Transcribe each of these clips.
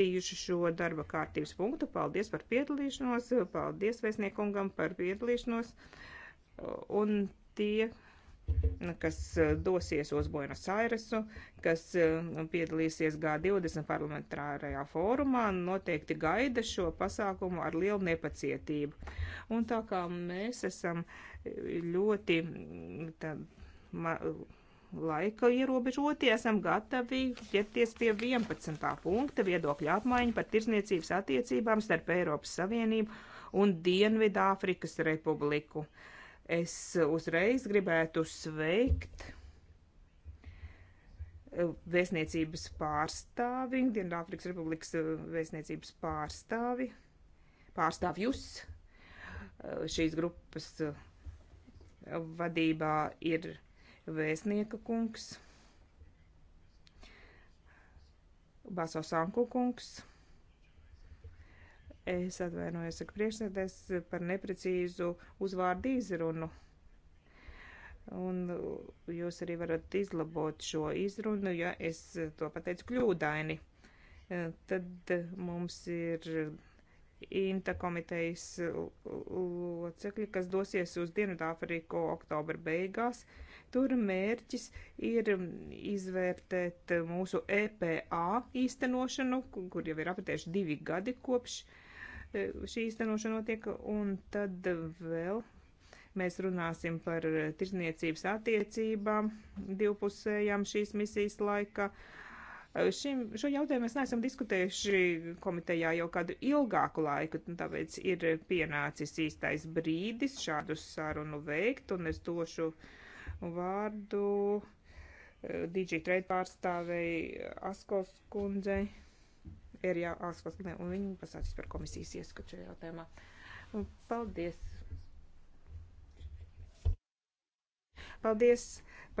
skatījuši šo darba kārtības punktu. Paldies par piedalīšanos, paldies vēstniekungam par piedalīšanos. Un tie, kas dosies uz Buenos Airesu, kas um, piedalīsies G20 parlamentārajā fórumā, noteikti gaida šo pasākumu ar lielu nepacietību. Un tā kā mēs esam ļoti. Tā, ma, laika ierobežoti, esam gatavi ķerties pie 11. punkta viedokļa apmaiņa par tirzniecības attiecībām starp Eiropas Savienību un Dienvidāfrikas Republiku. Es uzreiz gribētu sveikt eh, vēstniecības pārstāvi, Dienvidāfrikas Republikas eh, vēstniecības pārstāvi, pārstāvjus eh, šīs grupas vadībā ir Vēstnieka kungs, Baso Sanku kungs. Es atvainojos, saka priekšsēdēs par neprecīzu uzvārdu izrunu. Un jūs arī varat izlabot šo izrunu, ja es to pateicu kļūdaini. Tad mums ir Inta komitejas locekļi, kas dosies uz Dienvidāfriku oktobra beigās. Uh, Tur mērķis ir mm, izvērtēt mm, mūsu EPA īstenošanu, kur jau ir apetējuši divi gadi kopš e, šī īstenošana notiek, un tad vēl mēs runāsim par tirzniecības attiecībām divpusējām šīs misijas laika. E, šim, šo jautājumu mēs neesam diskutējuši komitejā jau kādu ilgāku laiku, tāpēc ir pienācis īstais brīdis šādu sarunu veikt, un es došu uh, vārdu eh, Digitrade pārstāvei eh, Askos kundzei. Ir jā, Askos kundzei, un viņi pasācīs par komisijas ieskatu šajā jautājumā. Paldies! Paldies!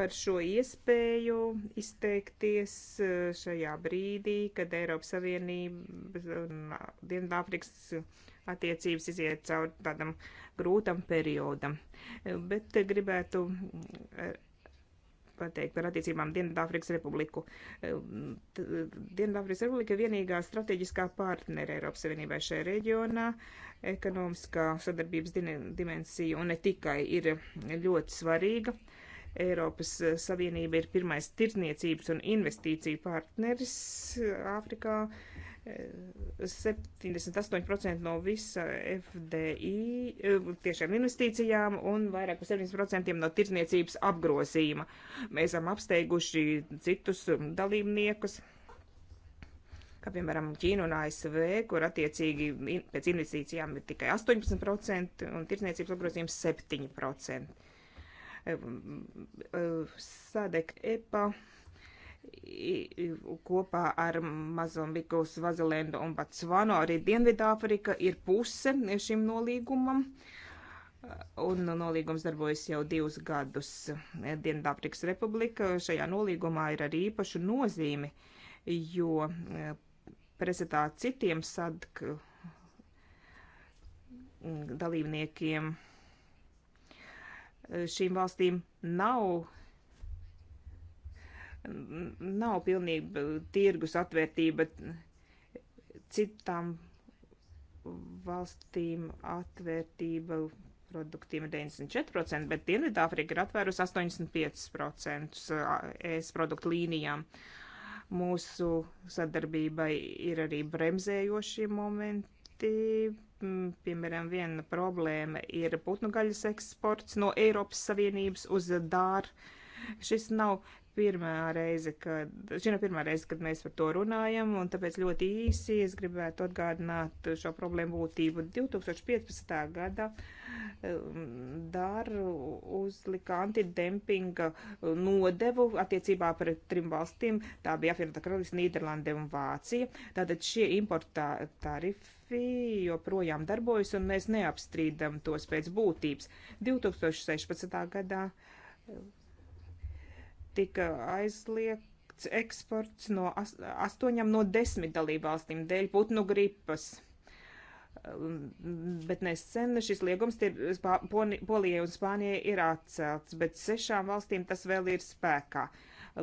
par šo iespēju izteikties e, šajā brīdī, kad Eiropas Savienība un Dienvidāfrikas attiecības iziet cauri tādam grūtam periodam. E, bet gribētu e, pateikt par attiecībām Dienvidāfrikas Republiku. Dienvidāfrikas Republika ir vienīgā strateģiskā partnere Eiropas Savienībai šajā reģionā. Ekonomiskā sadarbības dimensija un ne tikai ir ļoti svarīga. Uh, Eiropas eh, Savienība ir pirmais tirdzniecības un investīciju partneris eh, Āfrikā. 78% eh, no visa FDI tiešām investīcijām un vairāk par 70% no tirdzniecības apgrozījuma. Mēs esam apsteiguši citus um, dalībniekus kā piemēram Ķīna un ASV, kur attiecīgi in, pēc investīcijām ir tikai 18% un tirsniecības apgrozījums 7%. Eh, eh, Sadek EPA kopā ar Mazambikus, Vazelendu un Batsvanu arī Dienvidāfrika ir puse šim nolīgumam. Eh, un nolīgums darbojas jau divus gadus. Dienvidāfrikas republika šajā nolīgumā ir arī īpaša nozīme, jo prezentā citiem sadk mm, dalībniekiem šīm valstīm nav, nav pilnība tirgus atvērtība citām valstīm atvērtība produktiem ir 94%, bet Dienvidāfrika ir atvērusi 85% ES produktu līnijām. Mūsu sadarbībai ir arī bremzējošie momenti, Mm, piemēram, viena problēma ir putnu gaļas eksports no Eiropas Savienības uz dāru. Šis nav pirmā reize, kad, šī nav pirmā reize, kad mēs par to runājam, un tāpēc ļoti īsi es gribētu atgādināt šo problēmu būtību. 2015. gada um, dāru uzlika antidempinga nodevu attiecībā pret trim valstīm, tā bija apvienotā karalists, Nīderlande un Vācija. Tātad šie importā tarifi demografi joprojām darbojas, un mēs neapstrīdam tos pēc būtības. 2016. gadā eh, tika aizliegts eksports no astoņām no desmit dalībvalstīm dēļ putnu gripas. Eh, bet nesen šis liegums ir Polijai un Spānijai ir atcelts, bet sešām valstīm tas vēl ir spēkā.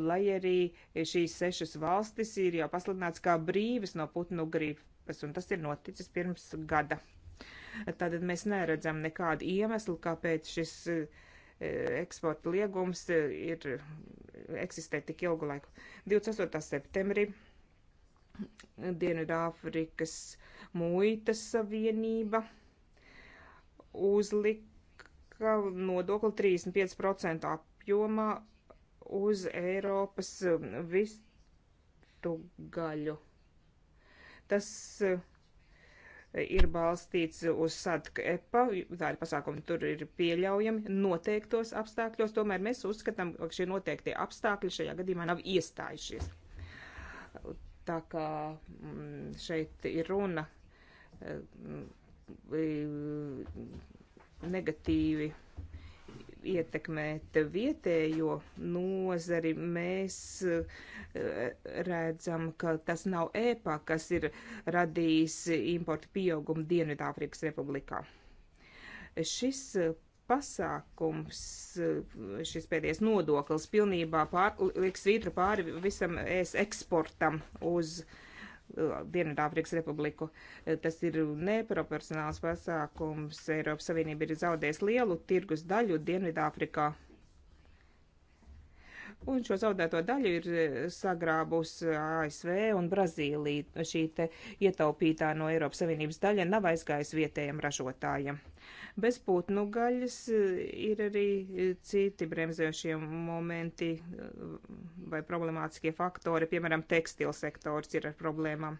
Lai arī šīs sešas valstis ir jau pasludināts kā brīvis no putnu gripa grupas, un tas ir noticis pirms gada. Tātad mēs neredzam nekādu iemeslu, kāpēc šis e, eksporta liegums e, ir eksistē tik ilgu laiku. 28. septembrī Dienvidāfrikas muitas savienība uzlika nodokli 35% apjomā uz Eiropas vistu gaļu. Tas eh, ir balstīts uz sadka epa, tādi pasākumi tur ir pieļaujami noteiktos apstākļos, tomēr mēs uzskatām, ka šie noteiktie apstākļi šajā gadījumā nav iestājušies. Tā kā mm, šeit ir runa eh, mm, negatīvi ietekmēt vietējo nozari, mēs eh, redzam, ka tas nav ēpā, kas ir radījis importu pieaugumu Dienvidāfrikas republikā. Šis eh, pasākums, eh, šis pēdējais nodoklis pilnībā pār, liek svītru pāri visam es eksportam uz uh, Dienvidāfrikas republiku. Tas ir neproporcionāls pasākums. Eiropas Savienība ir zaudējusi lielu tirgus daļu Dienvidāfrikā. Un šo zaudēto daļu ir e, sagrābus e, ASV un Brazīlija. Šī te ietaupītā no Eiropas Savienības daļa nav aizgājusi vietējiem ražotājiem. Bez putnu gaļas e, ir arī citi bremzējošie momenti vai problemātiskie faktori, piemēram, tekstilsektors ir ar problēmām.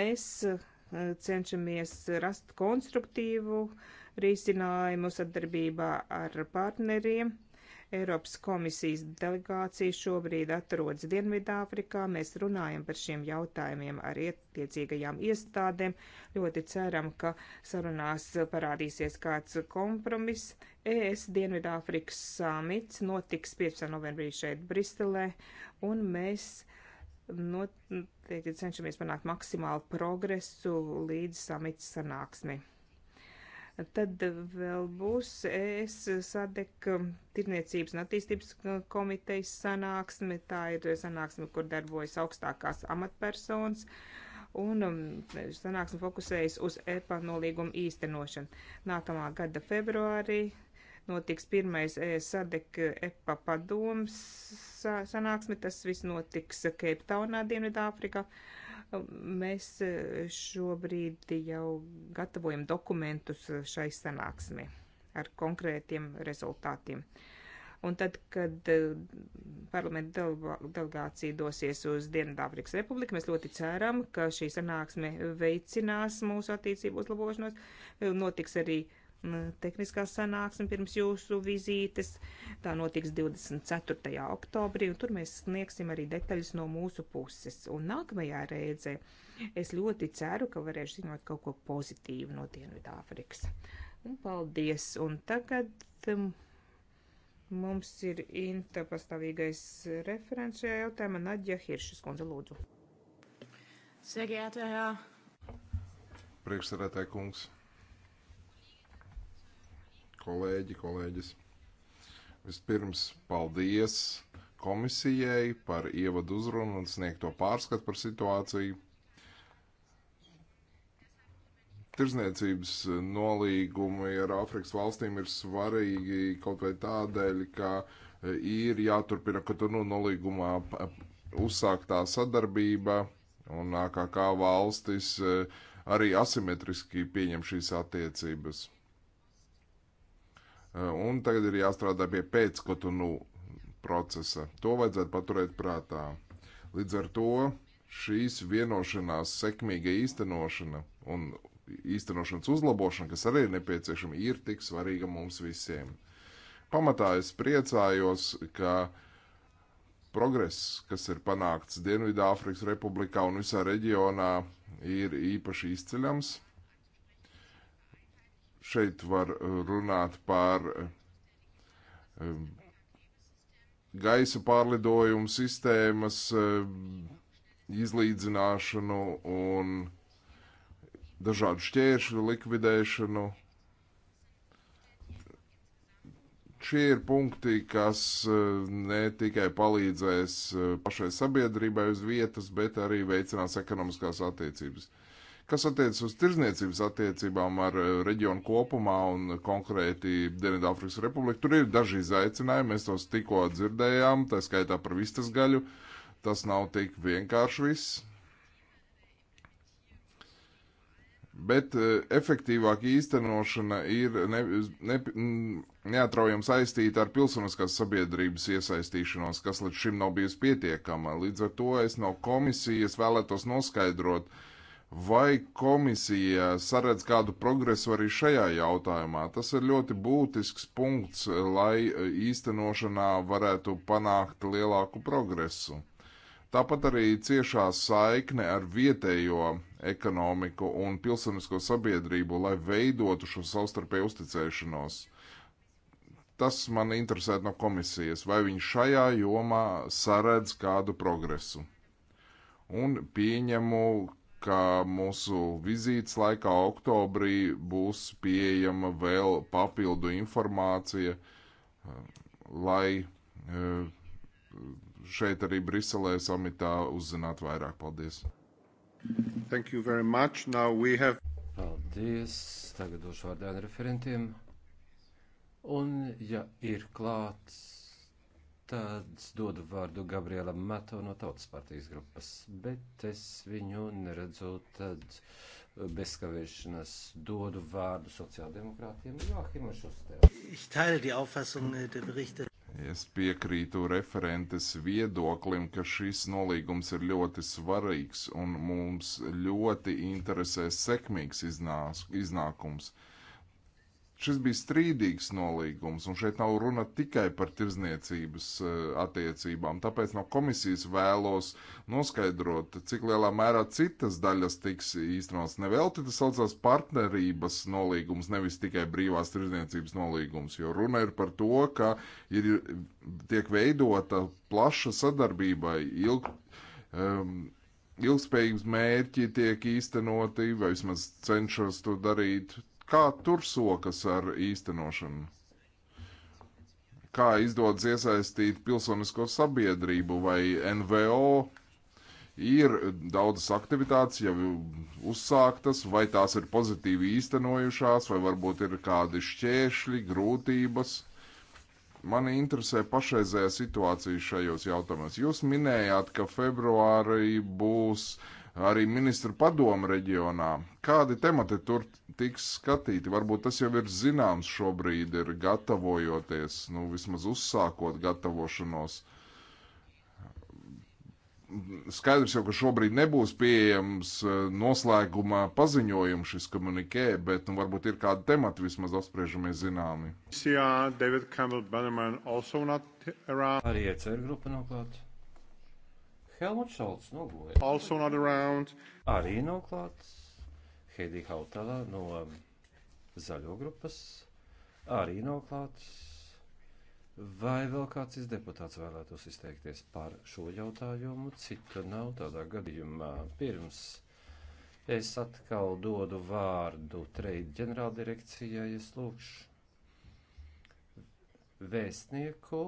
Mēs cenšamies rast konstruktīvu risinājumu sadarbībā ar partneriem Eiropas komisijas delegācija šobrīd atrodas Dienvidāfrikā. Mēs runājam par šiem jautājumiem ar ietiecīgajām iestādēm. Ļoti ceram, ka sarunās parādīsies kāds kompromiss. ES Dienvidāfrikas samits notiks 15. novembrī šeit Bristelē, un mēs noteikti cenšamies panākt maksimālu progresu līdz samits sanāksmi. Tad eh, vēl būs ES sadek um, tirniecības un attīstības uh, komitejas sanāksme. Tā ir sanāksme, kur darbojas augstākās amatpersonas. Un um, sanāksme fokusējas uz EPA nolīgumu īstenošanu. Nākamā gada februārī notiks pirmais ES sadek uh, EPA padoms sanāksme. Tas viss notiks Keiptaunā, Dienvidāfrikā. Afrikā Mēs e, šobrīd jau gatavojam dokumentus e, šai sanāksmē ar konkrētiem rezultātiem. Un tad, kad e, parlamenta delegācija dosies uz Dienvidāfrikas Republiku, mēs ļoti ceram, ka šī sanāksme veicinās mūsu attiecību uzlabošanos. Notiks arī uh, Mm, tehniskā sanāksme pirms jūsu vizītes. Tā notiks 24. oktobrī, un tur mēs sniegsim arī detaļas no mūsu puses. Un nākamajā reizē es ļoti ceru, ka varēšu ziņot kaut ko pozitīvu no Dienvidāfrikas. Un nu, paldies! Un tagad um, mums ir Inta pastāvīgais referents šajā jautājumā Nadja Hiršas kundze lūdzu. Sehr geehrter Herr. Priekšsēdētāja kungs, kolēģi, kolēģis. Vispirms paldies komisijai par ievadu uzrunu un sniegto pārskatu par situāciju. Tirzniecības nolīgumi ar Āfrikas valstīm ir svarīgi kaut vai tādēļ, ka ir jāturpina, ka tur nu nolīgumā uzsāktā sadarbība un AKK valstis eh, arī asimetriski pieņem šīs attiecības. Eh, un tagad ir jāstrādā pie pēckotunu procesa. To vajadzētu paturēt prātā. Līdz ar to šīs vienošanās sekmīga īstenošana un īstenošanas uzlabošana, kas arī ir nepieciešama, ir tik svarīga mums visiem. Pamatā es priecājos, ka progress, kas ir panākts Dienvidāfrikas Republikā un visā reģionā, ir īpaši izceļams. Šeit var eh, runāt par eh, gaisa pārlidojumu sistēmas eh, izlīdzināšanu un dažādu šķēršļu likvidēšanu. Šie ir punkti, kas ne tikai palīdzēs pašai sabiedrībai uz vietas, bet arī veicinās ekonomiskās attiecības. Kas attiecas uz tirzniecības attiecībām ar eh, reģionu kopumā un konkrēti Dienvidāfrikas Republiku, tur ir daži izaicinājumi, mēs tos tikko dzirdējām, tā skaitā par vistas gaļu. Tas nav tik vienkārši viss. Bet eh, efektīvāka īstenošana ir ne, ne, neatraujami saistīta ar pilsoniskās sabiedrības iesaistīšanos, kas līdz šim nav bijusi pietiekama. Līdz ar to es no komisijas vēlētos noskaidrot, uh, Vai komisija saredz kādu progresu arī šajā jautājumā? Tas ir ļoti būtisks punkts, lai e, īstenošanā varētu panākt lielāku progresu. Tāpat arī ciešā saikne ar vietējo ekonomiku un pilsonisko sabiedrību, lai veidotu šo savstarpēju uzticēšanos. Tas man interesē no komisijas, vai viņi šajā jomā saredz kādu progresu. Un pieņemu, ka mūsu vizītes laikā oktobrī būs pieejama vēl papildu informācija, eh, lai eh, šeit arī Briselē samitā uzzinātu vairāk. Paldies! Thank you very much. Now we have. Paldies. Tagad došu vārdu referentiem. Un, ja ir klāts Tad dodu vārdu Gabrielam Mato no Tautas partijas grupas, bet es viņu neredzu, tad bez kavēšanas dodu vārdu sociāldemokrātiem Joachim Šusteram. Äh, es piekrītu referentes viedoklim, ka šis nolīgums ir ļoti svarīgs un mums ļoti interesē sekmīgs iznās, iznākums. iznākums Šis bija strīdīgs nolīgums, un šeit nav runa tikai par tirzniecības e, attiecībām. Tāpēc no komisijas vēlos noskaidrot, cik lielā mērā citas daļas tiks īstenots. Nevelti tas saucās partnerības nolīgums, nevis tikai brīvās tirzniecības nolīgums, jo runa ir par to, ka ir, tiek veidota plaša sadarbība ilg. Um, Ilgspējības mērķi tiek īstenoti, vai vismaz cenšas to darīt, Kā tur sokas ar īstenošanu? Kā izdodas iesaistīt pilsonisko sabiedrību vai NVO? Ir daudzas aktivitātes jau uzsāktas, vai tās ir pozitīvi īstenojušās, vai varbūt ir kādi šķēršļi, grūtības. Mani interesē pašreizējā situācija šajos jautājumos. Jūs minējāt, ka februārī būs uh, arī ministru padomu reģionā. Kādi temati tur tiks skatīti? Varbūt tas jau ir zināms šobrīd, ir gatavojoties, nu vismaz uzsākot gatavošanos. Skaidrs jau, ka šobrīd nebūs pieejams e, noslēguma paziņojums šis komunikē, bet nu, varbūt ir kādi temati vismaz apspriežamies zināmi. Arī ECR grupa nav klāta. Helmuts Šalts no Goja. Also not around. Arī nav klāts. Heidi Hautala no um, Zaļo grupas. Arī nav klāts. Vai vēl kāds deputāts vēlētos izteikties par šo jautājumu? Cita nav tādā gadījumā. Pirms es atkal dodu vārdu trade ģenerāldirekcijai, es lūkšu vēstnieku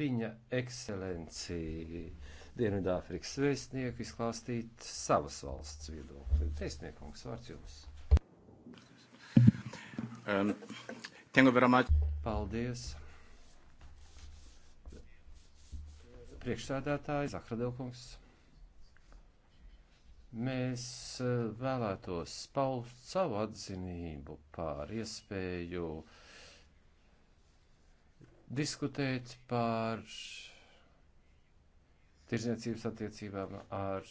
viņa ekscelencija Dienvidāfrikas vēstnieku izklāstīt savas valsts viedokli. Vēstniekums, vārds jums. Um, Paldies. Priekšsēdētāji Zahradelkungs. Mēs uh, vēlētos paust savu atzinību par iespēju diskutēt par tirzniecības attiecībām ar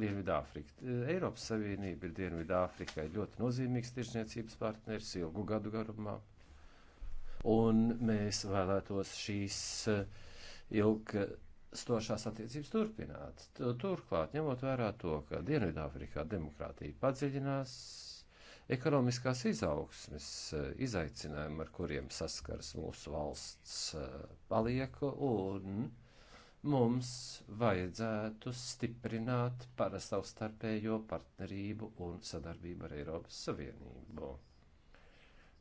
Dienvidāfriku. Eiropas Savienība ir Dienvidāfrikai ļoti nozīmīgs tirzniecības partners ilgu gadu garumā, un mēs vēlētos šīs eh, ilgstošās attiecības turpināt. Turklāt, ņemot vērā to, ka Dienvidāfrikā demokrātija padziļinās, ekonomiskās izaugsmes eh, izaicinājumi, ar kuriem saskars mūsu valsts, eh, paliek un mums vajadzētu stiprināt para savstarpējo partnerību un sadarbību ar Eiropas Savienību.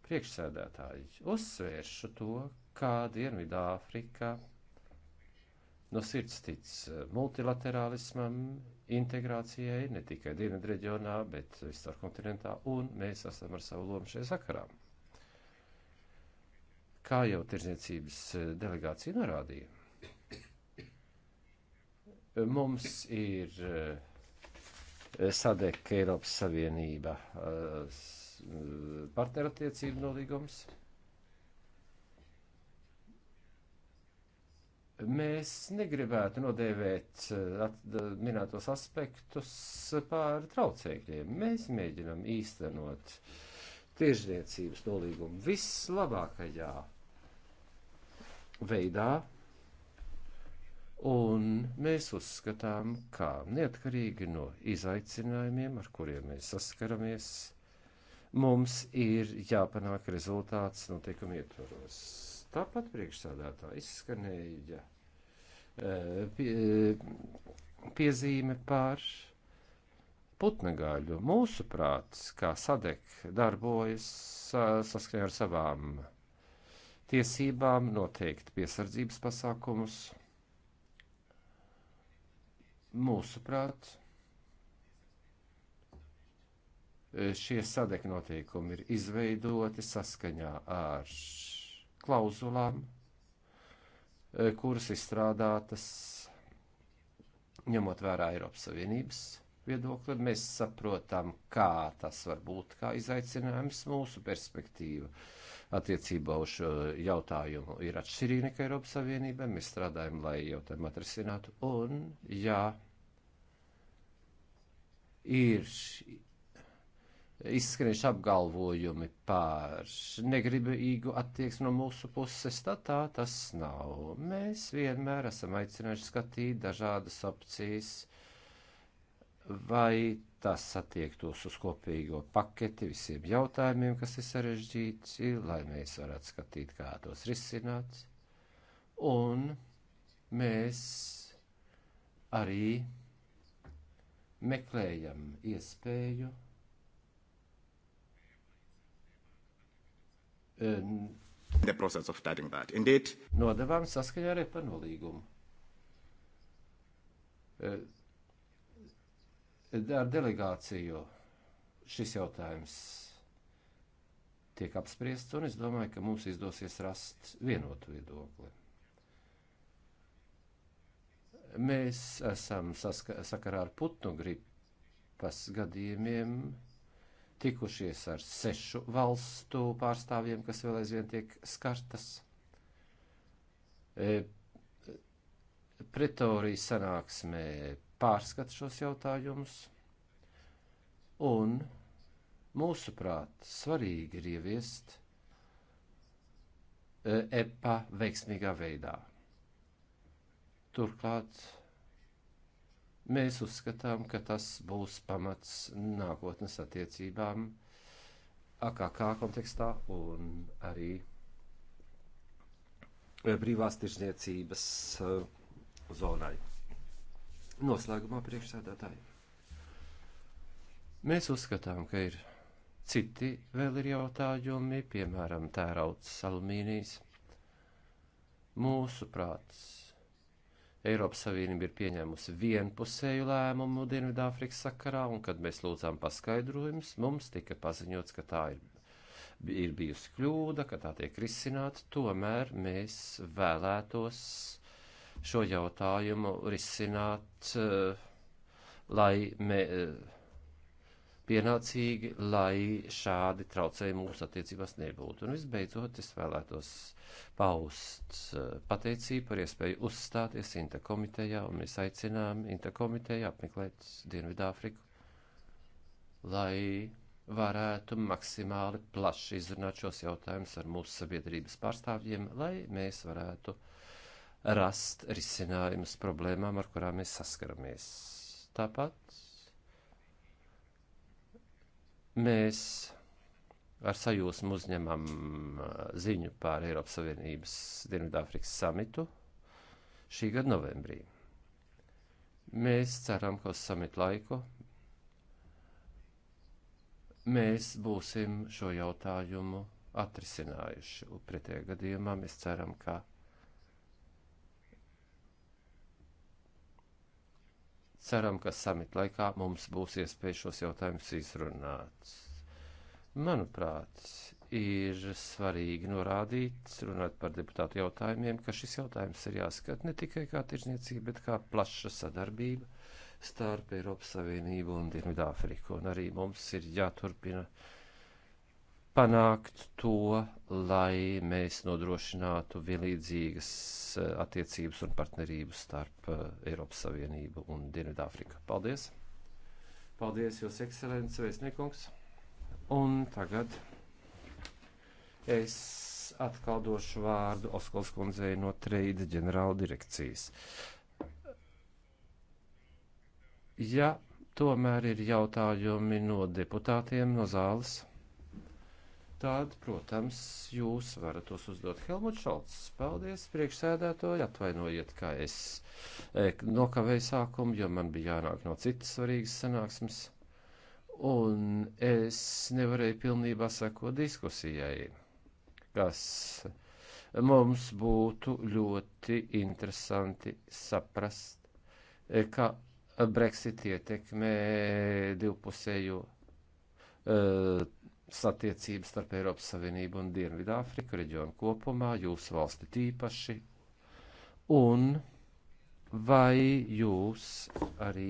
Priekšsēdētāji uzsvēršu to, kā Dienvidāfrika no sirds tic multilaterālismam, integrācijai ne tikai dienvidu reģionā, bet visur kontinentā, un mēs esam ar savu lomu šajā sakarā. Kā jau tirdzniecības delegācija norādīja, Mums ir eh, sadeka Eiropas Savienība eh, eh, partnerattiecību nolīgums. Mēs negribētu nodēvēt minētos aspektus pār traucēkļiem. Mēs mēģinam īstenot tiešniecības nolīgumu vislabākajā veidā, Un mēs uzskatām, ka neatkarīgi no izaicinājumiem, ar kuriem mēs saskaramies, mums ir jāpanāk rezultāts notiekuma ietvaros. Tāpat priekšsādātā izskanēja eh, pie, piezīme par putnegāļu. Mūsu prāts, kā sadek, darbojas saskaņā ar savām tiesībām noteikt piesardzības pasākumus Mūsuprāt, šie sadekļu noteikumi ir izveidoti saskaņā ar klauzulām, e, kuras izstrādātas ņemot vērā Eiropas Savienības viedokli. Mēs saprotam, kā tas var būt kā izaicinājums mūsu perspektīva. Uh, attiecībā uz šo uh, jautājumu ir atšķirīga nekā Eiropas Savienībai. Mēs strādājam, lai jautājumu atrisinātu. Un, jā, ir izskrieši apgalvojumi par negribīgu attieksmi no mūsu puses, tad tā tas nav. Mēs vienmēr esam aicinājuši skatīt dažādas opcijas vai tas attiektos uz kopīgo paketi visiem jautājumiem, kas ir sarežģīti, lai mēs varētu skatīt, kā tos risināt. Un mēs arī meklējam iespēju The process of starting that. Indeed. Nodevām saskaņā ar epanolīgumu. Uh, eh, ar delegāciju šis jautājums tiek apspriests, un es domāju, ka mums izdosies rast vienotu viedokli. Mēs esam saska, sakarā ar putnu gripas gadījumiem tikušies ar sešu valstu pārstāvjiem, kas vēl aizvien tiek skartas. E, Pretorijas sanāksmē pārskata šos jautājumus, un mūsuprāt, svarīgi ir ieviest EPA e veiksmīgā veidā. Turklāt mēs uzskatām, ka tas būs pamats nākotnes attiecībām AKK kontekstā un arī e, brīvās tirzniecības e, zonai. Noslēgumā priekšsēdētāji. Mēs uzskatām, ka ir citi vēl ir jautājumi, piemēram, tērauds alumīnijas. Mūsu prāts. Eiropas Savienība ir pieņēmusi vienpusēju lēmumu Dienvidāfrikas sakarā, un kad mēs lūdzām paskaidrojumus, mums tika paziņots, ka tā ir, ir bijusi kļūda, ka tā tiek risināta. Tomēr mēs vēlētos šo jautājumu risināt, eh, lai mē, eh, pienācīgi, lai šādi traucējumi mūsu attiecībās nebūtu. Un visbeidzot, es vēlētos paust eh, pateicību par iespēju uzstāties Inta komitejā, un mēs aicinām Inta komiteju apmeklēt Dienvidāfriku, lai varētu maksimāli plaši izrunāt šos jautājumus ar mūsu sabiedrības pārstāvjiem, lai mēs varētu rast risinājumus problēmām, ar kurām mēs saskaramies. Tāpat mēs ar sajūsmu uzņemam uh, ziņu par Eiropas Savienības Dienvidāfrikas samitu šī gada novembrī. Mēs ceram, ka uz samitu laiku mēs būsim šo jautājumu atrisinājuši. Pretējā gadījumā mēs ceram, ka Ceram, ka samit laikā mums būs iespēja šos jautājumus izrunāt. Manuprāt, ir svarīgi norādīt, runāt par deputātu jautājumiem, ka šis jautājums ir jāskat ne tikai kā tirzniecība, bet kā plaša sadarbība starp Eiropas Savienību un Dienvidāfriku. Un arī mums ir jāturpina uh, panākt to, lai mēs nodrošinātu vienlīdzīgas eh, attiecības un partnerību starp eh, Eiropas Savienību un Dienvidāfriku. Paldies! Paldies, Jūs ekscelences vēstniekungs! Un tagad es atkal došu vārdu Oskols kundzei no Treida ģenerāla direkcijas. Ja tomēr ir jautājumi no deputātiem no zāles tad, protams, jūs varat tos uzdot Helmut Šalts. Paldies, priekšsēdētāji, atvainojiet, kā es e, nokavēju sākumu, jo man bija jānāk no citas svarīgas sanāksmes, un es nevarēju pilnībā sekot diskusijai, kas mums būtu ļoti interesanti saprast, e, ka Brexit ietekmē divpusējo uh, satiecības starp Eiropas Savienību un Dienvidāfriku reģionu kopumā, jūsu valsti tīpaši, un vai jūs arī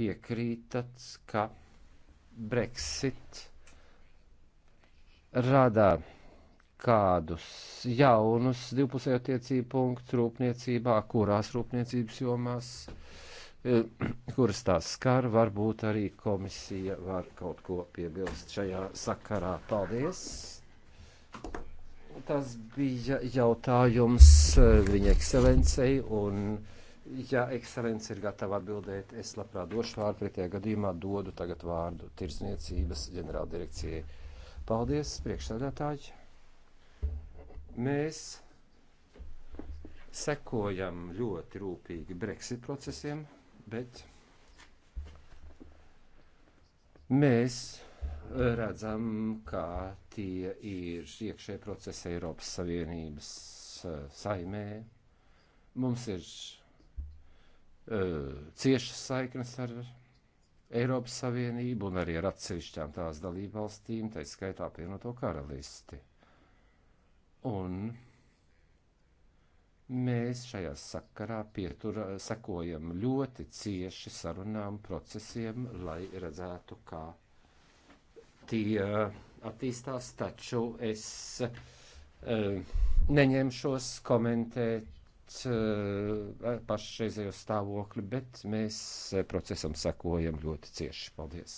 piekrītat, ka Brexit rada kādus jaunus divpusējo tiecību punktu rūpniecībā, kurās rūpniecības jomās uh, Eh, kuras tās skar, varbūt arī komisija var kaut ko piebilst šajā sakarā. Paldies! Tas bija jautājums eh, viņa ekscelencei, un, ja ekscelence ir gatava atbildēt, es labprāt došu vārdu, pretējā gadījumā dodu tagad vārdu tirsniecības ģenerāldirekcijai. Paldies, priekšsēdētāji! Mēs sekojam ļoti rūpīgi Brexit procesiem bet mēs redzam, kā tie ir iekšē procesi Eiropas Savienības eh, saimē. Mums ir uh, eh, ciešas saiknes ar Eiropas Savienību un arī ar atsevišķām tās dalībvalstīm, tā skaitā apvienoto karalisti. Un Mēs šajā sakarā pietur, sekojam ļoti cieši sarunām, procesiem, lai redzētu, kā tie attīstās, taču es uh, neņemšos komentēt e, pašreizējo stāvokli, bet mēs procesam sekojam ļoti cieši. Paldies!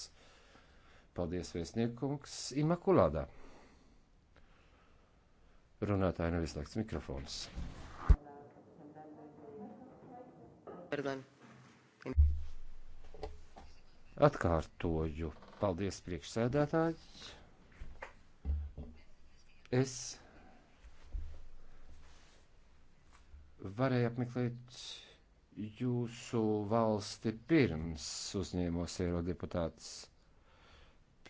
Paldies, Vēstniekungs! Imakulādā! Runātāja nav ieslēgts mikrofons. Pardon. Atkārtoju. Paldies, priekšsēdētāji. Es varēju apmeklēt jūsu valsti pirms uzņēmos eirodeputāts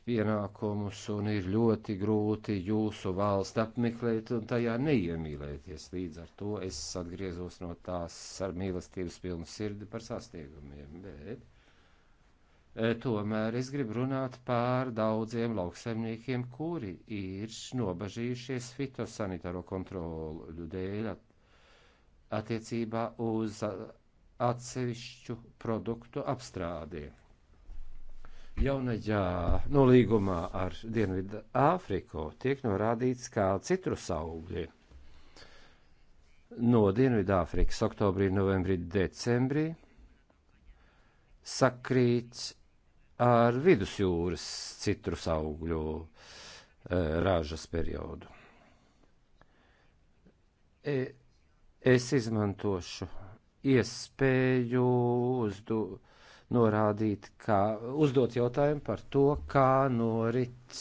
pienākumus un ir ļoti grūti jūsu valsti apmeklēt un tajā neiemīlēties. Līdz ar to es atgriezos no tās ar mīlestības pilnu sirdi par sastiegumiem. Bet e, Tomēr es gribu runāt pār daudziem lauksaimniekiem, kuri ir nobažījušies fitosanitāro kontrolu dēļ attiecībā uz atsevišķu produktu apstrādē. Jaunajā nolīgumā ar Dienvidu Āfriku tiek norādīts, kā citrus augļi no Dienvidāfrikas oktobrī, novembrī, decembrī sakrīt ar vidusjūras citrus augļu e, ražas periodu. E, es izmantošu iespēju uzdu, norādīt, kā uzdot jautājumu par to, kā norit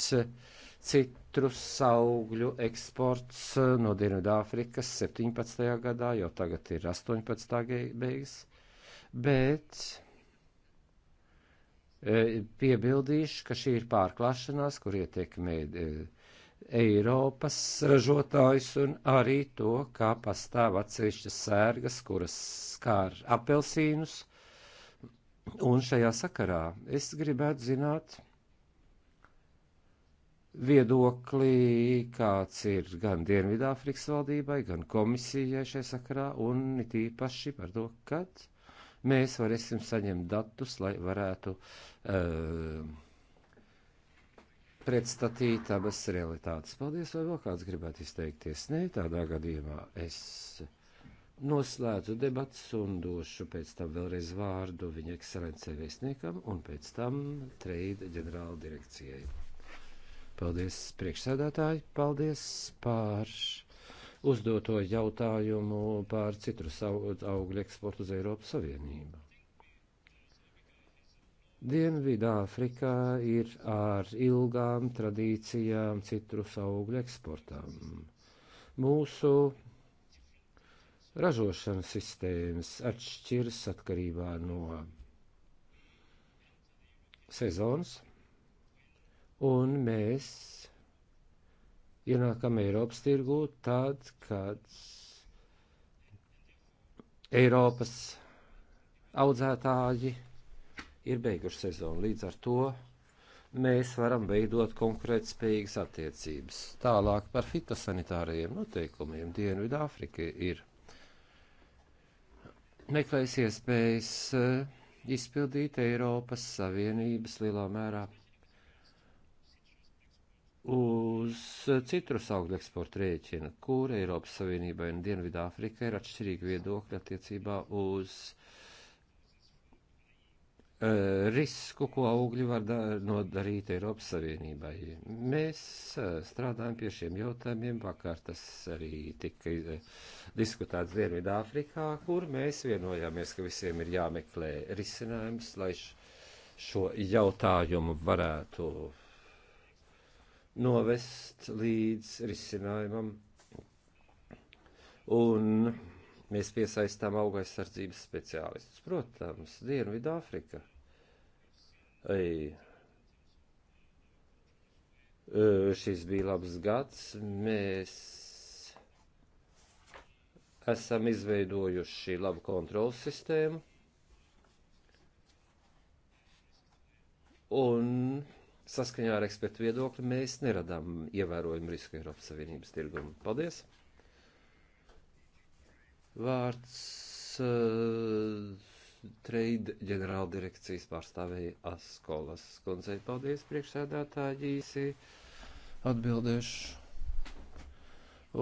citrus augļu eksports no Dienvidāfrikas 17. gadā, jau tagad ir 18. beigas, bet e, piebildīšu, ka šī ir pārklāšanās, kur ietekmē e, Eiropas ražotājs un arī to, kā pastāv atsevišķas sērgas, kuras skār apelsīnus Un šajā sakarā es gribētu zināt viedoklī, kāds ir gan Dienvidāfrikas valdībai, gan komisijai šajā sakarā, un it īpaši par to, kad mēs varēsim saņemt datus, lai varētu uh, pretstatīt abas realitātes. Paldies, vai vēl kāds gribētu izteikties? Nē, tādā gadījumā es noslēdzu debats un došu pēc tam vēlreiz vārdu viņa ekscelencē vēstniekam un pēc tam treida ģenerāla direkcijai. Paldies, priekšsēdētāji, paldies par uzdoto jautājumu par citrus augļu eksportu uz Eiropas Savienību. Dienvidāfrikā ir ar ilgām tradīcijām citrus augļu eksportām. Mūsu ražošanas sistēmas atšķiras atkarībā no sezonas, un mēs ienākam Eiropas tirgū tad, kad Eiropas audzētāji ir beiguši sezonu. Līdz ar to mēs varam veidot konkurētspējīgas attiecības. Tālāk par fitosanitārajiem noteikumiem Dienvidāfrika ir meklēs iespējas eh, izpildīt Eiropas Savienības lielā mērā uz eh, citrus augļu eksporta rēķina, kur Eiropas Savienībai un Dienvidāfrikai ir atšķirīgi viedokļi attiecībā uz Eh, risku, ko augļi var nodarīt Eiropas Savienībai. Mēs eh, strādājam pie šiem jautājumiem, vakar tas arī tika eh, diskutēts Dienvidāfrikā, kur mēs vienojāmies, ka visiem ir jāmeklē risinājums, lai šo jautājumu varētu novest līdz risinājumam. Un mēs piesaistām augaisardzības speciālistus. Protams, Dienvidāfrika Šis bija labs gads. Mēs esam izveidojuši labu kontrolas sistēmu. Un saskaņā ar ekspertu viedokli mēs neradām ievērojumu risku Eiropas Savienības tirgumu. Paldies! Vārds. Uh, Trade ģenerāldirekcijas pārstāvēja Askolas kundzei. Paldies, priekšsēdētāji, īsi atbildēšu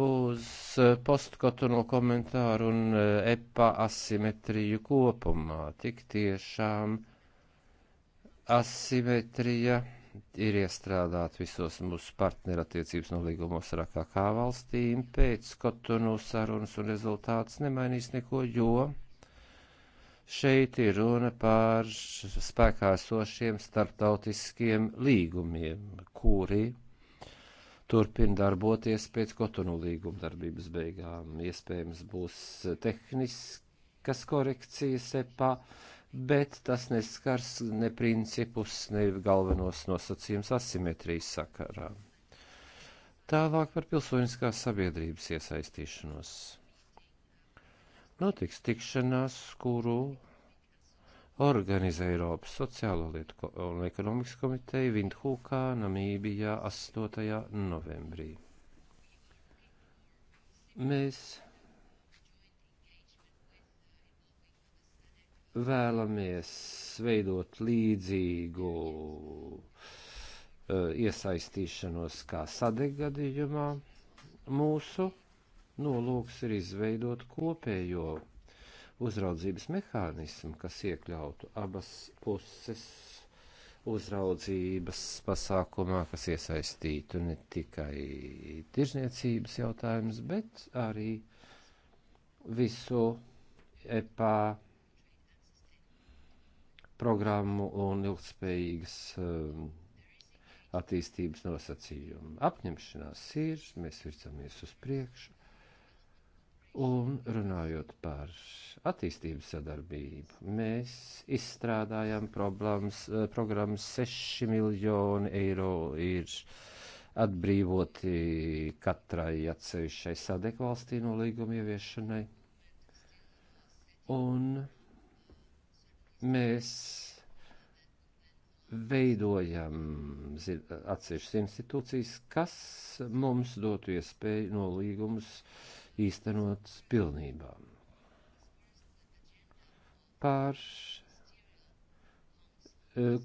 uz eh, postkotunu komentāru un eh, EPA asimetriju kopumā. Tik tiešām asimetrija ir iestrādāta visos mūsu partnerattiecības nolīgumos ar AKK valstīm. Pēc kotunu sarunas un rezultāts nemainīs neko, jo Šeit ir runa par spēkā sošiem starptautiskiem līgumiem, kuri turpina darboties pēc kotonu līguma darbības beigām. Iespējams, būs tehniskas korekcijas EPA, bet tas neskars ne principus, ne galvenos nosacījums asimetrijas sakarā. Tālāk par pilsoniskās sabiedrības iesaistīšanos notiks tikšanās, kuru organizē Eiropas Sociālo lietu un ekonomikas komiteja Vindhūkā, Namībijā 8. novembrī. Mēs vēlamies veidot līdzīgu eh, iesaistīšanos kā sadegadījumā mūsu nolūks ir izveidot kopējo uzraudzības mehānismu, kas iekļautu abas puses uzraudzības pasākumā, kas iesaistītu ne tikai tirzniecības jautājumus, bet arī visu EPA programmu un ilgspējīgas um, attīstības nosacījumu. Apņemšanās ir, mēs virzamies uz priekšu. Un runājot par attīstības sadarbību, mēs izstrādājam problēmas, eh, programmas 6 miljoni eiro ir atbrīvoti katrai atsevišķai sadek valstī no līguma ieviešanai. Un mēs veidojam atsevišķas institūcijas, kas mums dotu iespēju no līgumus uh, īstenots pilnībā. Pār e,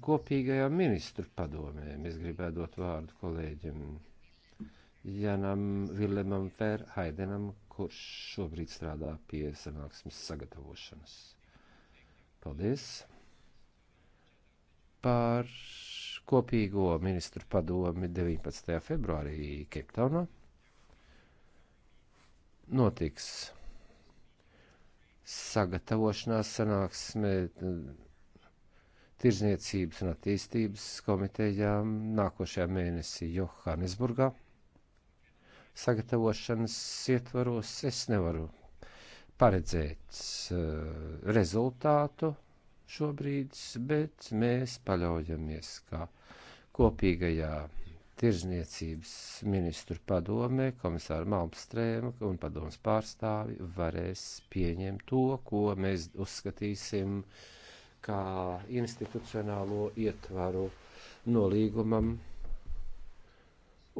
kopīgajām ministru padomēm es gribētu dot vārdu kolēģim Janam Vilemam Ferhaidenam, kurš šobrīd strādā pie sanāksmes sagatavošanas. Paldies! Par kopīgo ministru padomi 19. februārī Keiptaunā notiks sagatavošanās sanāksme eh, Tirzniecības un attīstības komitejām nākošajā mēnesī Johannesburgā. Sagatavošanas ietvaros es nevaru paredzēt uh, rezultātu šobrīd, bet mēs paļaujamies, ka kopīgajā Tirzniecības ministru padomē, komisāra Malmstrēma un padomas pārstāvi varēs pieņemt to, ko mēs uzskatīsim kā institucionālo ietvaru nolīgumam.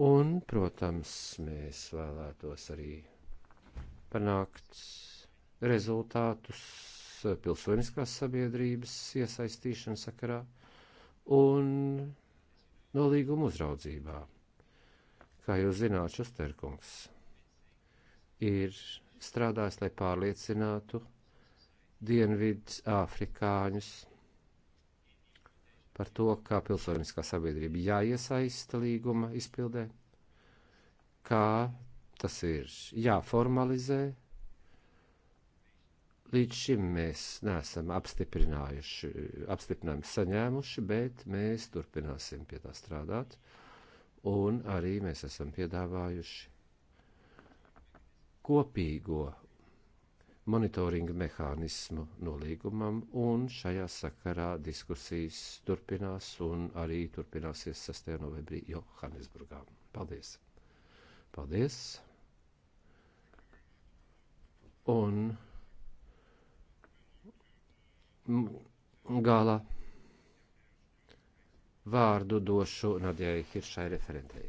Un, protams, mēs vēlētos arī panākt rezultātus pilsoniskās sabiedrības iesaistīšanas sakarā un nolīguma uzraudzībā. Kā jūs zināt, Šusterkungs ir strādājis, lai pārliecinātu Dienvidu Āfrikāņus par to, kā pilsoniskā sabiedrība jāiesaista līguma izpildē, kā tas ir jāformalizē Līdz šim mēs neesam apstiprinājuši, apstiprinājumu saņēmuši, bet mēs turpināsim pie tā strādāt. Un arī mēs esam piedāvājuši kopīgo monitoringa mehānismu nolīgumam, un šajā sakarā diskusijas turpinās un arī turpināsies 6. novembrī Johannesburgā. Paldies! Paldies! Un galā vārdu došu Nadjai Hiršai referentei.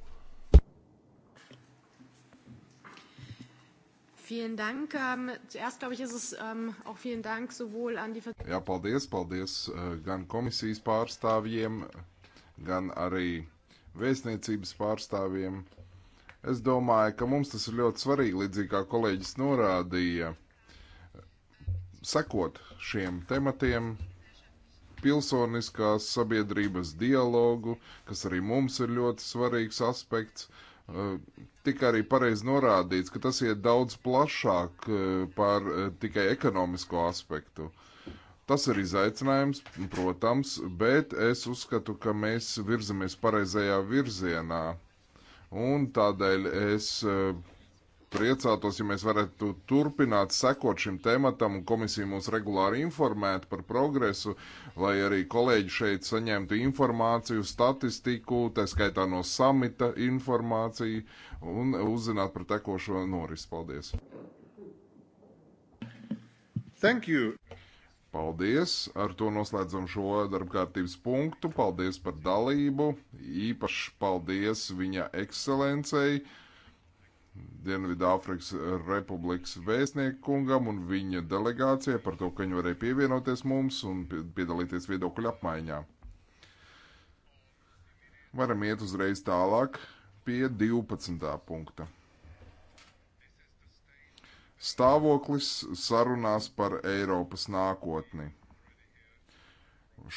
Vielen Dank. Ähm, zuerst, glaube ich, ist es ähm, auch vielen Dank sowohl an die. Jā, paldies, paldies äh, gan komisijas pārstāvjiem, gan arī vēstniecības pārstāvjiem. Es domāju, ka mums tas ir ļoti svarīgi, līdzīgi kā kolēģis norādīja sekot šiem tematiem, pilsoniskās sabiedrības dialogu, kas arī mums ir ļoti svarīgs aspekts. Eh, tika arī pareizi norādīts, ka tas iet daudz plašāk eh, par eh, tikai ekonomisko aspektu. Tas ir izaicinājums, protams, bet es uzskatu, ka mēs virzamies pareizajā virzienā. Un tādēļ es uh, priecātos, ja mēs varētu turpināt sekot šim tematam un komisija mūs regulāri informētu par progresu, lai arī kolēģi šeit saņemtu informāciju, statistiku, tā skaitā no samita informāciju un uzzināt par tekošo norisi. Paldies! Thank you! Paldies! Ar to noslēdzam šo darbkārtības punktu. Paldies par dalību! Īpaši paldies viņa ekscelencei! Dienvidāfrikas eh, Republikas vēstnieku kungam un viņa delegācijai par to, ka viņi varēja pievienoties mums un piedalīties viedokļu apmaiņā. Varam iet uzreiz tālāk pie 12. punkta. Stāvoklis sarunās par Eiropas nākotni.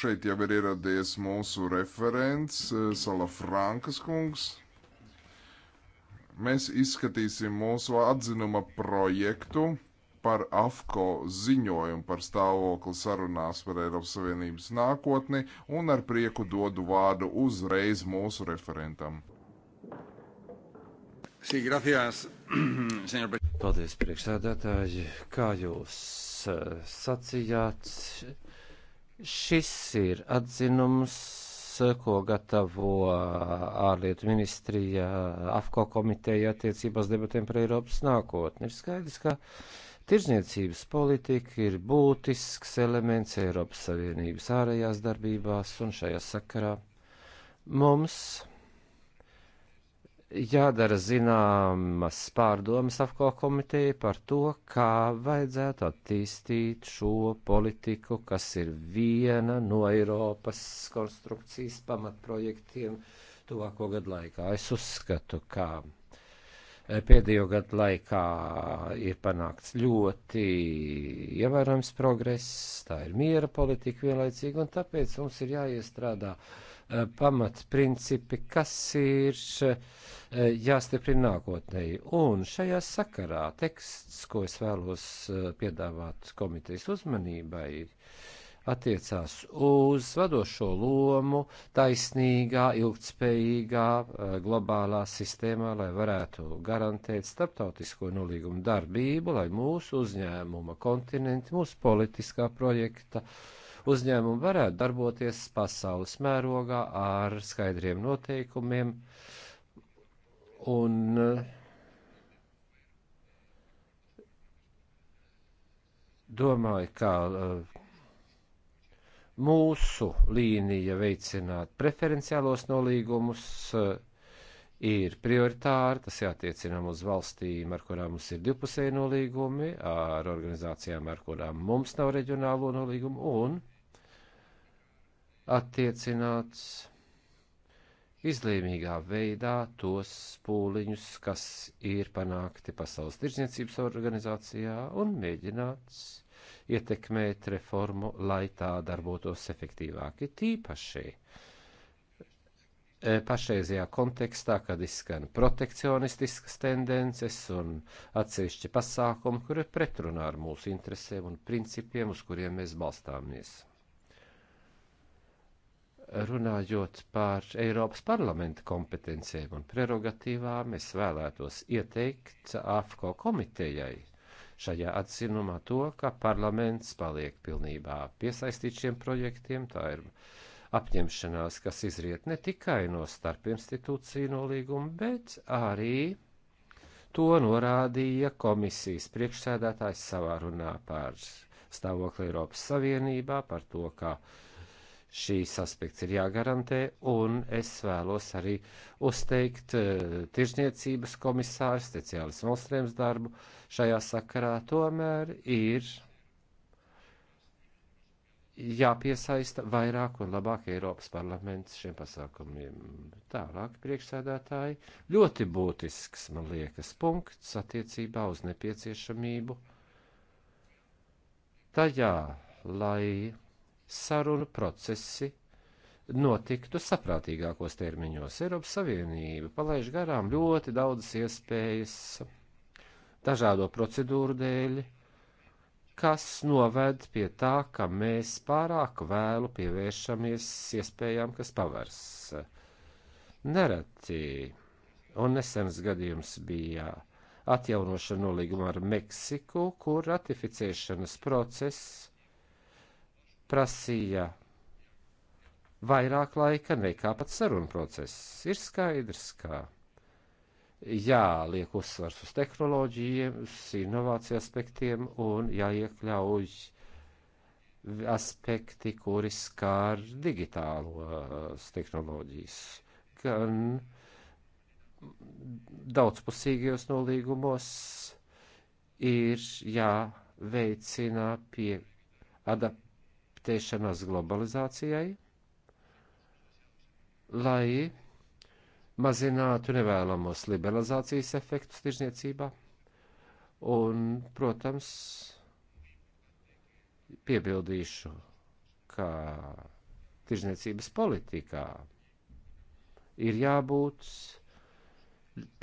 Šeit jau ir ieradies mūsu referents eh, Sala Frankas kungs mēs izskatīsim mūsu atzinuma projektu par AFCO ziņojumu par stāvokli sarunās par Eiropas Savienības nākotni un ar prieku dodu vārdu uzreiz mūsu referentam. Sí, gracias, Paldies, priekšsēdētāji. Kā jūs eh, sacījāt, šis ir atzinums ko gatavo ārlietu ministrija AFCO komiteja attiecībās debatēm par Eiropas nākotni. Ir skaidrs, ka tirdzniecības politika ir būtisks elements Eiropas Savienības ārējās darbībās un šajā sakarā mums jādara zināmas pārdomas AFCO komiteja par to, kā vajadzētu attīstīt šo politiku, kas ir viena no Eiropas konstrukcijas pamatprojektiem tuvāko gadu laikā. Es uzskatu, ka pēdējo gadu laikā ir panākts ļoti ievērojams progress, tā ir miera politika vienlaicīgi, un tāpēc mums ir jāiestrādā uh, Eh, pamatprincipi, kas ir eh, jāstiprina nākotnē. Un šajā sakarā teksts, ko es vēlos eh, piedāvāt komitejas uzmanībai, attiecās uz vadošo lomu taisnīgā, ilgtspējīgā globālā sistēmā, lai varētu garantēt starptautisko nolīgumu darbību, lai mūsu uzņēmuma kontinenti, mūsu politiskā projekta uh, uzņēmumi varētu darboties pasaules mērogā ar skaidriem noteikumiem un eh, domāju, ka eh, mūsu līnija veicināt preferenciālos nolīgumus eh, ir prioritāri, tas jātiecinām uz valstīm, ar kurām mums ir divpusēji nolīgumi, ar organizācijām, ar kurām mums nav reģionālo nolīgumu, un attiecināts izlēmīgā veidā tos pūliņus, kas ir panākti Pasaules tirdzniecības organizācijā, un mēģināts ietekmēt reformu, lai tā darbotos efektīvāk. Ir tīpaši e, pašreizajā kontekstā, kad izskan protekcionistiskas tendences un atsevišķi pasākumi, kur ir pretrunā ar mūsu interesēm un principiem, uz kuriem mēs balstāmies runājot par Eiropas parlamenta kompetencijiem un prerogatīvām, es vēlētos ieteikt AFCO komitejai šajā atzinumā to, ka parlaments paliek pilnībā piesaistīts šiem projektiem. Tā ir apņemšanās, kas izriet ne tikai no starpinstitūciju nolīguma, bet arī to norādīja komisijas priekšsēdētājs savā runā par stāvokli Eiropas Savienībā, par to, ka uh, šīs aspekts ir jāgarantē, un es vēlos arī uzteikt uh, tirzniecības komisāru speciālis Malstrēms darbu šajā sakarā. Tomēr ir jāpiesaista vairāk un labāk Eiropas parlaments šiem pasākumiem. Tālāk priekšsēdētāji ļoti būtisks, man liekas, punkts attiecībā uz nepieciešamību tajā, lai sarunu procesi notiktu saprātīgākos termiņos. Eiropas Savienība palaiž garām ļoti daudzas iespējas dažādo procedūru dēļ, kas noved pie tā, ka mēs pārāk vēlu pievēršamies iespējām, kas pavars. Nereti, un nesenas gadījums bija atjaunošana nolīguma ar Meksiku, kur ratificēšanas process prasīja vairāk laika nekā pat saruna process. Ir skaidrs, ka jāliek uzsvars uz tehnoloģijiem, uz inovāciju aspektiem un jāiekļauj aspekti, kuri skār digitālos tehnoloģijas. Gan daudzpusīgajos nolīgumos ir jāveicina pie adaptācijas adaptēšanās globalizācijai, lai mazinātu nevēlamos liberalizācijas efektus tirzniecībā. Un, protams, piebildīšu, ka tirzniecības politikā ir jābūt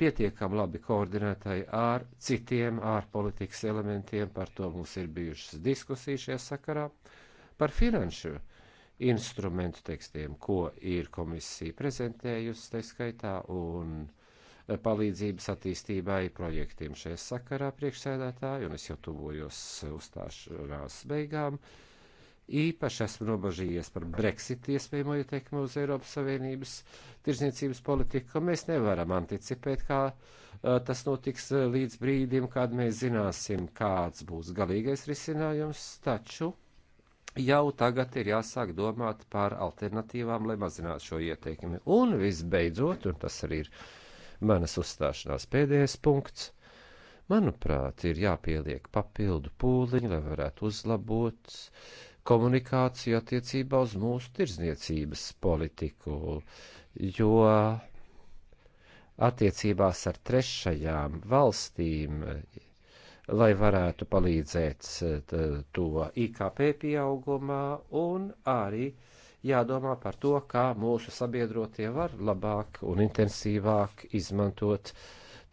pietiekami labi koordinētai ar citiem ārpolitikas elementiem. Par to mums ir bijušas diskusijas šajā sakarā. Uh, par finanšu instrumentu tekstiem, ko ir komisija prezentējusi, tā skaitā, un e, palīdzības attīstībai projektiem šajā sakarā priekšsēdētāji, un es jau tuvojos uzstāšanās beigām. Īpaši esmu nobažījies par Brexit iespējamo ietekmi uz Eiropas Savienības tirzniecības politiku, ka mēs nevaram anticipēt, kā uh, tas notiks e, līdz brīdim, kad mēs zināsim, kāds būs galīgais risinājums, taču jau tagad ir jāsāk domāt par alternatīvām, lai mazinātu šo ieteikumu. Un visbeidzot, un tas arī ir manas uzstāšanās pēdējais punkts, manuprāt, ir jāpieliek papildu pūliņi, lai varētu uzlabot komunikāciju attiecībā uz mūsu tirzniecības politiku, jo attiecībās ar trešajām valstīm lai varētu palīdzēt to IKP pieaugumā un arī jādomā par to, kā mūsu sabiedrotie var labāk un intensīvāk izmantot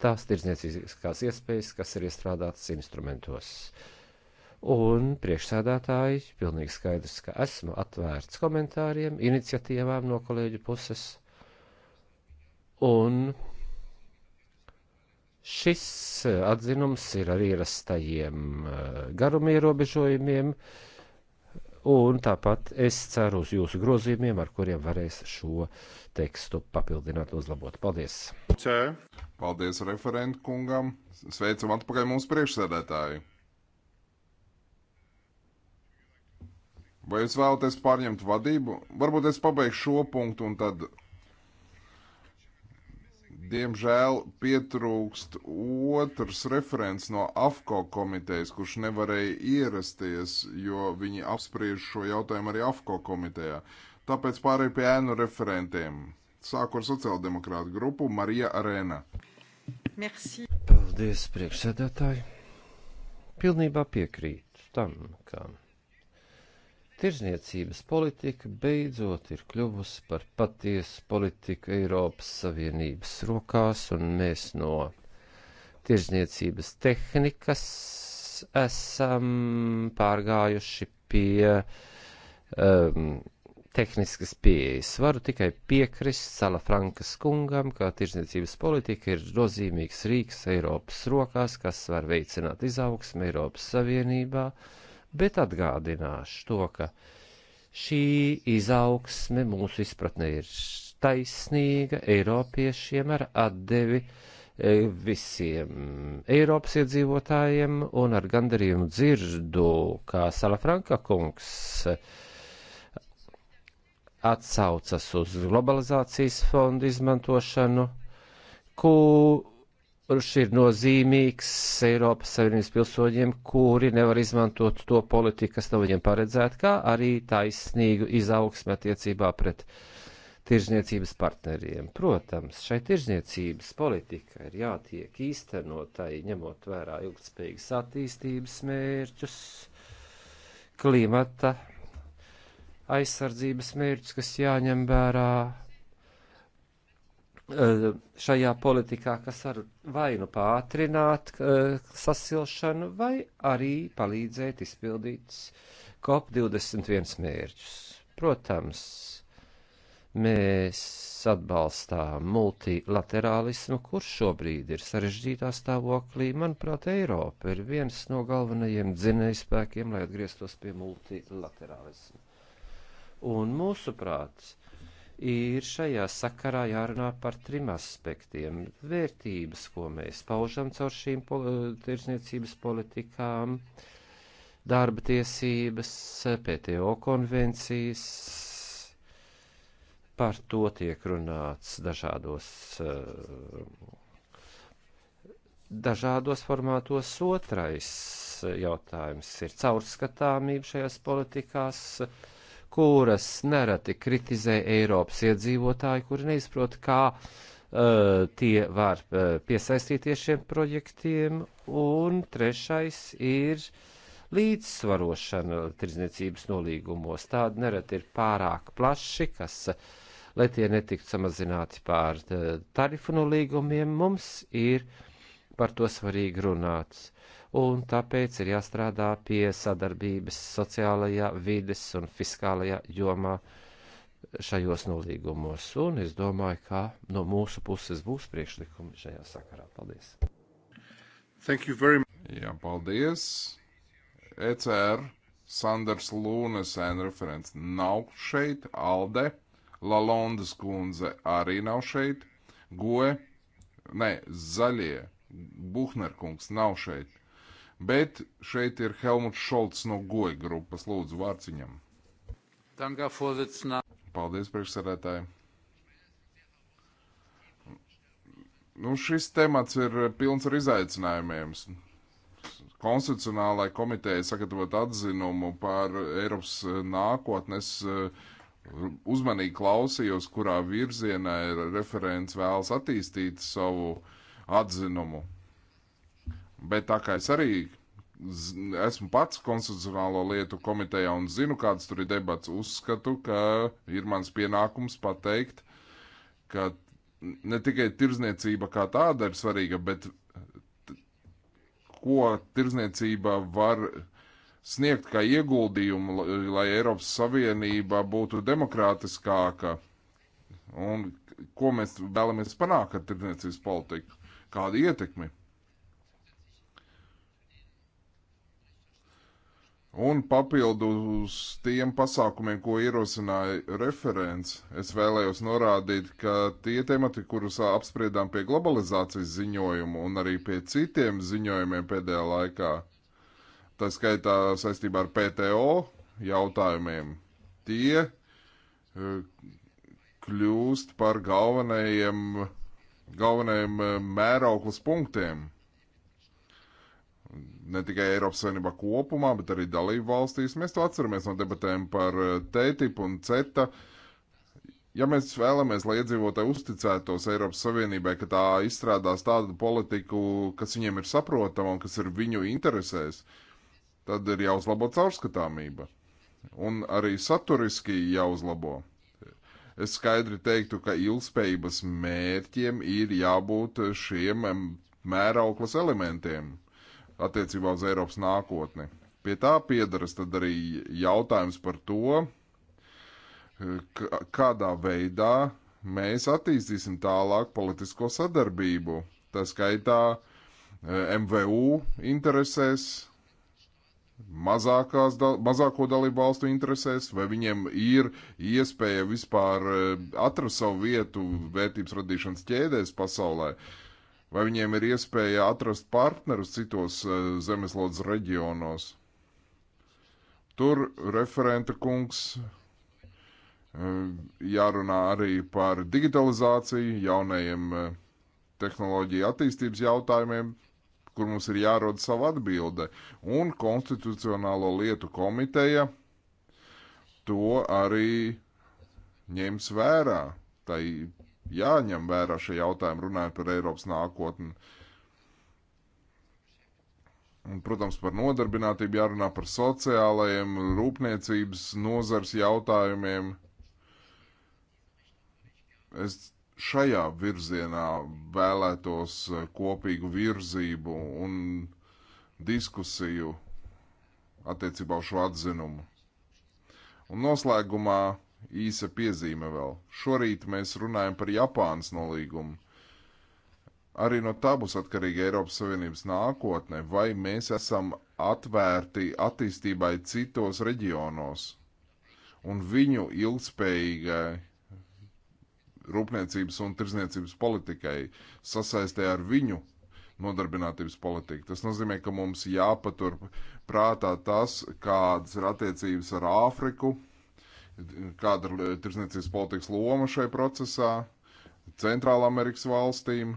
tās tirdzniecības iespējas, kas ir iestrādātas instrumentos. Un priekšsēdētāji, pilnīgi skaidrs, ka esmu atvērts komentāriem, iniciatīvām no kolēģu puses. Un Šis eh, atzinums ir ar ierastajiem eh, garuma ierobežojumiem, un tāpat es ceru uz jūsu grozījumiem, ar kuriem varēs šo tekstu papildināt, uzlabot. Paldies! Čē. Paldies referentu kungam! Sveicam atpakaļ mūsu priekšsēdētāju! Vai jūs vēlaties pārņemt vadību? Varbūt es pabeigšu šo punktu un tad diemžēl pietrūkst otrs referents no AFCO komitejas, kurš nevarēja ierasties, jo viņi apspriež šo jautājumu arī AFCO komitejā. Tāpēc pārēju pie ēnu referentiem. Sāku ar sociāldemokrātu grupu Marija Arēna. Merci. Paldies, priekšsēdētāji. Pilnībā piekrītu tam, kā. Ka Tirzniecības politika beidzot ir kļuvusi par patiesu politiku Eiropas Savienības rokās, un mēs no tirzniecības tehnikas esam pārgājuši pie um, tehniskas pieejas. Varu tikai piekrist Sala Frankas kungam, ka tirzniecības politika ir nozīmīgs rīks Eiropas rokās, kas var veicināt izaugsmu Eiropas Savienībā. Uh, bet atgādināšu to, ka šī izaugsme mūsu izpratnē ir taisnīga Eiropiešiem ar atdevi e, visiem Eiropas iedzīvotājiem un ar gandarījumu dzirdu, kā Salafranka kungs atsaucas uz globalizācijas fondu izmantošanu, ku kurš ir nozīmīgs Eiropas Savienības pilsoņiem, kuri nevar izmantot to politiku, kas nav viņiem paredzēta, kā arī taisnīgu izaugsmi attiecībā pret tirzniecības partneriem. Protams, šai tirzniecības politika ir jātiek īstenotai, ņemot vērā ilgtspējīgas attīstības mērķus, klimata aizsardzības mērķus, kas jāņem vērā Eh, šajā politikā, kas var vai nu pātrināt eh, sasilšanu, vai arī palīdzēt izpildīt COP21 mērķus. Protams, mēs atbalstām multilaterālismu, kurš šobrīd ir sarežģītā stāvoklī. Manuprāt, Eiropa ir viens no galvenajiem dzinējspēkiem, lai atgrieztos pie multilaterālismu. Un mūsuprāt, uh, ir šajā sakarā jārunā par trim aspektiem - vērtības, ko mēs paužam caur šīm pol eh, tirsniecības politikām, darba tiesības, PTO konvencijas, par to tiek runāts dažādos. Eh, dažādos formātos otrais jautājums ir caurskatāmība šajās politikās, uh, kuras nereti kritizē Eiropas iedzīvotāji, kuri neizprot, kā uh, tie var uh, piesaistīties šiem projektiem. Un trešais ir līdzsvarošana tirdzniecības nolīgumos. Tāda nereti ir pārāk plaši, kas, lai tie netiktu samazināti pār eh, tarifu nolīgumiem, mums ir par to svarīgi runāts un tāpēc ir jāstrādā pie sadarbības sociālajā, vides un fiskālajā jomā šajos nolīgumos. Un es domāju, ka no mūsu puses būs priekšlikumi šajā sakarā. Paldies! Jā, paldies! ECR Sanders Lūnesēna referents nav šeit, Alde, Lalondas kundze arī nav šeit, Goe, ne, Zaļie, Buhnerkungs nav šeit, Bet šeit ir Helmuts Šolts no goja grupas. Lūdzu, vārds viņam. Paldies, priekšsēdētāji. Nu, šis temats ir pilns ar izaicinājumiem. Konstitucionālai komiteja sagatavot atzinumu par Eiropas nākotnes eh, uzmanīgi klausījos, kurā virzienā referents vēlas attīstīt savu atzinumu Bet tā kā es arī esmu pats konstitucionālo lietu komitejā un zinu, kādas tur ir debats, uzskatu, ka ir mans pienākums pateikt, ka ne tikai tirzniecība kā tāda ir svarīga, bet ko tirzniecība var sniegt kā ieguldījumu, lai Eiropas Savienība būtu demokrātiskāka un ko mēs vēlamies panākt ar tirdzniecības politiku, kādu ietekmi. Un papildus tiem pasākumiem, ko ierosināja referents, es vēlējos norādīt, ka tie temati, kurus apspriedām pie globalizācijas ziņojumu un arī pie citiem ziņojumiem pēdējā laikā, tā skaitā saistībā ar PTO jautājumiem, tie eh, kļūst par galvenajiem, galvenajiem eh, mērauklas punktiem ne tikai Eiropas Savienībā kopumā, bet arī dalību valstīs. Mēs to atceramies no debatēm par eh, TTIP un CETA. Ja mēs vēlamies, lai iedzīvotāji uzticētos Eiropas Savienībai, ka tā izstrādās tādu politiku, kas viņiem ir saprotama un kas ir viņu interesēs, tad ir jāuzlabo caurskatāmība. Un arī saturiski jāuzlabo es skaidri teiktu, ka ilgspējības mērķiem ir jābūt šiem mērauklas elementiem attiecībā uz Eiropas nākotni. Pie tā piedaras tad arī jautājums par to, kādā veidā mēs attīstīsim tālāk politisko sadarbību. Tā skaitā eh, MVU interesēs, mazākās, mazāko dalību valstu interesēs, vai viņiem ir iespēja vispār eh, atrast savu vietu vērtības radīšanas ķēdēs pasaulē. Uh, Vai viņiem ir iespēja atrast partnerus citos eh, zemeslodes reģionos? Tur referenta kungs eh, jārunā arī par digitalizāciju, jaunajiem eh, tehnoloģiju attīstības jautājumiem, kur mums ir jārod sava atbilde. Un Konstitucionālo lietu komiteja to arī ņems vērā. Tai jāņem vērā šie jautājumi, runājot par Eiropas nākotni. Un, protams, par nodarbinātību jārunā par sociālajiem, rūpniecības nozars jautājumiem. Es šajā virzienā vēlētos kopīgu virzību un diskusiju attiecībā uz šo atzinumu. Un noslēgumā īsa piezīme vēl. Šorīt mēs runājam par Japānas nolīgumu. Arī no tā būs atkarīga Eiropas Savienības nākotne, vai mēs esam atvērti attīstībai citos reģionos un viņu ilgspējīgai rūpniecības un tirzniecības politikai sasaistē ar viņu nodarbinātības politiku. Tas nozīmē, ka mums jāpatur prātā tas, kādas ir attiecības ar Āfriku, kāda ir eh, tirsniecības politikas loma šai procesā, Centrāla Amerikas valstīm.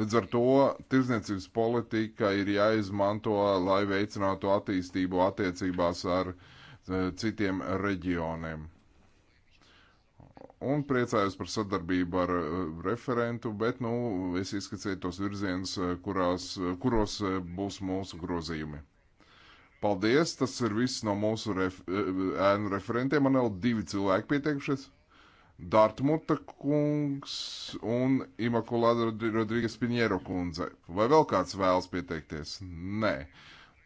Līdz ar to tirsniecības politika ir jāizmanto, lai veicinātu attīstību attiecībās ar eh, citiem reģioniem. Un priecājos par sadarbību ar eh, referentu, bet, nu, es izskacēju tos virzienus, kurās, kuros būs mūsu grozījumi. Paldies, tas ir viss no mūsu ref, e, e, ēnu referentiem. Man vēl divi cilvēki pieteikušies. Dārtmuta kungs un Imakulāda Rodrīgas Piņero kundze. Vai vēl kāds vēlas pieteikties? Nē.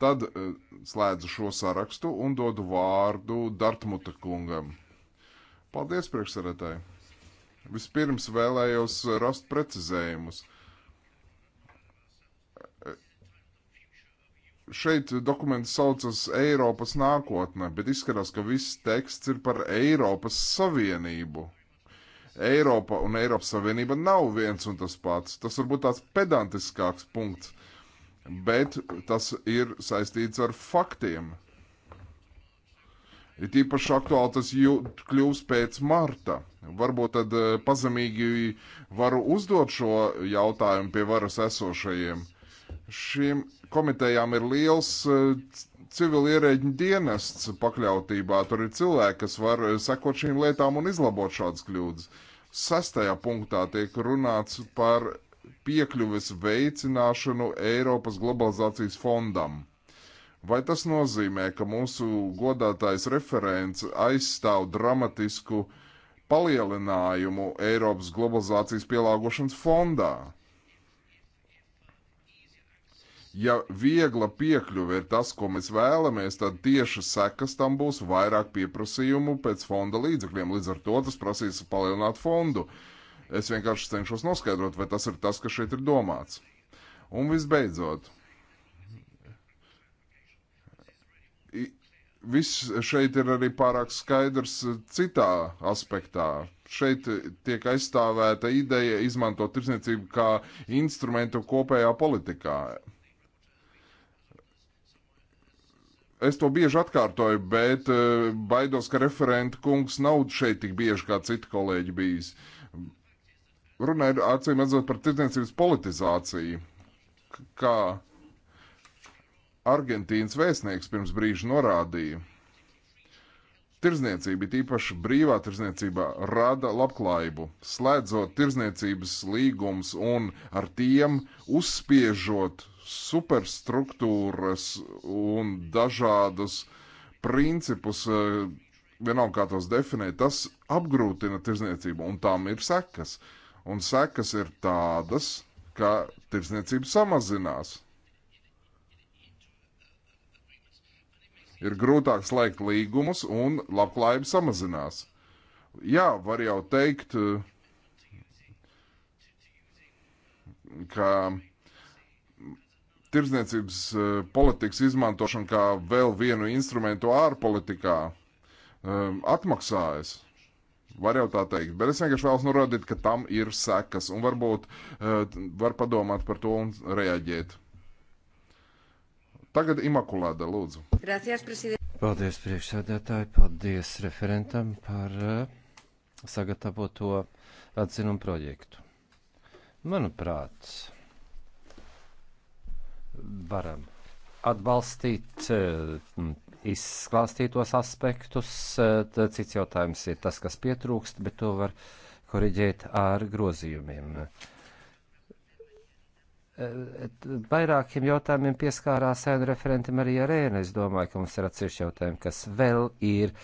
Tad e, slēdzu šo sarakstu un dodu vārdu Dārtmuta kungam. Paldies, priekšsarētāji! Vispirms vēlējos rast precizējumus. Uh, šeit dokuments saucas Eiropas nākotne, bet izskatās, ka viss teksts ir par Eiropas Savienību. Eiropa un Eiropas Savienība nav viens un tas pats. Tas varbūt tāds pedantiskāks punkts, bet tas ir saistīts ar faktiem. Ir īpaši aktuāli tas kļūs pēc marta. Varbūt tad eh, pazemīgi varu uzdot šo jautājumu pie varas esošajiem Šiem komitejām ir liels eh, civil ierēģiņu dienests pakļautībā. Tur ir cilvēki, kas var eh, sekot šīm lietām un izlabot šādas kļūdas. Sastajā punktā tiek runāts par piekļuves veicināšanu Eiropas globalizācijas fondam. Vai tas nozīmē, ka mūsu godātais referents aizstāv dramatisku palielinājumu Eiropas globalizācijas pielāgošanas fondā? Ja viegla piekļuve ir tas, ko mēs vēlamies, tad tieši sekas tam būs vairāk pieprasījumu pēc fonda līdzekļiem. Līdz ar to tas prasīs palielināt fondu. Es vienkārši cenšos noskaidrot, vai tas ir tas, kas šeit ir domāts. Un visbeidzot, viss šeit ir arī pārāk skaidrs citā aspektā. Šeit tiek aizstāvēta ideja izmantot tirsniecību kā instrumentu kopējā politikā. Es to bieži atkārtoju, bet eh, baidos, ka referenta kungs nav šeit tik bieži kā citi kolēģi bijis. Runa ir acīm redzot par tirdzniecības politizāciju, kā Argentīnas vēstnieks pirms brīža norādīja. Tirzniecība, tīpaši brīvā tirzniecība, rada labklājību, slēdzot tirzniecības līgums un ar tiem uzspiežot superstruktūras un dažādus principus, eh, vienalga kā tos definēt, tas apgrūtina tirzniecību un tām ir sekas. Un sekas ir tādas, ka tirzniecība samazinās ir grūtāk slēgt līgumus un labklājība samazinās. Jā, var jau teikt, ka tirdzniecības eh, politikas izmantošana kā vēl vienu instrumentu ārpolitikā eh, atmaksājas. Var jau tā teikt, bet es vienkārši vēlos norādīt, ka tam ir sekas, un varbūt eh, var padomāt par to un reaģēt. Tagad Imakulāda, lūdzu. Gracias, paldies priekšsēdētāji, paldies referentam par eh, sagatavoto atzinumu projektu. Manuprāt, varam atbalstīt eh, izklāstītos aspektus. Eh, cits jautājums ir tas, kas pietrūkst, bet to var koriģēt ar grozījumiem. Uh, vairākiem jautājumiem pieskārās ēnu referenti Marija Rēna. Es domāju, ka mums ir atsevišķi jautājumi, kas vēl ir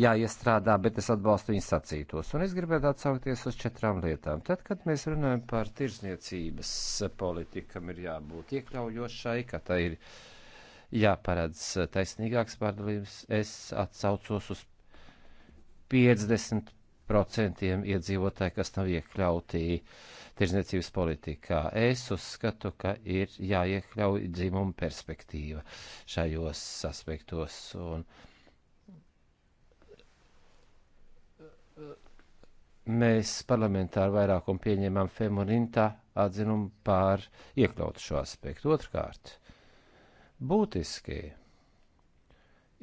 jāiestrādā, bet es atbalstu viņas sacītos. Un es gribētu atsaukties uz četrām lietām. Tad, kad mēs runājam par tirzniecības politikam, ir jābūt iekļaujošai, ka tā ir jāparedz taisnīgāks pārdalījums. Es atsaucos uz 50% iedzīvotāju, kas nav iekļautīji tirzniecības politikā. Es uzskatu, ka ir jāiekļauj dzimuma perspektīva šajos aspektos. Un uh, mēs parlamentāru vairākumu pieņēmām Femurinta atzinumu pār iekļautu šo aspektu. Otrkārt, būtiski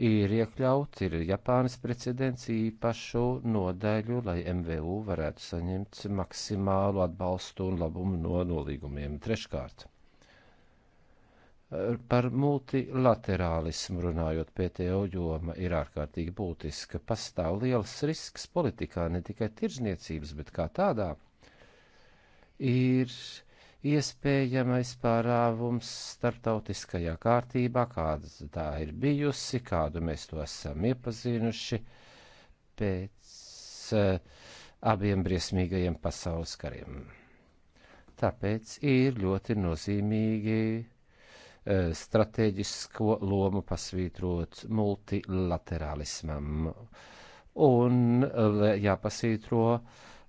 ir iekļauts, ir Japānas precedents īpašu nodaļu, lai MVU varētu saņemt maksimālu atbalstu un labumu no nolīgumiem. Treškārt, par multilaterālismu runājot PTO joma ir ārkārtīgi būtiska. Pastāv liels risks politikā, ne tikai tirzniecības, bet kā tādā. Ir iespējamais pārāvums starptautiskajā kārtībā, kāda tā ir bijusi, kādu mēs to esam iepazinuši pēc uh, abiem briesmīgajiem pasaules kariem. Tāpēc ir ļoti nozīmīgi uh, e, stratēģisko lomu pasvītrot multilaterālismam un uh, jāpasvītro uh,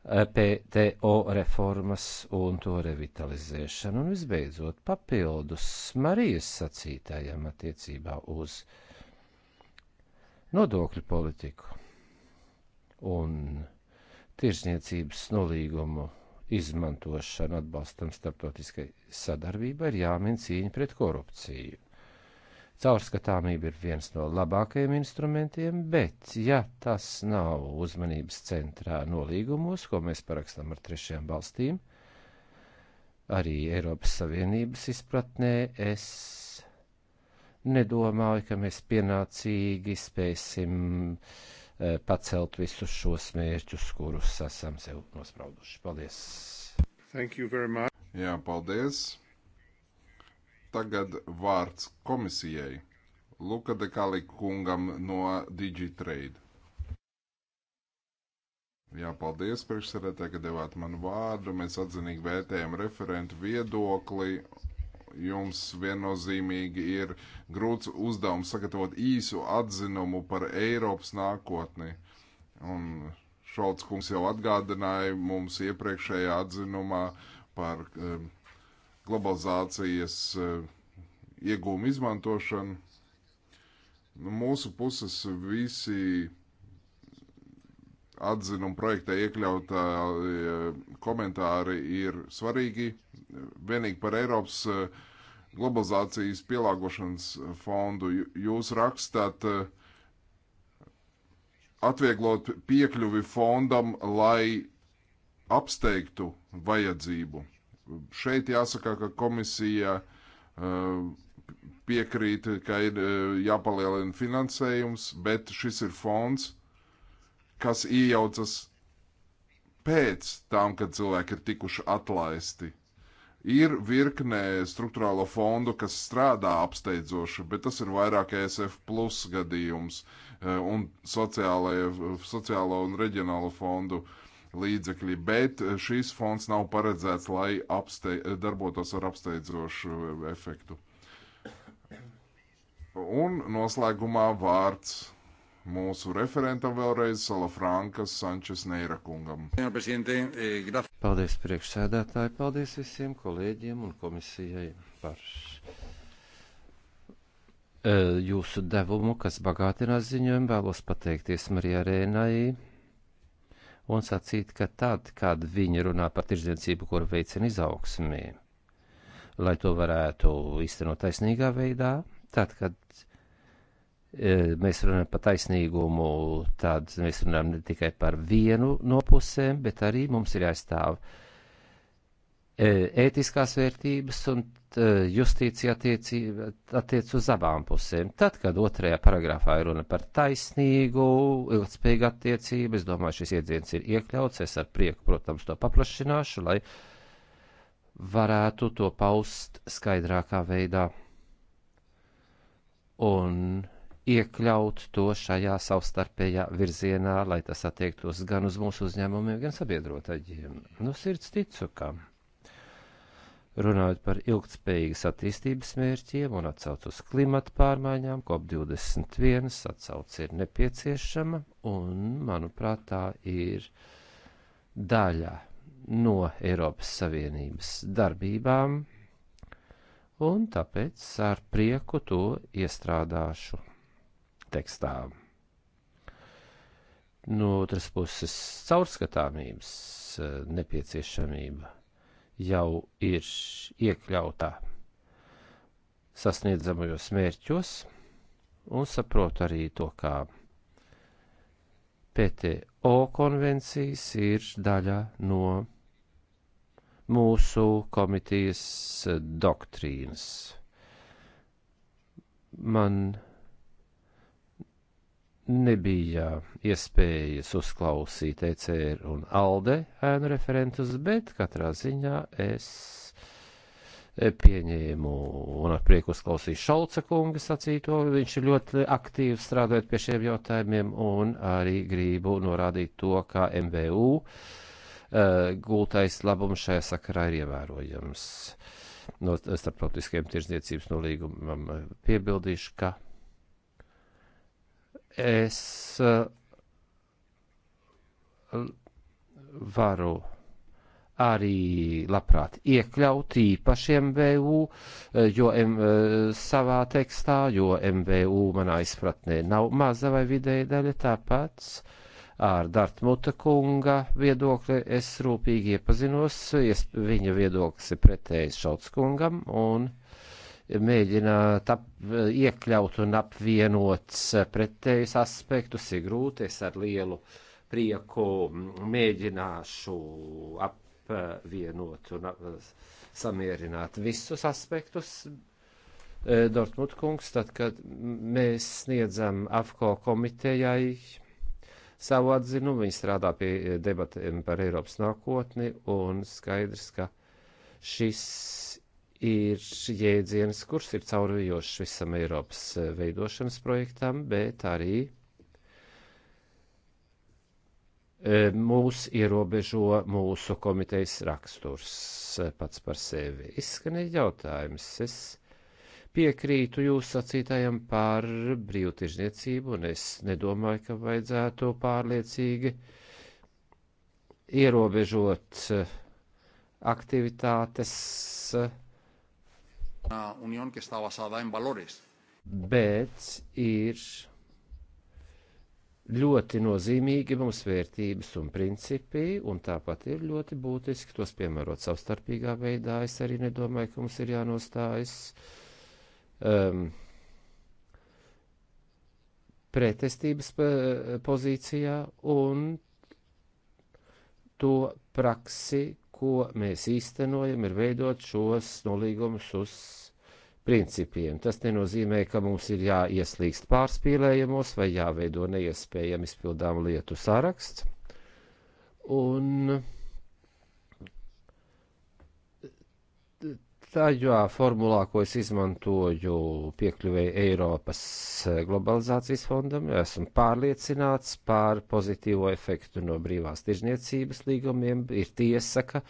E PTO reformas un to revitalizēšanu. Un visbeidzot, papildus Marijas sacītājiem attiecībā uz nodokļu politiku un tirsniecības nolīgumu izmantošanu atbalstam starptautiskai sadarbībai ir jāmin cīņa pret korupciju. Caurskatāmība ir viens no labākajiem instrumentiem, bet, ja tas nav uzmanības centrā nolīgumos, ko mēs parakstam ar trešajām valstīm, arī Eiropas Savienības izpratnē, es nedomāju, ka mēs pienācīgi spēsim e, pacelt visus šos mērķus, kurus esam sev nosprauduši. Paldies! Jā, paldies! Tagad vārds komisijai. Luka Dekali kungam no Digitrade. Jā, paldies priekšsēdētāji, ka devāt man vārdu. Mēs atzinīgi vērtējam referentu viedokli. Jums viennozīmīgi ir grūts uzdevums sagatavot īsu atzinumu par Eiropas nākotni. Un Šalts kungs jau atgādināja mums iepriekšējā atzinumā par um, globalizācijas eh, iegūmu izmantošanu. No nu, mūsu puses visi atzinuma projektā iekļautā eh, komentāri ir svarīgi. Vienīgi par Eiropas eh, globalizācijas pielāgošanas fondu jūs rakstāt atvieglot piekļuvi fondam, lai apsteigtu vajadzību. Šeit jāsaka, ka komisija uh, piekrīt, ka ir uh, jāpalielina finansējums, bet šis ir fonds, kas iejaucas pēc tam, kad cilvēki ir tikuši atlaisti. Ir virknē struktūrālo fondu, kas strādā apsteidzoši, bet tas ir vairāk ESF plus gadījums uh, un sociālo un reģionālo fondu uh, līdzekļi, bet eh, šīs fonds nav paredzēts, lai apstei, eh, darbotos ar apsteidzošu efektu. Un noslēgumā vārds mūsu referentam vēlreiz Salafrankas Sančes Neirakungam. Eh, paldies priekšsēdētāji, paldies visiem kolēģiem un komisijai par jūsu devumu, kas bagātinās ziņojumu. Vēlos pateikties Marijā Rēnai un sacīt, ka tad, kad viņi runā par tirdzniecību, kur veicina izaugsmī, lai to varētu īstenot taisnīgā veidā, tad, kad e, mēs runājam par taisnīgumu, tad mēs runājam ne tikai par vienu no pusēm, bet arī mums ir jāizstāv e, ētiskās e, vērtības un Eh, justīcija attiec uz abām pusēm. Tad, kad otrajā paragrāfā ir runa par taisnīgu, ilgspējīgu attiecību, es domāju, šis iedziens ir iekļauts. Es ar prieku, protams, to paplašināšu, lai varētu to paust skaidrākā veidā un iekļaut to šajā savstarpējā virzienā, lai tas attiektos gan uz mūsu uzņēmumiem, gan sabiedrotaģiem. Nu, sirds ticu, kam runājot par ilgtspējīgas attīstības mērķiem un atsauc uz klimata pārmaiņām, COP21 atsauc ir nepieciešama un, manuprāt, tā ir daļa no Eiropas Savienības darbībām, un tāpēc ar prieku to iestrādāšu tekstā. No otras puses, caurskatāmības eh, nepieciešamība jau ir iekļautā sasniedzamajos mērķos, un saprotu arī to, kā PTO konvencijas ir daļa no mūsu komitejas doktrīnas. Man nebija iespējas uzklausīt ECR un ALDE ēnu referentus, bet katrā ziņā es e, pieņēmu un ar prieku uzklausīju Šalca kunga sacīto. Viņš ir ļoti aktīvi strādājot pie šiem jautājumiem un arī gribu norādīt to, kā MVU uh, e, gūtais labums šajā sakarā ir ievērojams. No starptautiskiem tirzniecības nolīgumam e, piebildīšu, ka Es uh, varu arī labprāt iekļaut īpašiem MVU, eh, jo M, eh, savā tekstā, jo MVU manā izpratnē nav maza vai vidēja daļa tāpēc. Ar Dartmuta kunga viedokli es rūpīgi iepazinos, es, viņa viedoklis ir pretējs Šauts kungam, un mēģināt ap, iekļaut un apvienot pretējus aspektus ir grūti. Es ar lielu prieku mēģināšu apvienot un ap, samierināt visus aspektus. E, Dortmund kungs, tad, kad mēs sniedzam AFCO komitejai savu atzinumu, viņi strādā pie debatēm par Eiropas nākotni un skaidrs, ka šis ir jēdziens, kurš ir caurvijošs visam Eiropas eh, veidošanas projektam, bet arī eh, mūs ierobežo mūsu komitejas raksturs eh, pats par sevi. Izskanēja jautājums. Es piekrītu jūs sacītajam par brīvtiržniecību, un es nedomāju, ka vajadzētu pārliecīgi ierobežot aktivitātes unión que está basada en valores. Bet ir ļoti nozīmīgi mums vērtības un principi, un tāpat ir ļoti būtiski tos piemērot savstarpīgā veidā. Es arī nedomāju, ka mums ir jānostājas um, pretestības uh, pozīcijā un to praksi, ko mēs īstenojam, ir veidot šos nolīgumus uz principiem. Tas nenozīmē, ka mums ir jāieslīgst pārspīlējumos vai jāveido neiespējami izpildām lietu saraksts. Un tajā formulā, ko es izmantoju piekļuvēju Eiropas eh, globalizācijas fondam, esmu pārliecināts par pozitīvo efektu no brīvās tirzniecības līgumiem. Ir tiesa, ka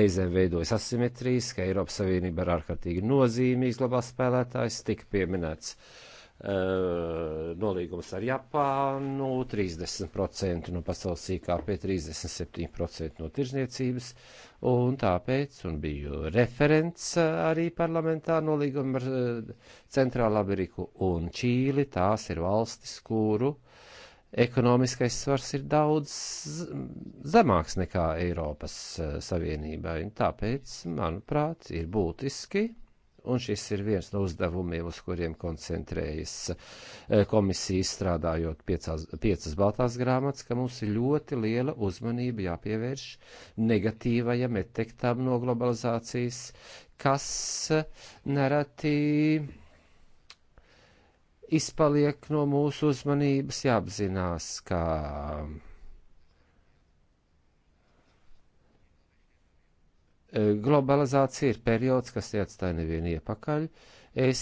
reizēm veidojas asimetrijas, ka Eiropas Savienība ir ārkārtīgi nozīmīgs globāls spēlētājs, tika pieminēts uh, Eh, nolīgums ar Japānu, 30% no pasaules IKP, 37% no tirzniecības, un tāpēc, un biju referents eh, arī parlamentā nolīgumu ar eh, Centrālu Ameriku un Čīli, tās ir valstis, kuru ekonomiskais svars ir daudz zemāks nekā Eiropas Savienībai, un tāpēc, manuprāt, ir būtiski un šis ir viens no uzdevumiem, uz kuriem koncentrējas eh, komisija izstrādājot piecās, piecas baltās grāmatas, ka mums ir ļoti liela uzmanība jāpievērš negatīvajam etektam no globalizācijas, kas eh, nereti izpaliek no mūsu uzmanības, jāapzinās, ka Eh, globalizācija ir periods, kas neatstāja nevienu iepakaļ. Es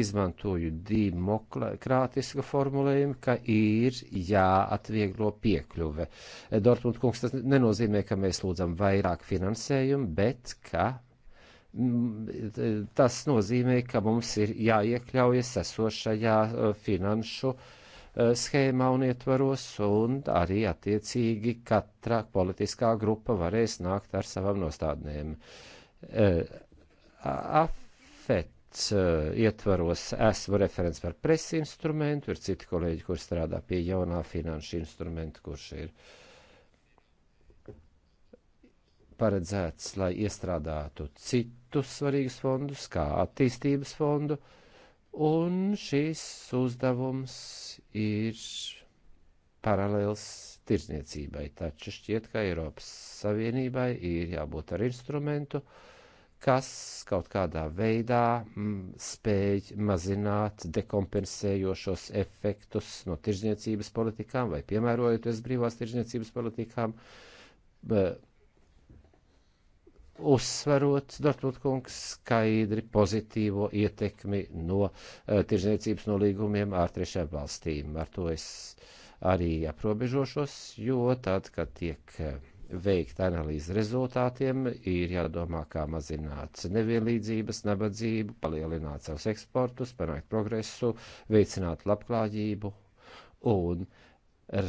izmantoju demokrātisku formulējumu, ka ir jāatvieglo piekļuve. Eh, Dortmund kungs, tas nenozīmē, ka mēs lūdzam vairāk finansējumu, bet ka mm, eh, tas nozīmē, ka mums ir jāiekļaujas esošajā finanšu uh, Eh, schēmā un ietvaros, un arī attiecīgi katra politiskā grupa varēs nākt ar savām nostādnēm. Eh, Afets eh, ietvaros esmu referents par presi instrumentu, ir citi kolēģi, kur strādā pie jaunā finanšu instrumenta, kurš ir paredzēts, lai iestrādātu citus svarīgus fondus, kā attīstības fondu, un šīs uzdevums ir paralēls tirzniecībai, taču šķiet, ka Eiropas Savienībai ir jābūt ar instrumentu, kas kaut kādā veidā m, mm, spēj mazināt dekompensējošos efektus no tirzniecības politikām vai piemērojoties brīvās tirzniecības politikām. Bet, uzsverot, Dortmund kungs, skaidri pozitīvo ietekmi no uh, tirzniecības nolīgumiem ar trešām valstīm. Ar to es arī aprobežošos, jo tad, kad tiek eh, veikt analīzes rezultātiem, ir jādomā, kā mazināt nevienlīdzības, nabadzību, palielināt savus eksportus, panākt progresu, veicināt labklājību un uh,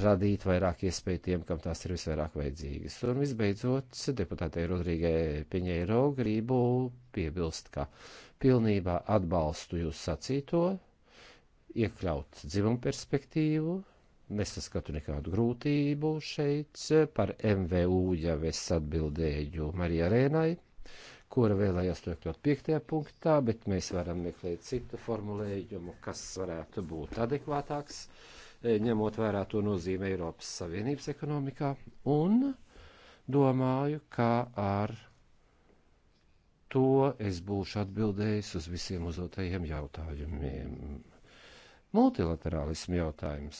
radīt vairāk iespēju tiem, kam tās ir visvairāk vajadzīgas. Un visbeidzot, deputātei Rodrīgai Piņēro gribu piebilst, ka pilnībā atbalstu jūs sacīto, iekļaut dzimumu perspektīvu, nesaskatu nekādu grūtību šeit, par MVU jau es atbildēju Marija Rēnai, kura vēlējās to iekļaut piektajā punktā, bet mēs varam meklēt citu formulējumu, kas varētu būt adekvātāks. Uh, ņemot vērā to nozīme Eiropas Savienības ekonomikā, un domāju, ka ar to es būšu atbildējis uz visiem uzdotajiem jautājumiem. Multilaterālismu jautājums.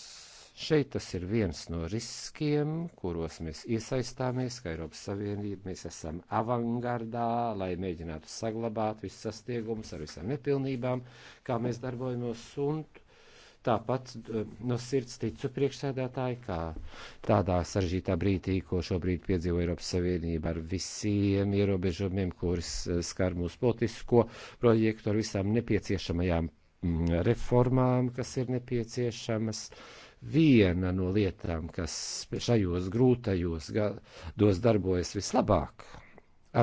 Šeit tas ir viens no riskiem, kuros mēs iesaistāmies, ka Eiropas Savienība mēs esam avangardā, lai mēģinātu saglabāt visus sastiegumus ar visām nepilnībām, kā mēs darbojamies, un Tāpat eh, no sirds ticu priekšsēdētāji, kā tādā saržītā brīdī, ko šobrīd piedzīvo Eiropas Savienība ar visiem ierobežojumiem, kuris eh, skar mūsu politisko projektu, ar visām nepieciešamajām mm, reformām, kas ir nepieciešamas. Viena no lietām, kas šajos grūtajos gados darbojas vislabāk,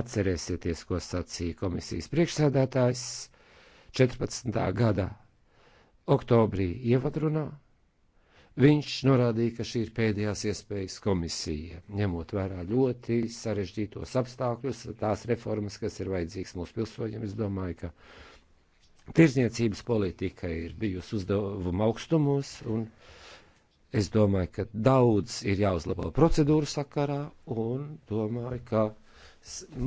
atcerēsieties, ko sacīja komisijas priekšsēdētājs 14. gada oktobrī ievadrunā, viņš norādīja, ka šī ir pēdējās iespējas komisija, ņemot vērā ļoti sarežģītos apstākļus, tās reformas, kas ir vajadzīgas mūsu pilsoņiem. Es domāju, ka tirzniecības politika ir bijusi uzdevuma augstumos, un es domāju, ka daudz ir jāuzlabo procedūru sakarā, un domāju, ka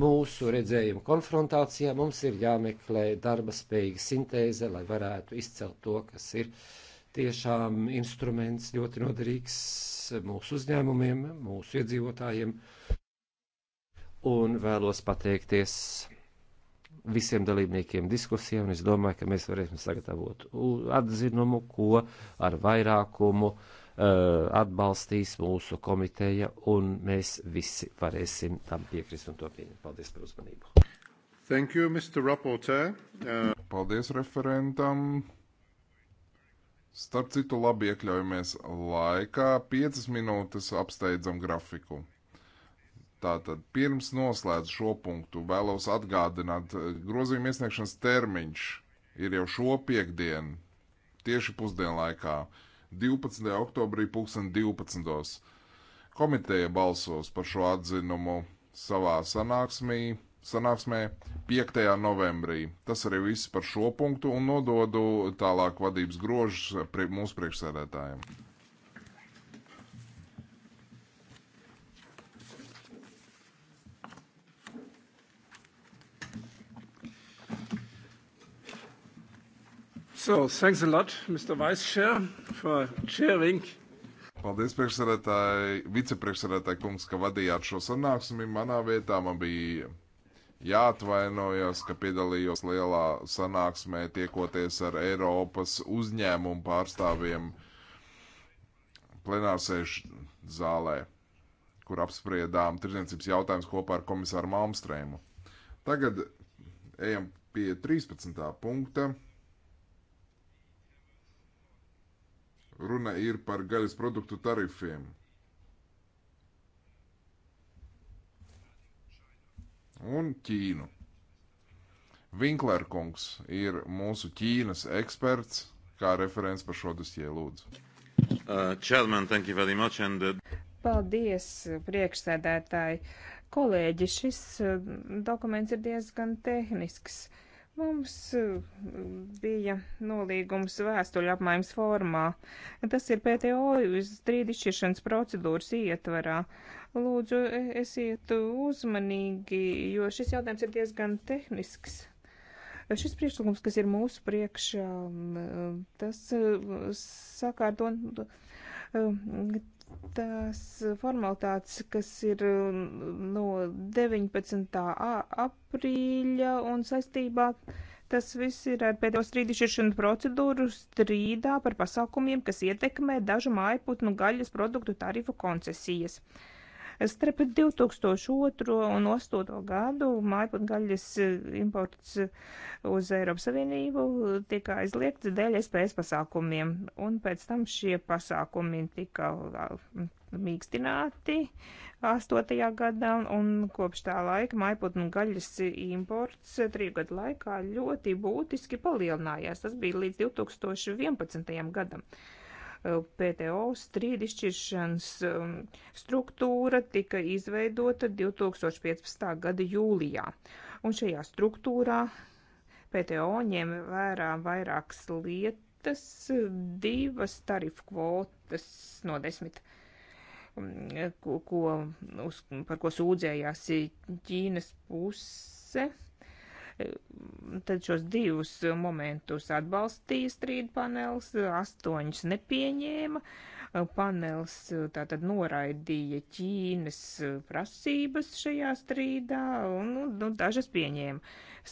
mūsu redzējumu konfrontācijā mums ir jāmeklē darba spējīga sintēze, lai varētu izcelt to, kas ir tiešām instruments ļoti noderīgs mūsu uzņēmumiem, mūsu iedzīvotājiem. Un vēlos pateikties visiem dalībniekiem diskusijām, un es domāju, ka mēs varēsim sagatavot atzinumu, ko ar vairākumu uh, atbalstīs mūsu komiteja, un mēs visi varēsim tam piekrist un to pieņemt. Paldies par uzmanību. Thank you, Mr. Rapporteur. Uh... Paldies referentam. Starp citu, labi iekļaujamies laikā. 5 minūtes apsteidzam grafiku. Tātad, pirms noslēdz šo punktu, vēlos atgādināt, grozījuma iesniegšanas termiņš ir jau šo piekdienu, tieši pusdienlaikā. laikā. 12. oktobrī 2012. Komiteja balsos par šo atzinumu savā sanāksmī, sanāksmē 5. novembrī. Tas arī viss par šo punktu un nododu tālāk vadības grožus prie, mūsu priekšsēdētājiem. So, thanks a lot, Mr. Vice Chair, for chairing. Paldies, priekšsēdētāji, vicepriekšsēdētāji kungs, ka vadījāt šo sanāksmi. Manā vietā man bija jāatvainojas, ka piedalījos lielā sanāksmē tiekoties ar Eiropas uzņēmumu pārstāvjiem plenārsēžu zālē, kur apspriedām tirdzniecības jautājumus kopā ar komisāru Malmstrēmu. Tagad ejam pie 13. punkta. Runa ir par gaļas produktu tarifiem. Un Ķīnu. Vinklērkungs ir mūsu Ķīnas eksperts, kā referents par šo dosiju lūdzu. Uh, chairman, thank you very much. And, uh... Paldies, priekšsēdētāji. Kolēģi, šis uh, dokuments ir diezgan tehnisks. Uh, Mums eh, bija nolīgums vēstuļu apmaiņas formā. Tas ir PTO strīdu izšķiršanas procedūras ietvarā. Lūdzu, e, esiet uzmanīgi, jo šis jautājums ir diezgan tehnisks. Šis priekšlikums, kas ir mūsu priekšā, tas eh, sakārto tās formalitātes, kas ir um, no 19. aprīļa un saistībā. Tas viss ir ar pēdējo strīdišķiršanu procedūru strīdā par pasākumiem, kas ietekmē dažu mājputnu gaļas produktu tarifu koncesijas. Uh, Starp 2002 un 2008 gadu mājputgaļas eh, imports eh, uz Eiropas Savienību tika aizliegts dēļ SPS pasākumiem, un pēc tam šie pasākumi tika eh, mīkstināti 8. gadā, un kopš tā laika maiputnu gaļas imports triju gadu laikā ļoti būtiski palielinājās. Tas bija līdz 2011. gadam. Eh, PTO strīdu izšķiršanas um, struktūra tika izveidota 2015. gada jūlijā. Un šajā struktūrā PTO ņem vērā vairākas lietas, divas tarifu kvotas no desmit. Um, ko, ko, uz, par ko sūdzējās Ķīnas puse, Tad šos divus momentus atbalstīja strīd panels, astoņus nepieņēma. Panels uh, tātad noraidīja Ķīnas uh, prasības šajā strīdā un nu, nu dažas pieņēma.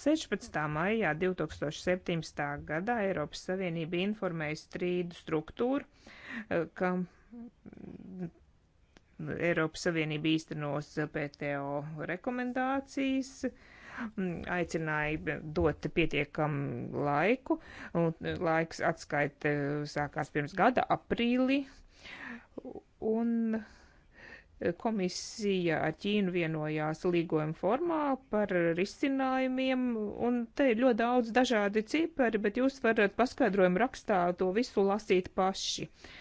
16. maijā 2017. gadā Eiropas Savienība informēja strīdu struktūru, uh, ka mm, Eiropas Savienība īstenos PTO rekomendācijas Mm, aicināja dot pietiekam laiku, un laiks atskaita sākās pirms gada aprīlī, un komisija ar Ķīnu vienojās līgojuma formā par risinājumiem, un te ir ļoti daudz dažādi cipari, bet jūs varat paskaidrojumu rakstā to visu lasīt paši. Uh,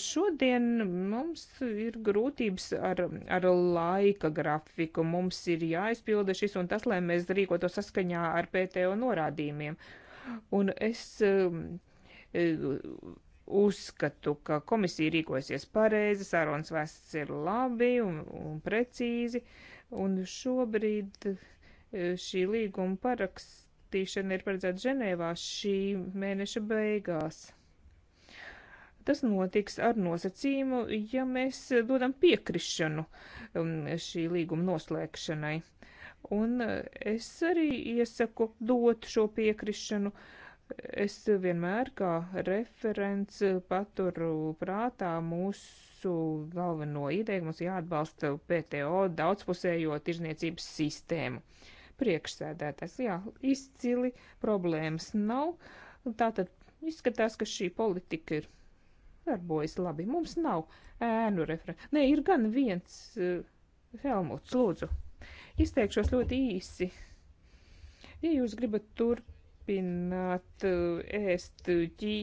Šodien mums ir grūtības ar, ar laika grafiku. Mums ir jāizpilda šis un tas, lai mēs rīkotu saskaņā ar PTO norādījumiem. Un es um, uzskatu, ka komisija rīkosies pareizi, sarunas vēsts ir labi un, un precīzi, un šobrīd e, šī līguma parakstīšana ir paredzēta Ženēvā šī mēneša beigās. Tas notiks ar nosacījumu, ja mēs dodam piekrišanu um, šī līguma noslēgšanai. Un uh, es arī iesaku dot šo piekrišanu. Es vienmēr kā referents paturu prātā mūsu galveno ideju, mums jāatbalsta PTO daudzpusējo tirzniecības sistēmu. Priekšsēdētājs, jā, izcili problēmas nav. Tātad izskatās, ka šī politika ir darbojas labi. Mums nav ēnu referenta. Nē, ir gan viens uh, Helmuts, lūdzu. Izteikšos ļoti īsi. Ja jūs gribat turpināt uh, ēst ķī,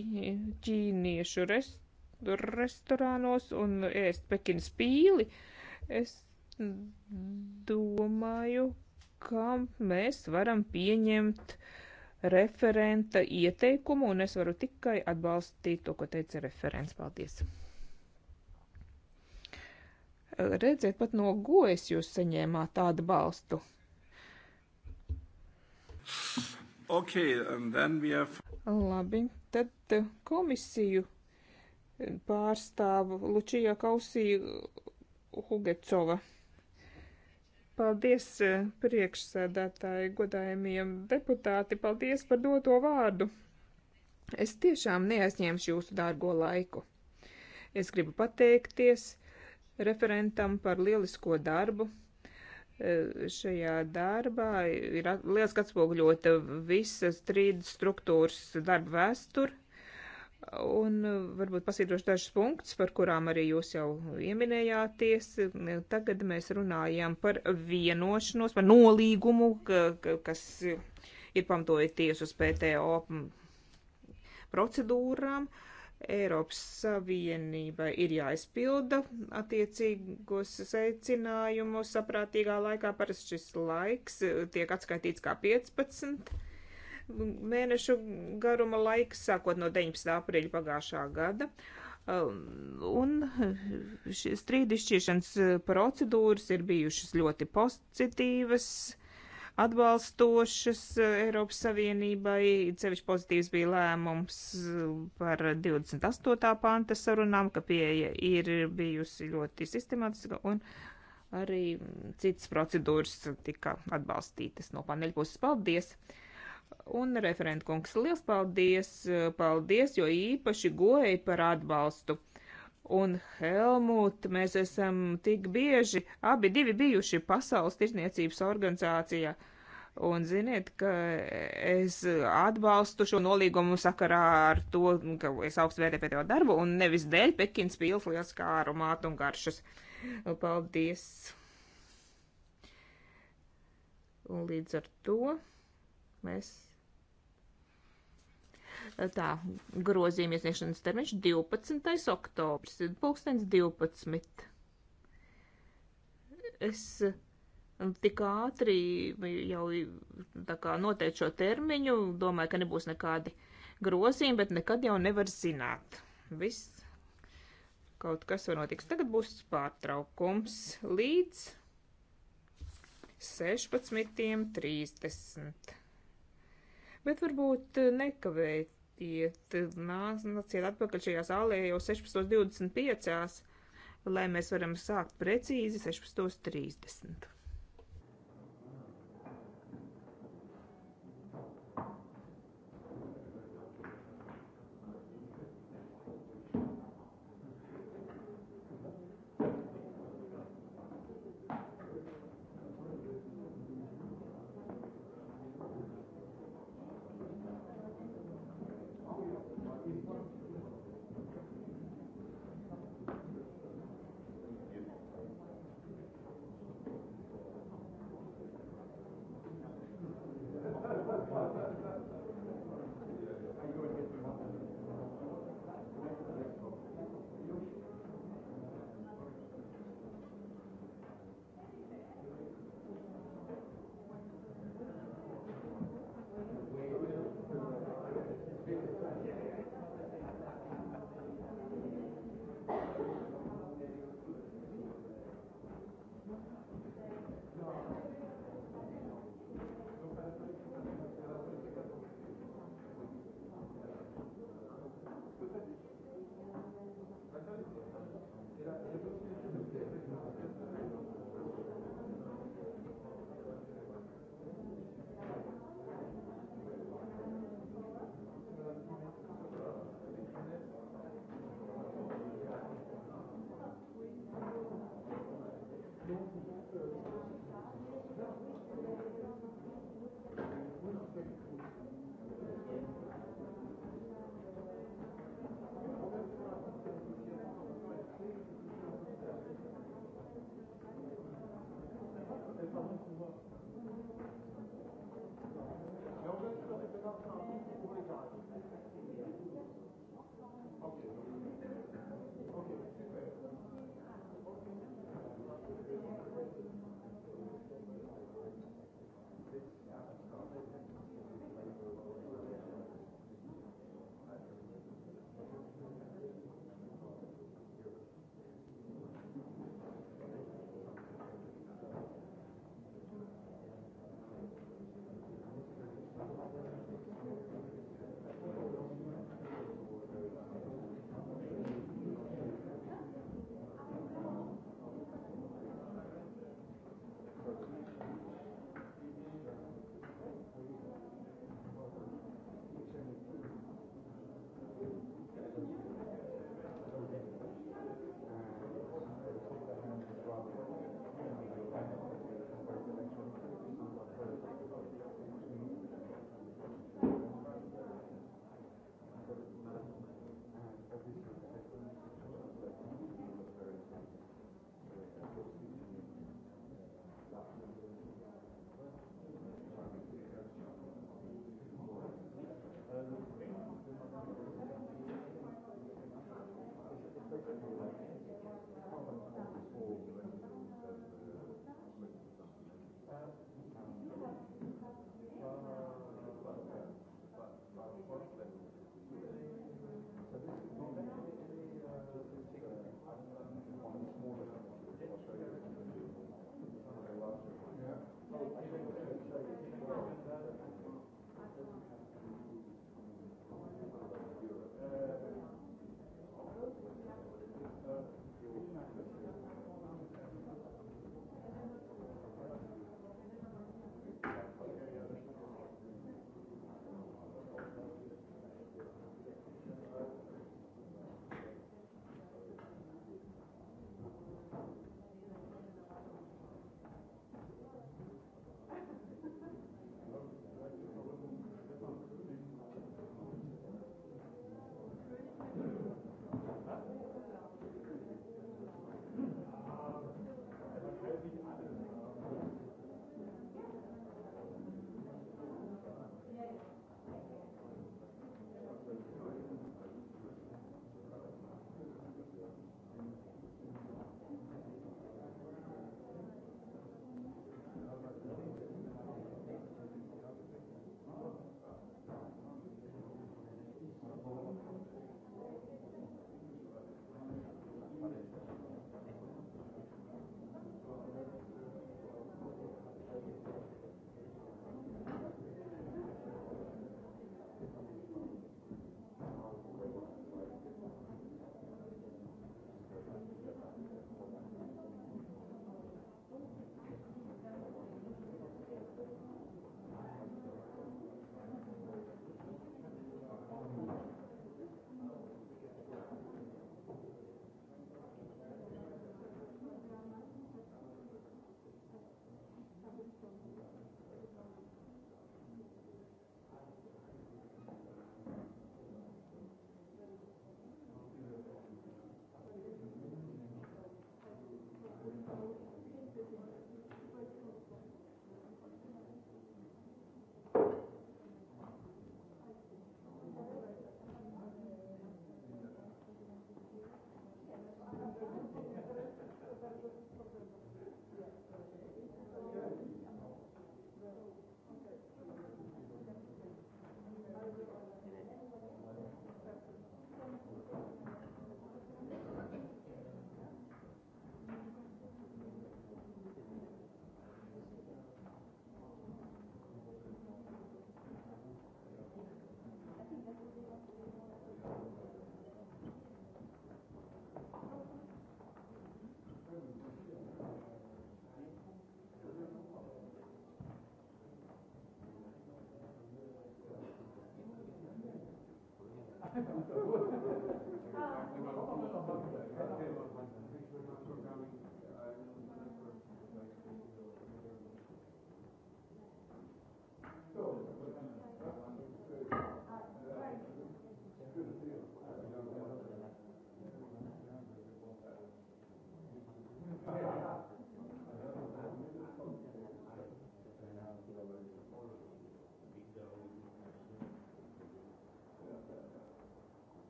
ķīniešu rest, restorānos un ēst pekinas pīli, es domāju, ka mēs varam pieņemt uh, referenta ieteikumu, un es varu tikai atbalstīt to, ko teica referents. Paldies! Redziet, pat no gojas jūs saņēmāt tādu balstu. Okay, have... Labi, tad komisiju pārstāvu Lučija Kausija Hugecova. Paldies eh, priekšsēdētāji, godājumiem deputāti, paldies par doto vārdu. Es tiešām neaizņemšu jūsu dārgo laiku. Es gribu pateikties referentam par lielisko darbu. Eh, šajā darbā ir liels atspoguļota visas trīs struktūras darba vēsture Un uh, varbūt pasītrošu dažus punktus, par kurām arī jūs jau ieminējāties. Tagad mēs runājam par vienošanos, par nolīgumu, kas ir pamatojoties uz PTO procedūrām. Eiropas Savienībai ir jāizpilda attiecīgos secinājumus saprātīgā laikā. Parasti šis laiks tiek atskaitīts kā 15 mēnešu garuma laiks, sākot no 19. aprīļa pagājušā gada. Um, un šīs strīdišķiešanas uh, procedūras ir bijušas ļoti pozitīvas, atbalstošas uh, Eiropas Savienībai. Cevišķi pozitīvs bija lēmums uh, par 28. panta sarunām, ka pieeja ir bijusi ļoti sistemātiska un arī citas procedūras tika atbalstītas no paneļa puses. Paldies! un referentkungs. Liels paldies, paldies, jo īpaši goeji par atbalstu. Un Helmut, mēs esam tik bieži, abi divi bijuši Pasaules tirzniecības organizācijā. Un ziniet, ka es atbalstu šo nolīgumu sakarā ar to, ka es augstu vērtēju pie tev darbu un nevis dēļ Pekins pils liels kā aromātu un garšas. Paldies! Un līdz ar to. Mēs tā, grozījuma iesniegšanas termiņš 12. oktobris, pulkstens 12. Es nu, tik ātri jau tā kā noteicu šo termiņu, domāju, ka nebūs nekādi grozījumi, bet nekad jau nevar zināt. Viss kaut kas var notiks. Tagad būs pārtraukums līdz 16.30 bet varbūt eh, nekavējiet, eh, nāciet atpakaļ šajā zālē jau 16.25, lai mēs varam sākt precīzi 16.30.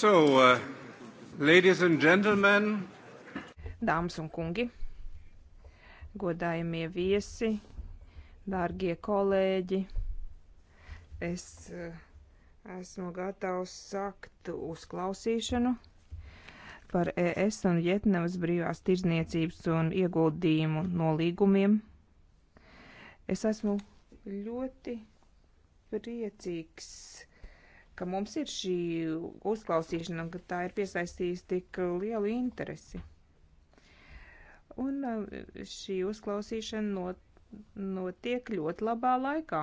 So, uh, ladies and gentlemen. Dāmas un kungi, godājamie viesi, dārgie kolēģi, es uh, esmu gatavs sākt uzklausīšanu par ES un Vietnamas brīvās tirzniecības un ieguldījumu nolīgumiem. Es esmu ļoti priecīgs ka mums ir šī uzklausīšana, ka tā ir piesaistījusi tik lielu interesi. Un uh, šī uzklausīšana not, notiek ļoti labā laikā.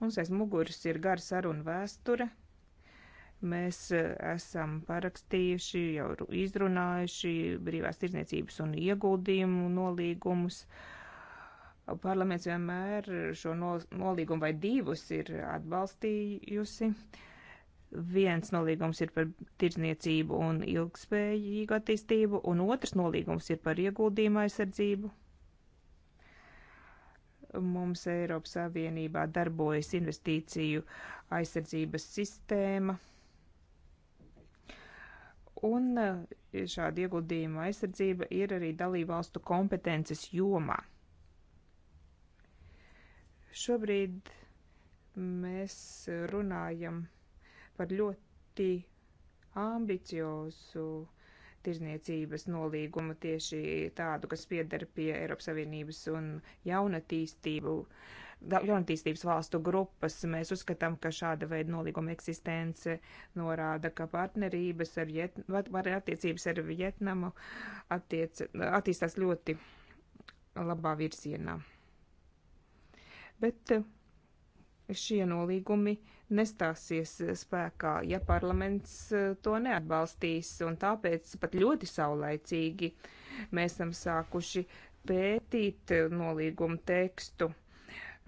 Mums aiz muguras ir gara saruna vēsture. Mēs uh, esam parakstījuši, jau izrunājuši brīvās tirdzniecības un ieguldījumu nolīgumus. Uh, Parlaments vienmēr šo nolīgumu vai divus ir atbalstījusi. Viens nolīgums ir par tirdzniecību un ilgspējīgu attīstību, un otrs nolīgums ir par ieguldījumu aizsardzību. Mums Eiropas Savienībā darbojas investīciju aizsardzības sistēma un eh, šāda ieguldījuma aizsardzība ir arī dalībvalstu kompetences jomā. Šobrīd mēs runājam par ļoti ambiciozu tirzniecības nolīgumu tieši tādu, kas piedara pie Eiropas Savienības un jaunatīstību. Jaunatīstības valstu grupas mēs uzskatām, ka šāda veida nolīguma eksistence norāda, ka partnerības ar Viet... attiecības ar Vietnamu attiec... attīstās ļoti labā virzienā bet eh, šie nolīgumi nestāsies spēkā, ja parlaments eh, to neatbalstīs, un tāpēc pat ļoti saulaicīgi mēs esam sākuši pētīt eh, nolīgumu tekstu.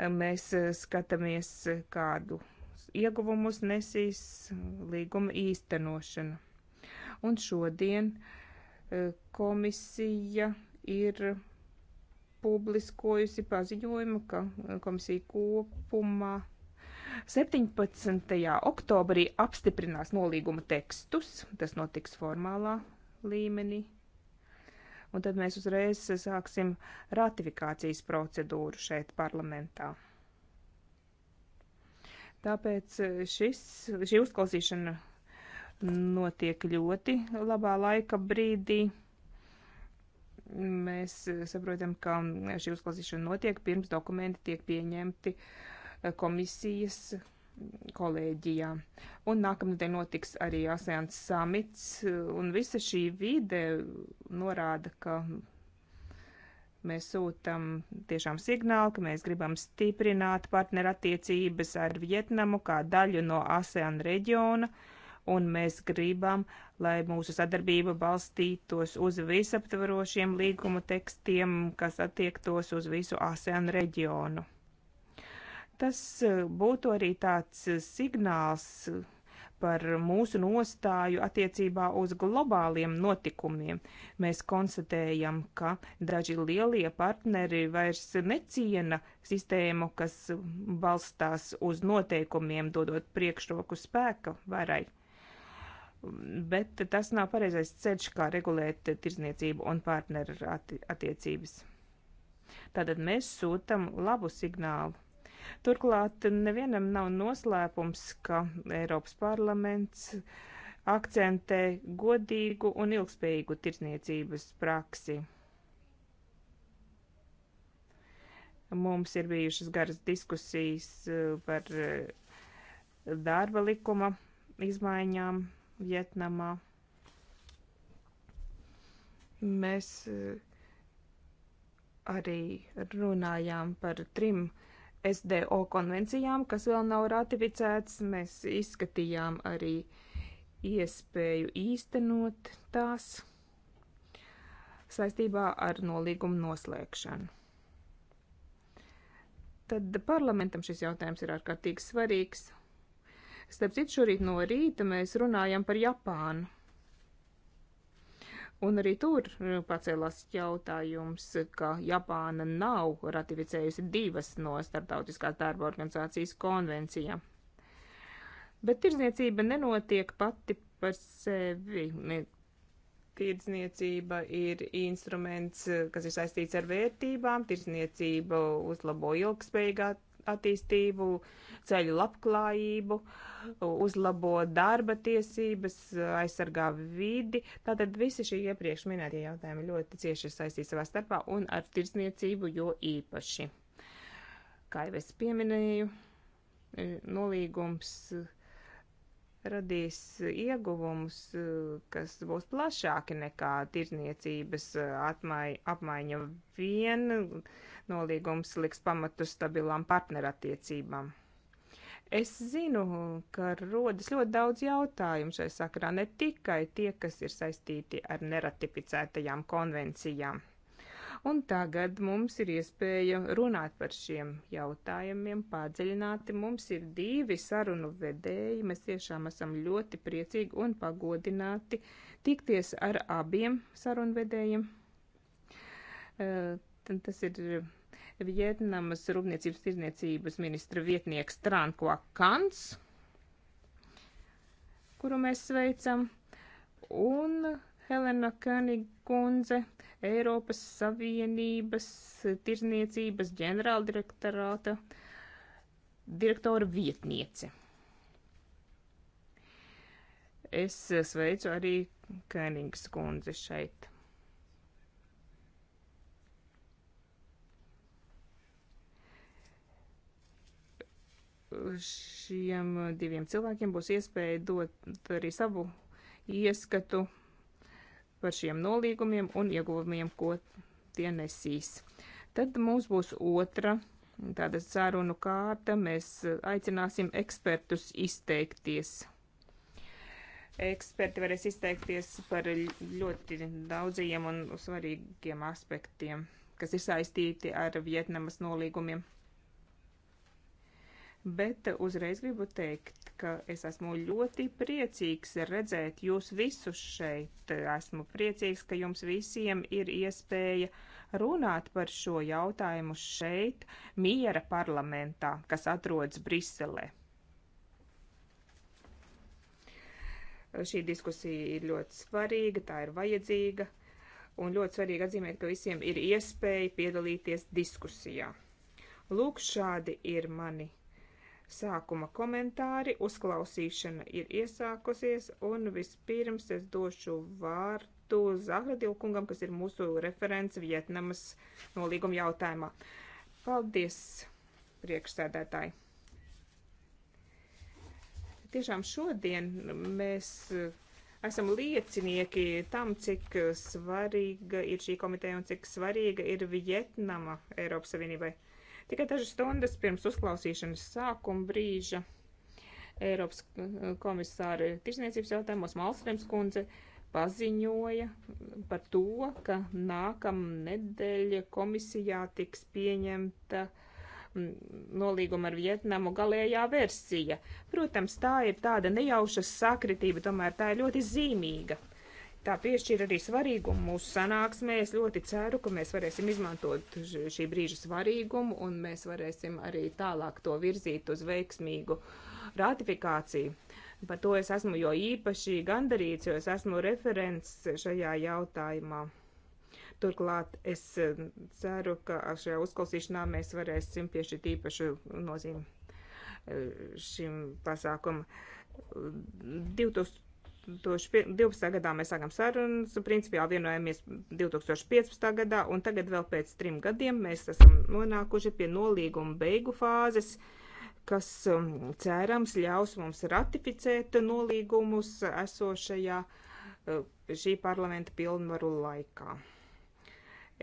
Mēs skatāmies, kādu ieguvumus nesīs līguma īstenošana. Un šodien komisija ir publiskojusi paziņojumu, ka eh, komisija kopumā 17. oktobrī apstiprinās nolīguma tekstus. Tas notiks formālā līmenī. Un tad mēs uzreiz sāksim ratifikācijas procedūru šeit parlamentā. Tāpēc eh, šis, šī uzklausīšana notiek ļoti labā laika brīdī mēs saprotam, ka šī uzklausīšana notiek pirms dokumenti tiek pieņemti eh, komisijas kolēģijā. Un nākamnedēļ notiks arī ASEAN samits, un visa šī vide norāda, ka mēs sūtam tiešām signālu, ka mēs gribam stiprināt partnerattiecības ar Vietnamu kā daļu no ASEAN reģiona. Uh, un mēs gribam, lai mūsu sadarbība balstītos uz visaptvarošiem līguma tekstiem, kas attiektos uz visu ASEAN reģionu. Tas eh, būtu arī tāds signāls par mūsu nostāju attiecībā uz globāliem notikumiem. Mēs konstatējam, ka daži lielie partneri vairs neciena sistēmu, kas balstās uz noteikumiem, dodot priekšroku spēka varai bet tas nav pareizais ceļš, kā regulēt tirzniecību un partneru attiecības. Tātad mēs sūtam labu signālu. Turklāt nevienam nav noslēpums, ka Eiropas parlaments akcentē godīgu un ilgspējīgu tirzniecības praksi. Mums ir bijušas garas diskusijas eh, par eh, darba likuma izmaiņām, Vietnamā. Mēs eh, arī runājām par trim SDO konvencijām, kas vēl nav ratificētas. Mēs izskatījām arī iespēju īstenot tās saistībā ar nolīgumu noslēgšanu tad parlamentam šis jautājums ir ārkārtīgi svarīgs. Starp citu, šorīt no rīta mēs runājam par Japānu. Un arī tur nu, pacēlās jautājums, ka Japāna nav ratificējusi divas no starptautiskās darba organizācijas konvencijām. Bet tirdzniecība nenotiek pati par sevi. Tirdzniecība ir instruments, kas ir saistīts ar vērtībām, tirdzniecība uzlabo ilgspējīgā attīstību, ceļu labklājību, uzlabo darba tiesības, aizsargā vidi. Tātad visi šie iepriekš minētie jautājumi ļoti cieši ir saistīti savā starpā un ar tirsniecību jo īpaši. Kā jau es pieminēju, e, nolīgums radīs ieguvumus, kas būs plašāki nekā tirzniecības eh, atmai, apmaiņa vien nolīgums liks pamatu stabilām partnerattiecībām. Es zinu, ka rodas ļoti daudz jautājumu šai sakarā, ne tikai tie, kas ir saistīti ar neratificētajām konvencijām. Un tagad mums ir iespēja runāt par šiem jautājumiem padziļināti. Mums ir divi sarunu vedēji. Mēs tiešām esam ļoti priecīgi un pagodināti tikties ar abiem sarunvedējiem. Tas ir Vietnamas Rūpniecības tirniecības ministra vietnieks Tranko Kants, kuru mēs sveicam, un Helena Kanigundze, Eiropas Savienības tirzniecības ģenerāldirektorāta direktora vietniece. Es sveicu arī Kanigas kundzi šeit. Šiem diviem cilvēkiem būs iespēja dot arī savu ieskatu par šiem nolīgumiem un ieguvumiem, ko tie nesīs. Tad mums būs otra tāda sarunu kārta. Mēs eh, aicināsim ekspertus izteikties. Eksperti varēs izteikties par ļoti daudziem un svarīgiem aspektiem, kas ir saistīti ar Vietnamas nolīgumiem. Bet uzreiz gribu teikt, ka es esmu ļoti priecīgs redzēt jūs visus šeit. Esmu priecīgs, ka jums visiem ir iespēja runāt par šo jautājumu šeit, miera parlamentā, kas atrodas Briselē. Šī diskusija ir ļoti svarīga, tā ir vajadzīga, un ļoti svarīgi atzīmēt, ka visiem ir iespēja piedalīties diskusijā. Lūk, šādi ir mani sākuma komentāri, uzklausīšana ir iesākusies, un vispirms es došu vārdu Zahradilkungam, kas ir mūsu referents Vietnamas nolīguma jautājumā. Paldies, priekšsēdētāji! Tiešām šodien mēs eh, esam liecinieki tam, cik svarīga ir šī komiteja un cik svarīga ir Vietnama Eiropas Savienībai. Uh, Tikai dažas stundas pirms uzklausīšanas sākuma brīža Eiropas eh, komisāra tirsniecības jautājumos Malstrēms kundze paziņoja par to, ka nākamnedēļ komisijā tiks pieņemta mm, nolīguma ar Vietnamu galējā versija. Protams, tā ir tāda nejauša sakritība, tomēr tā ir ļoti zīmīga tā piešķir arī svarīgumu mūsu sanāksmē. Es ļoti ceru, ka mēs varēsim izmantot šī brīža svarīgumu un mēs varēsim arī tālāk to virzīt uz veiksmīgu ratifikāciju. Par to es esmu jo īpaši gandarīts, jo es esmu referents šajā jautājumā. Turklāt es ceru, ka šajā uzklausīšanā mēs varēsim piešķirt īpašu nozīmi e, šim pasākumam. 2000 2012. gadā mēs sākam sarunas, principiāli vienojāmies 2015. gadā, un tagad vēl pēc trim gadiem mēs esam nonākuši pie nolīguma beigu fāzes, kas um, cerams ļaus mums ratificēt nolīgumus esošajā uh, šī parlamenta pilnvaru laikā.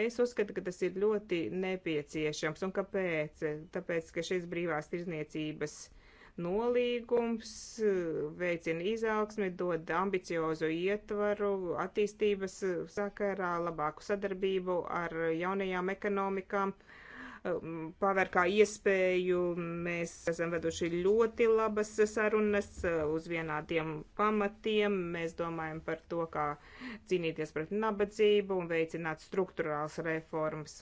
Es uzskatu, ka tas ir ļoti nepieciešams, un kāpēc? Tāpēc, ka šis brīvās tirzniecības nolīgums, veicina izaugsmi, dod ambiciozu ietvaru attīstības sakarā, labāku sadarbību ar jaunajām ekonomikām. Um, Pavēr kā iespēju, mēs esam veduši ļoti labas sarunas uh, uz vienādiem pamatiem. Mēs domājam par to, kā cīnīties pret nabadzību un veicināt struktūrāls reformas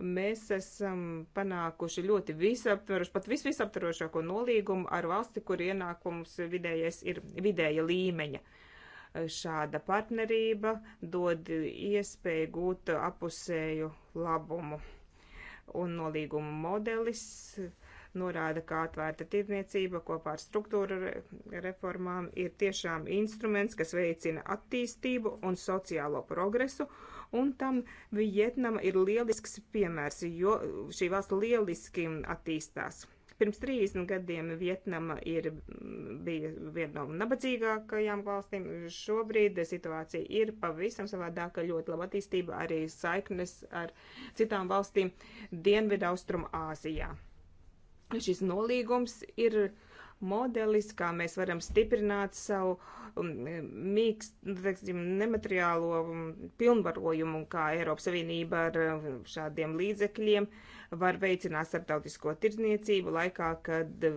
mēs esam panākuši ļoti visaptverošu, pat visvisaptverošāko nolīgumu ar valsti, kur ienākums vidējais ir vidēja līmeņa. Šāda partnerība dod iespēju gūt apusēju labumu. Un nolīguma modelis norāda, ka atvērta tirniecība kopā ar struktūra reformām ir tiešām instruments, kas veicina attīstību un sociālo progresu un tam Vietnama ir lielisks piemērs, jo šī valsts lieliski attīstās. Pirms 30 gadiem Vietnama ir, mm, bija viena no nabadzīgākajām valstīm. Šobrīd situācija ir pavisam savādāka, ļoti laba attīstība, arī saiknes ar citām valstīm Dienvidaustrum Āzijā. Šis nolīgums ir uh, modelis, kā mēs varam stiprināt savu um, mīkst, teiksim, nemateriālo um, pilnvarojumu, kā Eiropas Savienība ar um, šādiem līdzekļiem var veicināt starptautisko tirdzniecību laikā, kad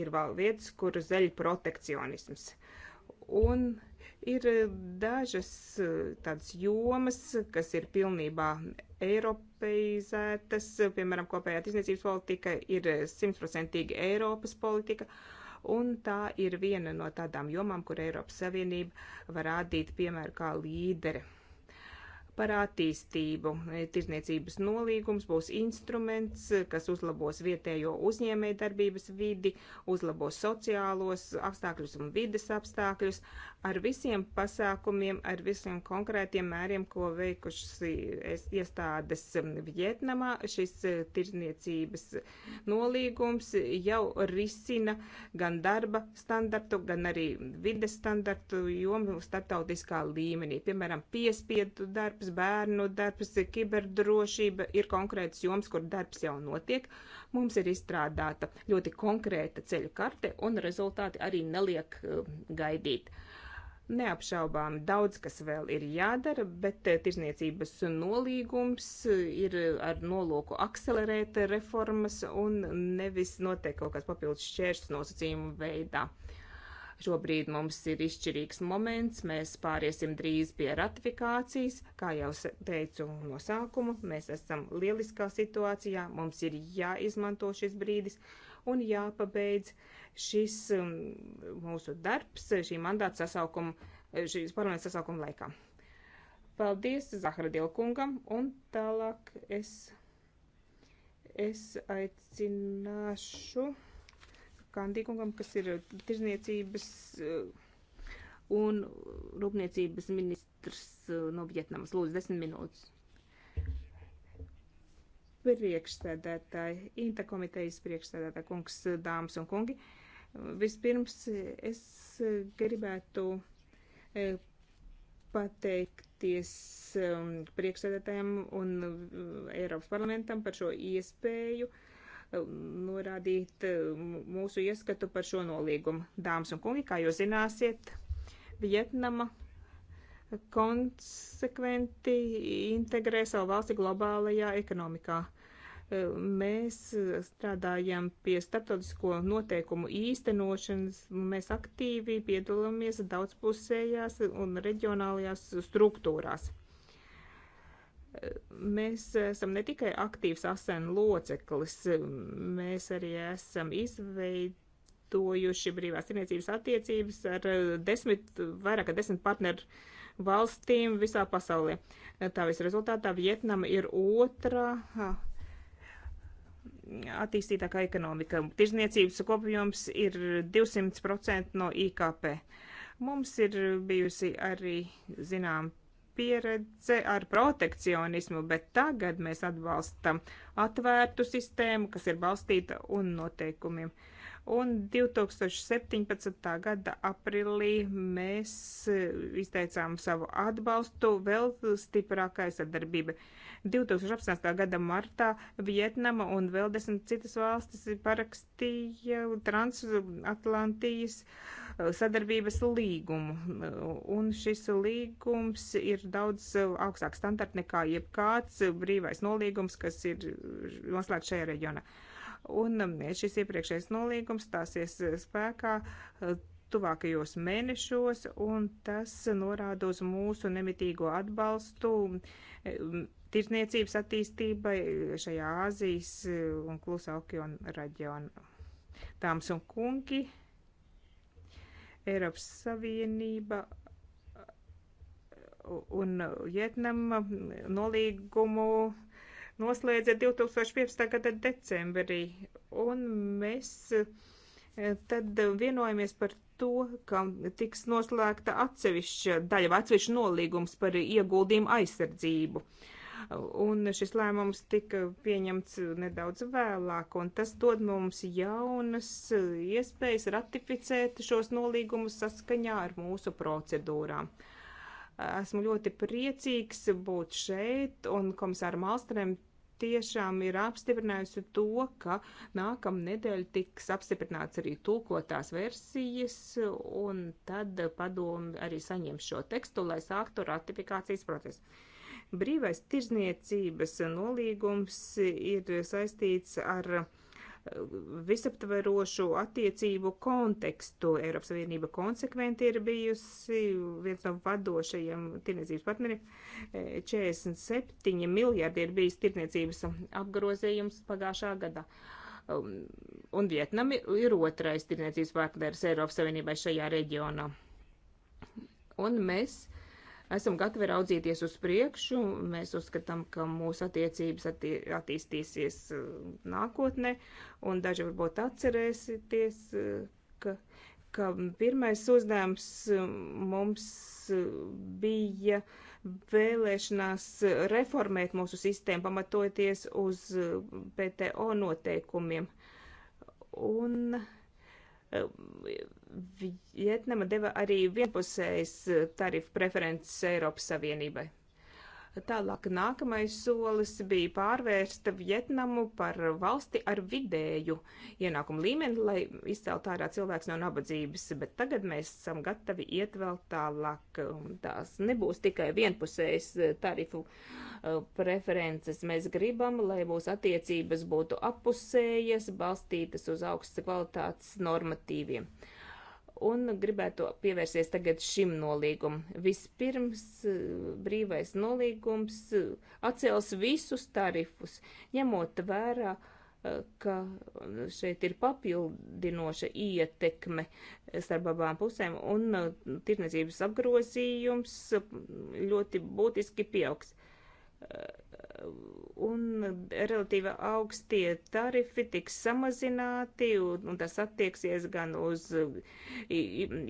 ir vēl vietas, kur zeļ protekcionisms. Un Ir eh, dažas eh, tādas jomas, kas ir pilnībā eiropeizētas, piemēram, kopējā tirsniecības politika ir eh, simtprocentīgi Eiropas politika, un tā ir viena no tādām jomām, kur Eiropas Savienība var rādīt piemēru kā līderi par attīstību. Tirzniecības nolīgums būs instruments, kas uzlabos vietējo uzņēmējdarbības vidi, uzlabos sociālos apstākļus un vides apstākļus, ar visiem pasākumiem, ar visiem konkrētiem mēriem, ko veikušas iestādes Vietnamā. Šis e, tirzniecības nolīgums jau risina gan darba standartu, gan arī vides standartu jomu starptautiskā līmenī. Piemēram, piespiedu darbs, bērnu darbs, kiberdrošība ir konkrēts joms, kur darbs jau notiek. Mums ir izstrādāta ļoti konkrēta ceļu karte un rezultāti arī neliek e, gaidīt. Uh, Neapšaubām daudz kas vēl ir jādara, bet eh, tirzniecības nolīgums ir ar nolūku akcelerēt reformas un nevis noteikt kaut kāds papildus šķēršļus nosacījumu veidā. Šobrīd mums ir izšķirīgs moments, mēs pāriesim drīz pie ratifikācijas. Kā jau teicu no sākuma, mēs esam lieliskā situācijā, mums ir jāizmanto šis brīdis. Uh, un jāpabeidz šis um, mūsu darbs šī mandāta sasaukuma, šīs parlamenta sasaukuma laikā. Paldies Zahradil kungam, un tālāk es, es aicināšu Kandīkungam, kas ir tirzniecības uh, un rūpniecības ministrs uh, no Vietnamas. Lūdzu, desmit minūtes priekšsēdētāji, interkomitejas priekšsēdētāji, kungs, dāmas un kungi. Vispirms es gribētu e, pateikties um, priekšsēdētājiem un uh, Eiropas parlamentam par šo iespēju um, norādīt um, mūsu ieskatu par šo nolīgumu. Dāmas un kungi, kā jūs zināsiet, Vietnama konsekventi integrē savu valsti globālajā ekonomikā. E, mēs strādājam pie starptautisko noteikumu īstenošanas, mēs aktīvi piedalāmies daudzpusējās un reģionālajās struktūrās. E, mēs esam ne tikai aktīvs asēnu loceklis, mēs arī esam izveid, izmantojuši brīvās tirniecības attiecības ar desmit, vairāk kā desmit partneru valstīm visā pasaulē. Tā visu rezultātā Vietnama ir otrā attīstītākā ekonomika. Tirzniecības kopjums ir 200% no IKP. Mums ir bijusi arī, zinām, pieredze ar protekcionismu, bet tagad mēs atbalstam atvērtu sistēmu, kas ir balstīta un noteikumiem. Uh, Un 2017. gada aprīlī mēs e, izteicām savu atbalstu vēl stiprākai sadarbībai. 2018. gada martā Vietnama un vēl desmit citas valstis parakstīja transatlantijas e, sadarbības līgumu. Un šis līgums ir daudz e, augstāks standarts nekā jebkāds brīvais nolīgums, kas ir noslēgts šajā reģionā un um, šis iepriekšējais nolīgums stāsies uh, spēkā uh, tuvākajos mēnešos, un tas norāda uz mūsu nemitīgo atbalstu um, um, tirzniecības attīstībai šajā Āzijas uh, un Klusā okeāna reģionā. Dāmas un kungi, Eiropas Savienība un Vietnama nolīgumu noslēdza 2015. gada decembrī, un mēs eh, tad vienojamies par to, ka tiks noslēgta atsevišķa daļa vai atsevišķa nolīgums par ieguldījumu aizsardzību. Un šis lēmums tika pieņemts nedaudz vēlāk, un tas dod mums jaunas iespējas ratificēt šos nolīgumus saskaņā ar mūsu procedūrām. Uh, Esmu ļoti priecīgs būt šeit, un komisāra Malstrēm tiešām ir apstiprinājusi to, ka nākamnedēļ tiks apstiprināts arī tulkotās versijas, un tad padomu arī saņem šo tekstu, lai sāktu ratifikācijas procesu. Brīvais tirzniecības nolīgums ir saistīts ar visaptverošu attiecību kontekstu. Eiropas Savienība konsekventi ir bijusi viens no vadošajiem tirniecības partneriem. 47 e, miljardi ir bijis tirniecības apgrozījums pagājušā gadā. Um, un Vietnam ir otrais tirniecības partneris Eiropas Savienībai šajā reģionā. Un mēs esam gatavi raudzīties uz priekšu. Mēs uzskatām, ka mūsu attiecības attī attīstīsies uh, nākotnē, un daži varbūt atcerēsieties, uh, ka, ka pirmais uzdevums uh, mums bija vēlēšanās reformēt mūsu sistēmu, pamatoties uz PTO noteikumiem. Un uh, Vietnama deva arī vienpusējas tarifu preferences Eiropas Savienībai. Tālāk nākamais solis bija pārvērsta Vietnamu par valsti ar vidēju ienākumu līmeni, lai izcelt ārā cilvēks no nabadzības, bet tagad mēs esam gatavi iet vēl tālāk. Tās nebūs tikai vienpusējas tarifu uh, preferences. Mēs gribam, lai mūsu attiecības būtu appusējas, balstītas uz augstas kvalitātes normatīviem. Uh, un gribētu pievērsties tagad šim nolīgumam. Vispirms eh, brīvais nolīgums eh, atcels visus tarifus, ņemot vērā, eh, ka šeit ir papildinoša ietekme starp abām pusēm un tirnezības apgrozījums ļoti būtiski pieaugs un relatīvi augstie tarifi tiks samazināti, un, un tas attieksies gan uz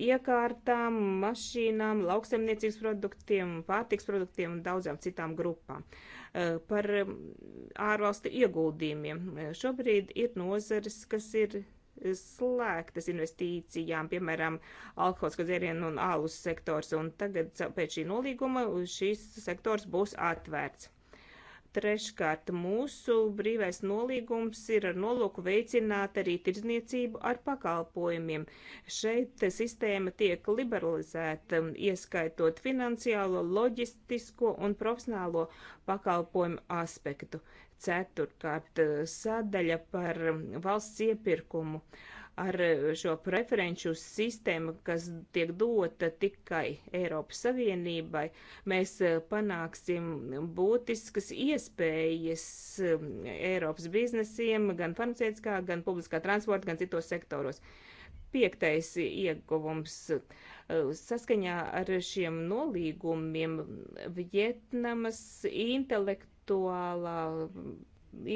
iekārtām, mašīnām, lauksemniecības produktiem, pārtiks produktiem un daudzām citām grupām. Eh, par eh, ārvalstu ieguldījumiem. Eh, šobrīd ir nozares, kas ir slēgtas investīcijām, piemēram, alkoholisko dzērienu un alus sektors, un tagad pēc šī nolīguma šīs sektors būs atvērts Treškārt, mūsu brīvais nolīgums ir ar nolūku veicināt arī tirdzniecību ar pakalpojumiem. Šeit sistēma tiek liberalizēta, ieskaitot finansiālo, loģistisko un profesionālo pakalpojumu aspektu. Ceturtkārt, sadaļa par valsts iepirkumu ar šo preferenču sistēmu, kas tiek dota tikai Eiropas Savienībai, mēs eh, panāksim būtiskas iespējas mm, Eiropas biznesiem gan farmaceitiskā, gan publiskā transporta, gan citos sektoros. Piektais ieguvums eh, saskaņā ar šiem nolīgumiem Vietnamas intelektuālā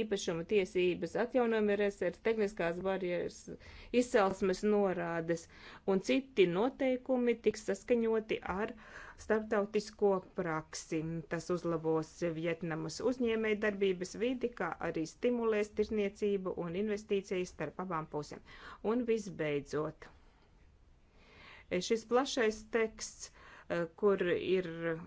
īpašuma tiesības, atjaunojumi resurs, tehniskās barjeras, izcelsmes norādes un citi noteikumi tiks saskaņoti ar starptautisko praksi. Tas uzlabos Vietnamas uzņēmēju darbības vidi, kā arī stimulēs tirzniecību un investīcijas starp abām pusēm. Un visbeidzot, šis plašais teksts, eh, kur ir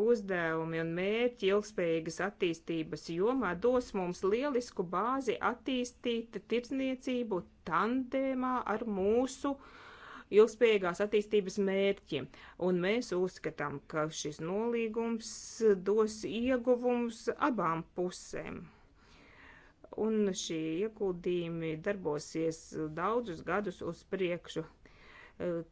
uzdevumi un mērķi ilgspējīgas attīstības jomā dos mums lielisku bāzi attīstīt tirdzniecību tandēmā ar mūsu ilgspējīgās attīstības mērķiem. Un mēs uzskatām, ka šis nolīgums dos ieguvums abām pusēm. Un šie ieguldījumi darbosies daudzus gadus uz priekšu.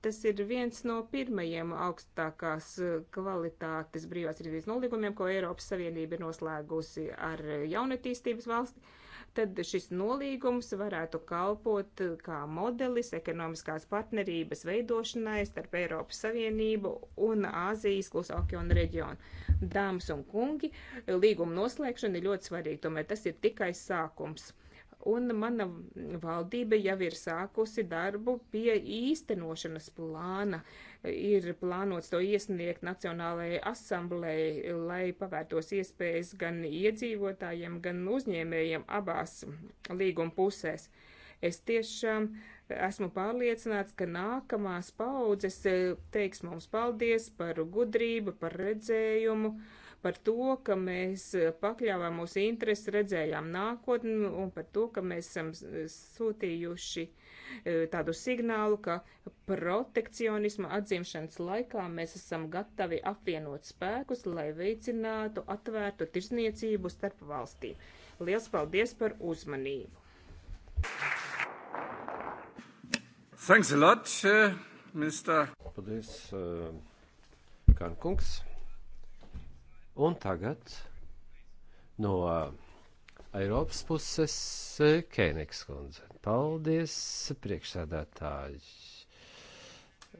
Tas ir viens no pirmajiem augstākās kvalitātes brīvās tirdzniecības nolīgumiem, ko Eiropas Savienība ir noslēgusi ar jaunatīstības valsti. Tad šis nolīgums varētu kalpot kā modelis ekonomiskās partnerības veidošanai starp Eiropas Savienību un Āzijas klusā okeāna reģionu. Dāmas un kungi, līguma noslēgšana ir ļoti svarīga, tomēr tas ir tikai sākums un mana valdība jau ir sākusi darbu pie īstenošanas plāna. Ir plānots to iesniegt Nacionālajai asamblēji, lai pavērtos iespējas gan iedzīvotājiem, gan uzņēmējiem abās līguma pusēs. Es tiešām esmu pārliecināts, ka nākamās paudzes teiks mums paldies par gudrību, par redzējumu par to, ka mēs eh, pakļāvām mūsu intereses, redzējām nākotni un par to, ka mēs esam sūtījuši eh, tādu signālu, ka protekcionisma atzīmšanas laikā mēs esam gatavi apvienot spēkus, lai veicinātu atvērtu tirzniecību starp valstīm. Lielas paldies par uzmanību! Thanks a lot, uh, eh, Mr. Paldies, uh, Kankungs. Un tagad no Eiropas puses Kēniks kundze. Paldies, priekšsēdētāji.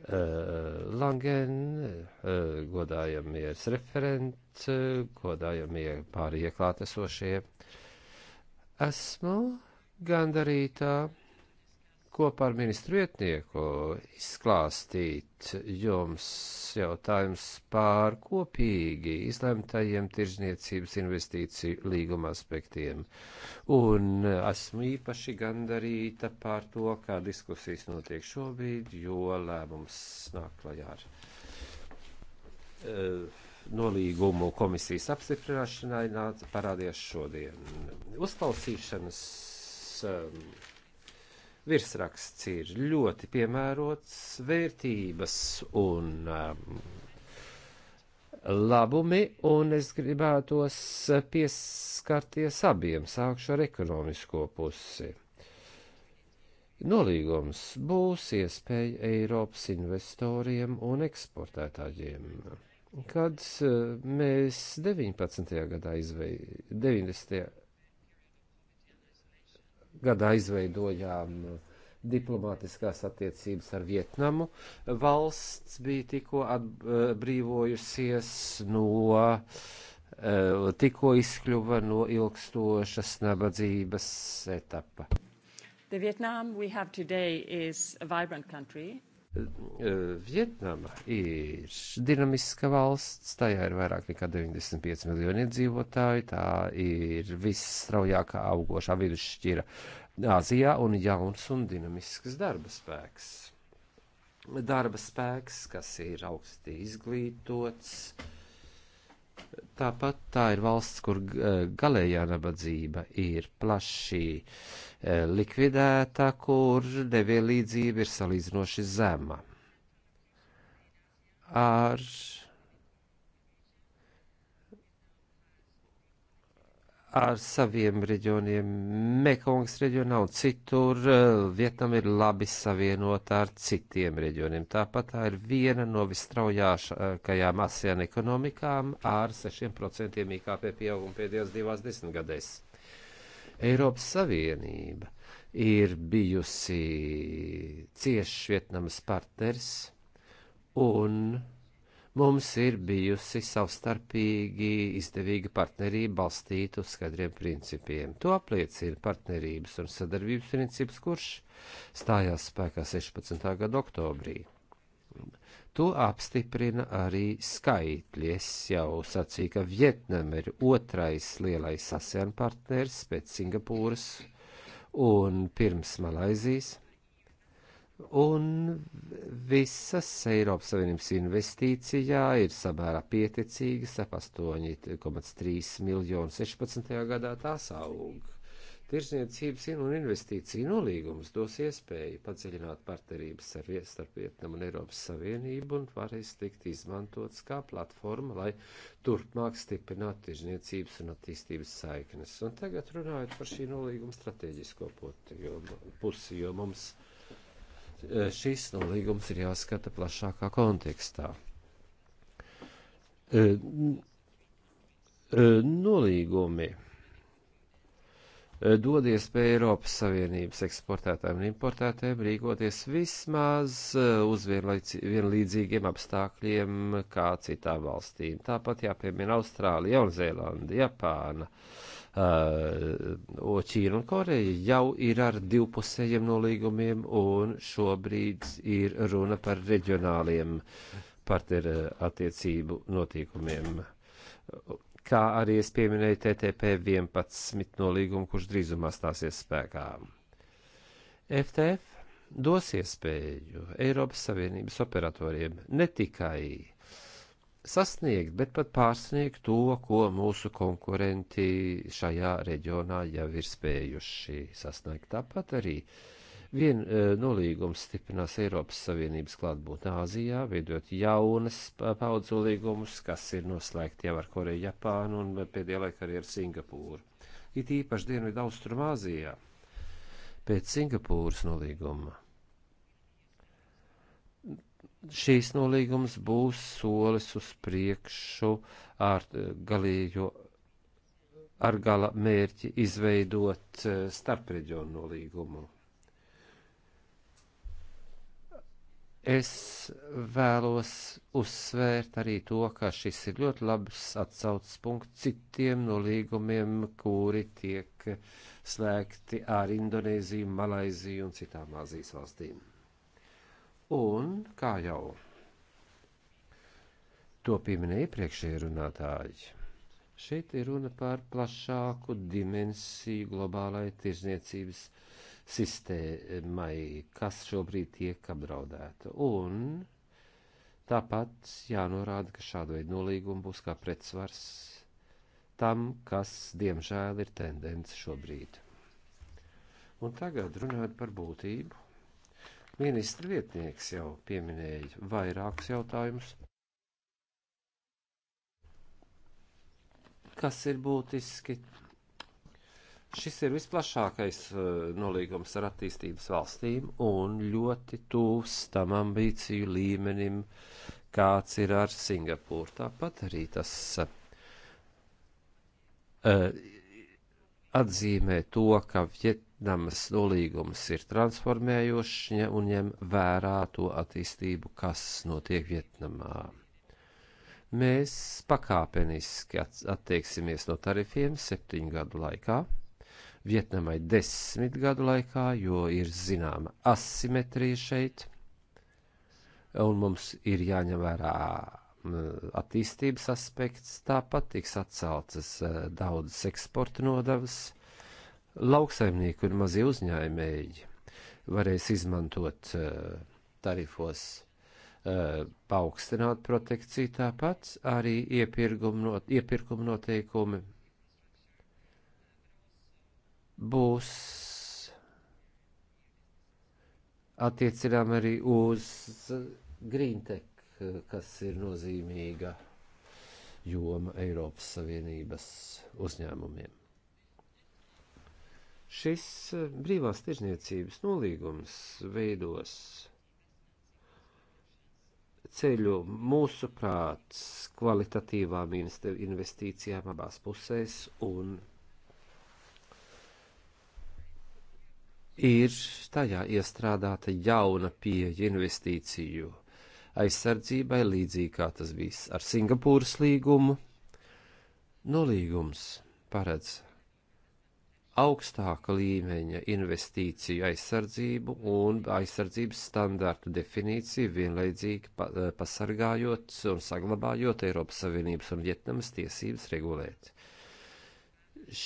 Eh, Langen, eh, eh, godājamie referenti, godājamie pārējie klātesošie. Esmu gandarītā kopā ar ministru vietnieku izklāstīt jums jautājums pār kopīgi izlemtajiem tirzniecības investīciju līguma aspektiem. Un esmu īpaši gandarīta pār to, kā diskusijas notiek šobrīd, jo lēmums nāk klajā ar. Uh, nolīgumu komisijas apstiprināšanai nāca parādījās šodien. Uzklausīšanas um, virsraksts ir ļoti piemērots vērtības un um, labumi, un es gribētos pieskarties abiem, sākšu ar ekonomisko pusi. Nolīgums būs iespēja Eiropas investoriem un eksportētājiem. Kad uh, mēs 19. gadā izveidojām, 90 gadā izveidojām uh, diplomātiskās attiecības ar Vietnamu. Valsts bija tikko atbrīvojusies no, uh, tikko izkļuva no ilgstošas nabadzības etapa. The Vietnam we have today is a vibrant country. Eh, Vietnama ir dinamiska valsts, tajā ir vairāk nekā 95 miljoni iedzīvotāji, tā ir visstraujākā augošā vidusšķira Āzijā un jauns un dinamisks darba spēks. Darba spēks, kas ir augsti izglītots, uh, Tāpat tā ir valsts, kur e, galējā nabadzība ir plaši e, likvidēta, kur nevienlīdzība ir salīdzinoši zema. Ar ar saviem reģioniem. Mekongas reģionā un citur eh, Vietnam ir labi savienota ar citiem reģioniem. Tāpat tā ir viena no visstraujākajām ASEAN ekonomikām ar 6% IKP pieaugumu pēdējos divās desmitgadēs. Eiropas Savienība ir bijusi ciešs Vietnamas partners un Mums ir bijusi savstarpīgi izdevīga partnerība balstīta uz skaidriem principiem. To apliecina partnerības un sadarbības princips, kurš stājās spēkā 16. gada oktobrī. To apstiprina arī skaitļi. Es jau sacīju, ka Vietnama ir otrais lielais ASEAN partners pēc Singapūras un pirms Malaizijas un visas Eiropas Savienības investīcijā ir samērā pieticīgas, ap 8,3 miljonu 16. gadā tās aug. Tirzniecības un investīciju nolīgums dos iespēju padziļināt partnerības ar starp Vietnamu un Eiropas Savienību un varēs tikt izmantots kā platforma, lai turpmāk stiprinātu tirzniecības un attīstības saiknes. Un tagad runājot par šī nolīguma strateģisko pusi, jo mums Eh, šis nolīgums ir jāskata plašākā kontekstā. Eh, eh, nolīgumi dod iespēju Eiropas Savienības eksportētājiem un importētājiem rīkoties vismaz uz vienlīdzīgiem apstākļiem kā citām valstīm. Tāpat jāpiemina Austrālija, Jaunzēlanda, Japāna, uh, Ķīna un Koreja jau ir ar divpusējiem nolīgumiem, un šobrīd ir runa par reģionāliem partneru attiecību notikumiem. Kā arī es pieminēju TTP 11 nolīgumu, kurš drīzumā stāsies spēkā. FTF dos iespēju Eiropas Savienības operatoriem ne tikai uh, sasniegt, bet pat pārsniegt to, ko mūsu konkurenti šajā reģionā jau ir spējuši sasniegt. Tāpat arī vien e, nolīgums stiprinās Eiropas Savienības klātbūtni Āzijā, veidot jaunas paudzu līgumus, kas ir noslēgti jau ar Koreju, Japānu un pēdējā laikā arī ar Singapūru. It īpaši Dienvidu Austrumāzijā pēc Singapūras nolīguma šīs nolīgums būs solis uz priekšu ar eh, galīgo, ar gala mērķi izveidot eh, starpreģionu nolīgumu. Es vēlos uzsvērt arī to, ka šis ir ļoti labs atsaucas punkts citiem no līgumiem, kuri tiek slēgti ar Indonēziju, Malaiziju un citām Āzijas valstīm un, kā jau to pieminēja iepriekšēji runātāji, šeit ir runa par plašāku dimensiju globālai tirzniecības sistēmai, kas šobrīd tiek apdraudēta. Un tāpat jānorāda, ka šāda veida nolīguma būs kā pretsvars tam, kas, diemžēl, ir tendence šobrīd. Un tagad runājot par būtību Ministra vietnieks jau pieminēja vairākus jautājumus, kas ir būtiski. Šis ir visplašākais eh, nolīgums ar attīstības valstīm un ļoti tūs tam ambīciju līmenim, kāds ir ar Singapūru. Tāpat arī tas uh, atzīmē to, ka Vietnamas nolīgums ir transformējošs un ņem vērā to attīstību, kas notiek Vietnamā. Mēs pakāpeniski attieksimies no tarifiem septiņu gadu laikā, Vietnamai desmit gadu laikā, jo ir zināma asimetrija šeit, un mums ir jāņem vērā attīstības aspekts, tāpat tiks atceltas e, daudzas eksporta nodavas, lauksaimnieki un mazie uzņēmēji varēs izmantot e, tarifos e, paaugstināt protekciju, tāpat arī not, iepirkuma noteikumi būs attiecinām arī uz Green Tech kas ir nozīmīga joma Eiropas Savienības uzņēmumiem. Šis eh, brīvās tirzniecības nolīgums veidos ceļu mūsu prāts kvalitatīvām investīcijām abās pusēs un ir tajā iestrādāta jauna pieeja investīciju aizsardzībai, līdzīgi kā tas bijis ar Singapūras līgumu. Nolīgums nu, paredz augstāka līmeņa investīciju aizsardzību un aizsardzības standārtu definīciju vienlaicīgi pa, eh, pasargājot un saglabājot Eiropas Savienības un Vietnamas tiesības regulēt.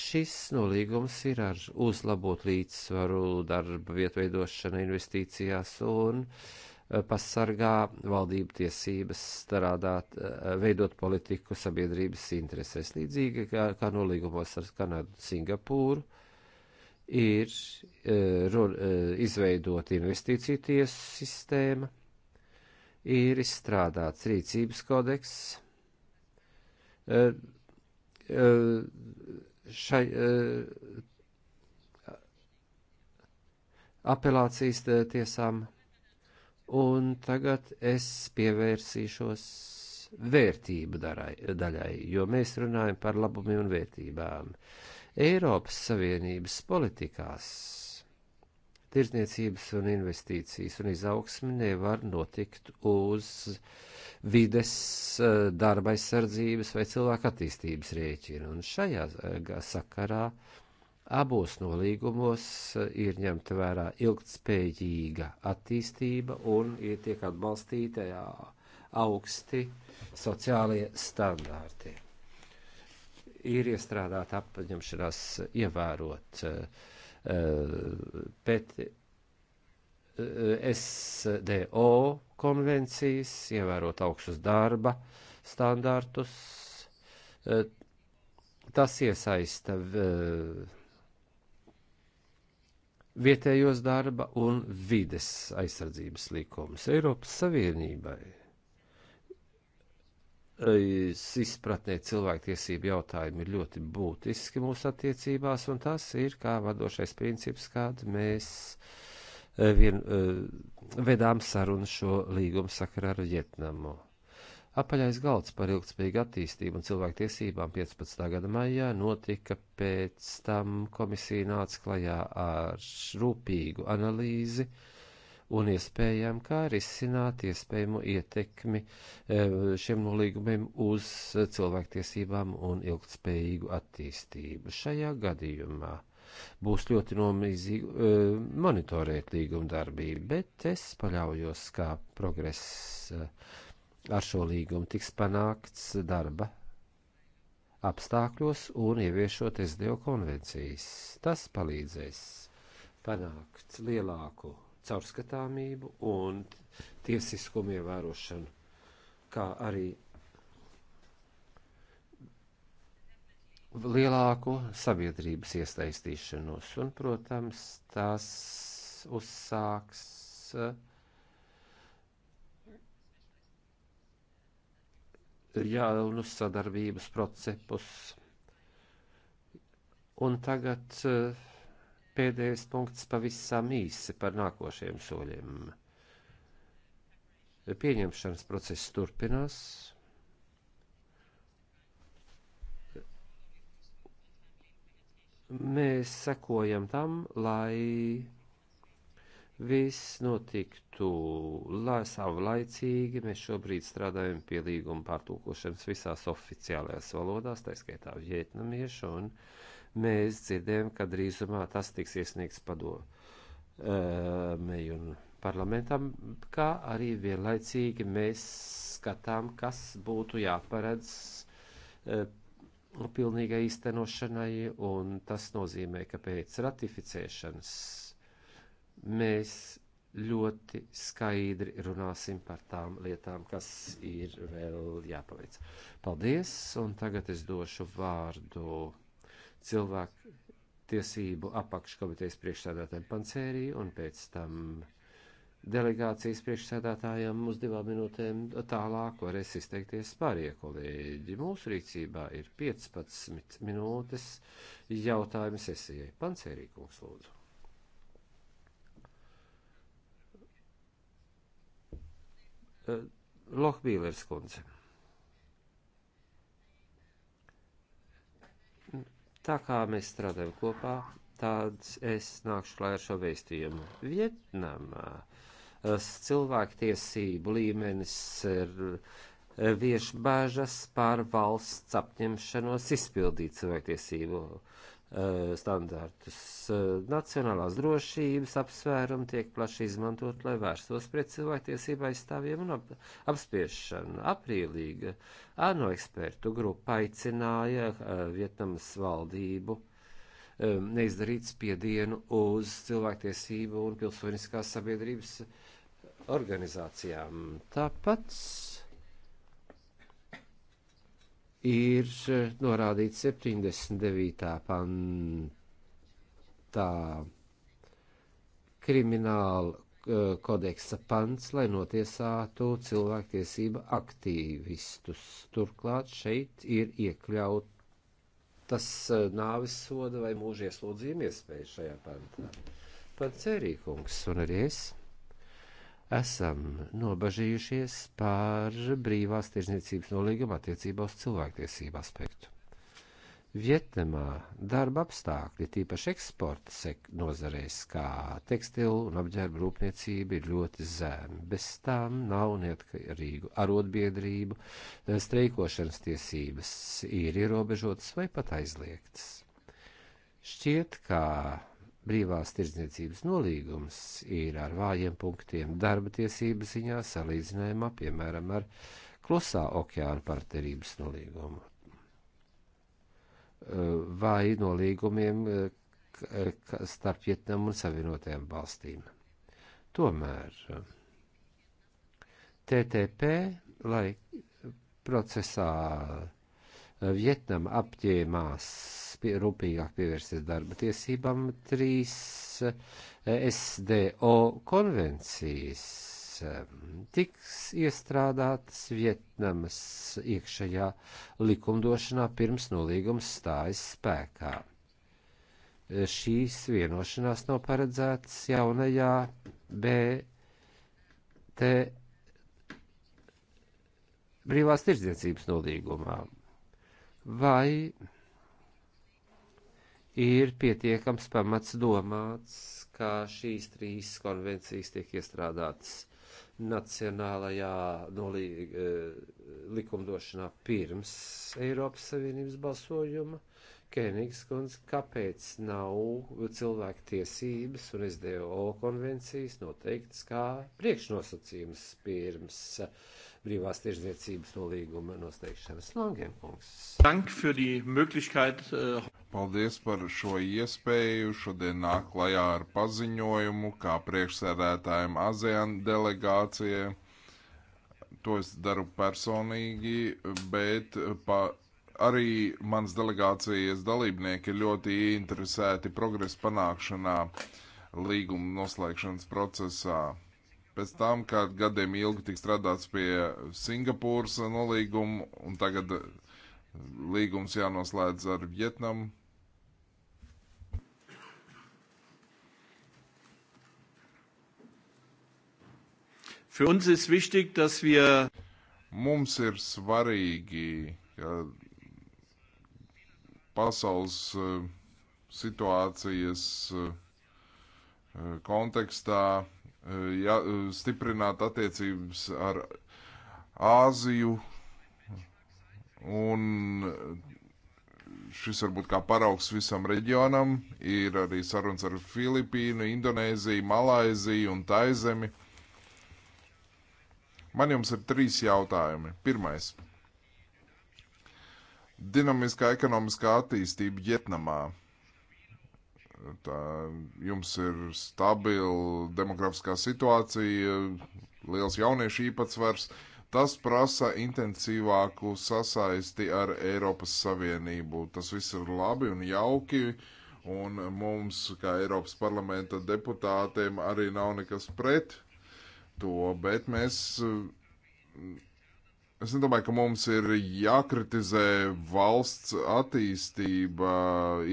Šis nolīgums ir ar uzlabot līdzsvaru darba vietu veidošana investīcijās un uh, Eh, pasargā valdību tiesības strādāt, eh, veidot politiku sabiedrības interesēs. Līdzīgi kā, kā nolīgumos ar Kanādu un Singapūru ir eh, run, izveidot investīciju tiesu sistēma, ir izstrādāts rīcības kodeks. Šai, apelācijas tiesām Un tagad es pievērsīšos vērtību darai, daļai, jo mēs runājam par labumiem un vērtībām. Eiropas Savienības politikās tirdzniecības un investīcijas un izaugsmi nevar notikt uz vides eh, darba aizsardzības vai cilvēka attīstības rēķina. Un šajā eh, sakarā uh, Abos nolīgumos eh, ir ņemta vērā ilgtspējīga attīstība un ir tiek atbalstīta augsti sociālie standārti. Ir iestrādāta apņemšanās ievērot eh, eh, pēc SDO konvencijas, ievērot augšus darba standārtus. Tas iesaista vietējos darba un vides aizsardzības likumus Eiropas Savienībai. Eh, izpratnē cilvēktiesību jautājumi ir ļoti būtiski mūsu attiecībās, un tas ir kā vadošais princips, kādu mēs eh, vien, eh, vedām sarunu šo līgumu sakarā ar Vietnamu. Apaļais galds par ilgspējīgu attīstību un cilvēktiesībām 15. gada maijā notika pēc tam komisija nāca klajā ar rūpīgu analīzi un iespējām, kā risināt iespējamo ietekmi eh, šiem nolīgumiem uz cilvēktiesībām un ilgspējīgu attīstību. Šajā gadījumā būs ļoti nomizīgi eh, monitorēt līguma darbību, bet es paļaujos, kā progress eh, ar šo līgumu tiks panākts darba apstākļos un ieviešot SDO konvencijas. Tas palīdzēs panākt lielāku caurskatāmību un tiesiskumu ievērošanu, kā arī lielāku sabiedrības iesaistīšanos. Un, protams, tas uzsāks uh, jaunus sadarbības procepus. Un tagad eh, pēdējais punkts pavisam īsi par nākošiem soļiem. Pieņemšanas process turpinās. Mēs sekojam tam, lai viss notiktu la, savlaicīgi. Mēs šobrīd strādājam pie līguma pārtūkošanas visās oficiālajās valodās, tā skaitā vietnamiešu, un mēs dzirdējam, ka drīzumā tas tiks iesniegts padomēju un parlamentam, kā arī vienlaicīgi mēs skatām, kas būtu jāparedz e, pilnīgai īstenošanai, un tas nozīmē, ka pēc ratificēšanas mēs ļoti skaidri runāsim par tām lietām, kas ir vēl jāpaveic. Paldies, un tagad es došu vārdu cilvēku tiesību apakškomitejas priekšsēdētājiem Pancērī un pēc tam delegācijas priekšsēdētājiem uz divām minūtēm tālāk varēs izteikties pārējie kolēģi. Mūsu rīcībā ir 15 minūtes jautājumu sesijai. Pancērī kungs lūdzu. Eh, Lohbīlers kundze. Tā kā mēs strādājam kopā, tad es nākšu klāt ar šo vēstījumu. Vietnamā cilvēktiesību līmenis ir eh, vieš bažas pār valsts apņemšanos izpildīt cilvēktiesību Eh, standartus. Eh, nacionālās drošības apsvērumi tiek plaši izmantot, lai vērstos pret cilvēktiesību aizstāvjiem un ap, apspiešanu. Aprīlīga ANO ekspertu grupa aicināja eh, Vietnamas valdību neizdarīt spiedienu uz cilvēktiesību un pilsoniskās sabiedrības organizācijām. Tāpat ir eh, norādīts 79. pantā krimināla eh, kodeksa pants, lai notiesātu cilvēktiesība aktīvistus. Turklāt šeit ir iekļautas eh, nāves soda vai mūža ieslodzījuma iespēja šajā pantā. Pats Erīkungs un arī es esam nobažījušies par brīvās tirzniecības nolīgumu attiecībā uz cilvēktiesību aspektu. Vietnamā darba apstākļi, tīpaši eksporta nozarēs, kā tekstilu un apģērba rūpniecība, ir ļoti zemi. Bez tām nav neatkarīgu arotbiedrību, eh, streikošanas tiesības ir ierobežotas vai pat aizliegtas. Šķiet, ka Brīvās tirdzniecības nolīgums ir ar vājiem punktiem darba tiesības ziņā salīdzinājumā, piemēram, ar klusā okeāna partnerības nolīgumu. Eh, vai nolīgumiem eh, eh, starp Vietnamu un Savienotajām valstīm. Tomēr TTP, lai procesā Vietnama apģēmās pie, rūpīgāk pievērsties darba tiesībām, trīs eh, SDO konvencijas eh, tiks iestrādātas Vietnamas iekšējā likumdošanā pirms nolīgums stājas spēkā. Eh, šīs vienošanās nav paredzētas jaunajā BT brīvās tirdzniecības nolīgumā. Vai ir pietiekams pamats domāts, kā šīs trīs konvencijas tiek iestrādātas nacionālajā nolī, e, likumdošanā pirms Eiropas Savienības balsojuma. Kēnigskunds, kāpēc nav cilvēku tiesības un SDO konvencijas noteiktas kā priekšnosacījums pirms brīvās tirzniecības nolīguma nosteikšanas. Langiem kungs. Äh, Paldies par šo iespēju. Šodien nāk klajā ar paziņojumu kā priekšsēdētājiem ASEAN delegācijai. To es daru personīgi, bet eh, pa, arī mans delegācijas dalībnieki ļoti interesēti progresa panākšanā līguma noslēgšanas procesā pēc tam, kad gadiem ilgi tika strādāts pie Singapūras nolīguma, un tagad eh, līgums jānoslēdz ar Vietnamu. Für uns ist wichtig, dass wir Mums ir svarīgi, ka pasaules eh, situācijas eh, kontekstā Eh, ja, eh, stiprināt attiecības ar Āziju. Un eh, šis varbūt kā paraugs visam reģionam ir arī sarunas ar Filipīnu, Indonēziju, Malaiziju un Taizemi. Man jums ir trīs jautājumi. Pirmais. Dinamiskā ekonomiskā attīstība Vietnamā Tā, jums ir stabila demografiskā situācija, liels jauniešu īpatsvars. Tas prasa intensīvāku sasaisti ar Eiropas Savienību. Tas viss ir labi un jauki, un mums, kā Eiropas parlamenta deputātiem, arī nav nekas pret to, bet mēs Es nedomāju, ka mums ir jākritizē valsts attīstība,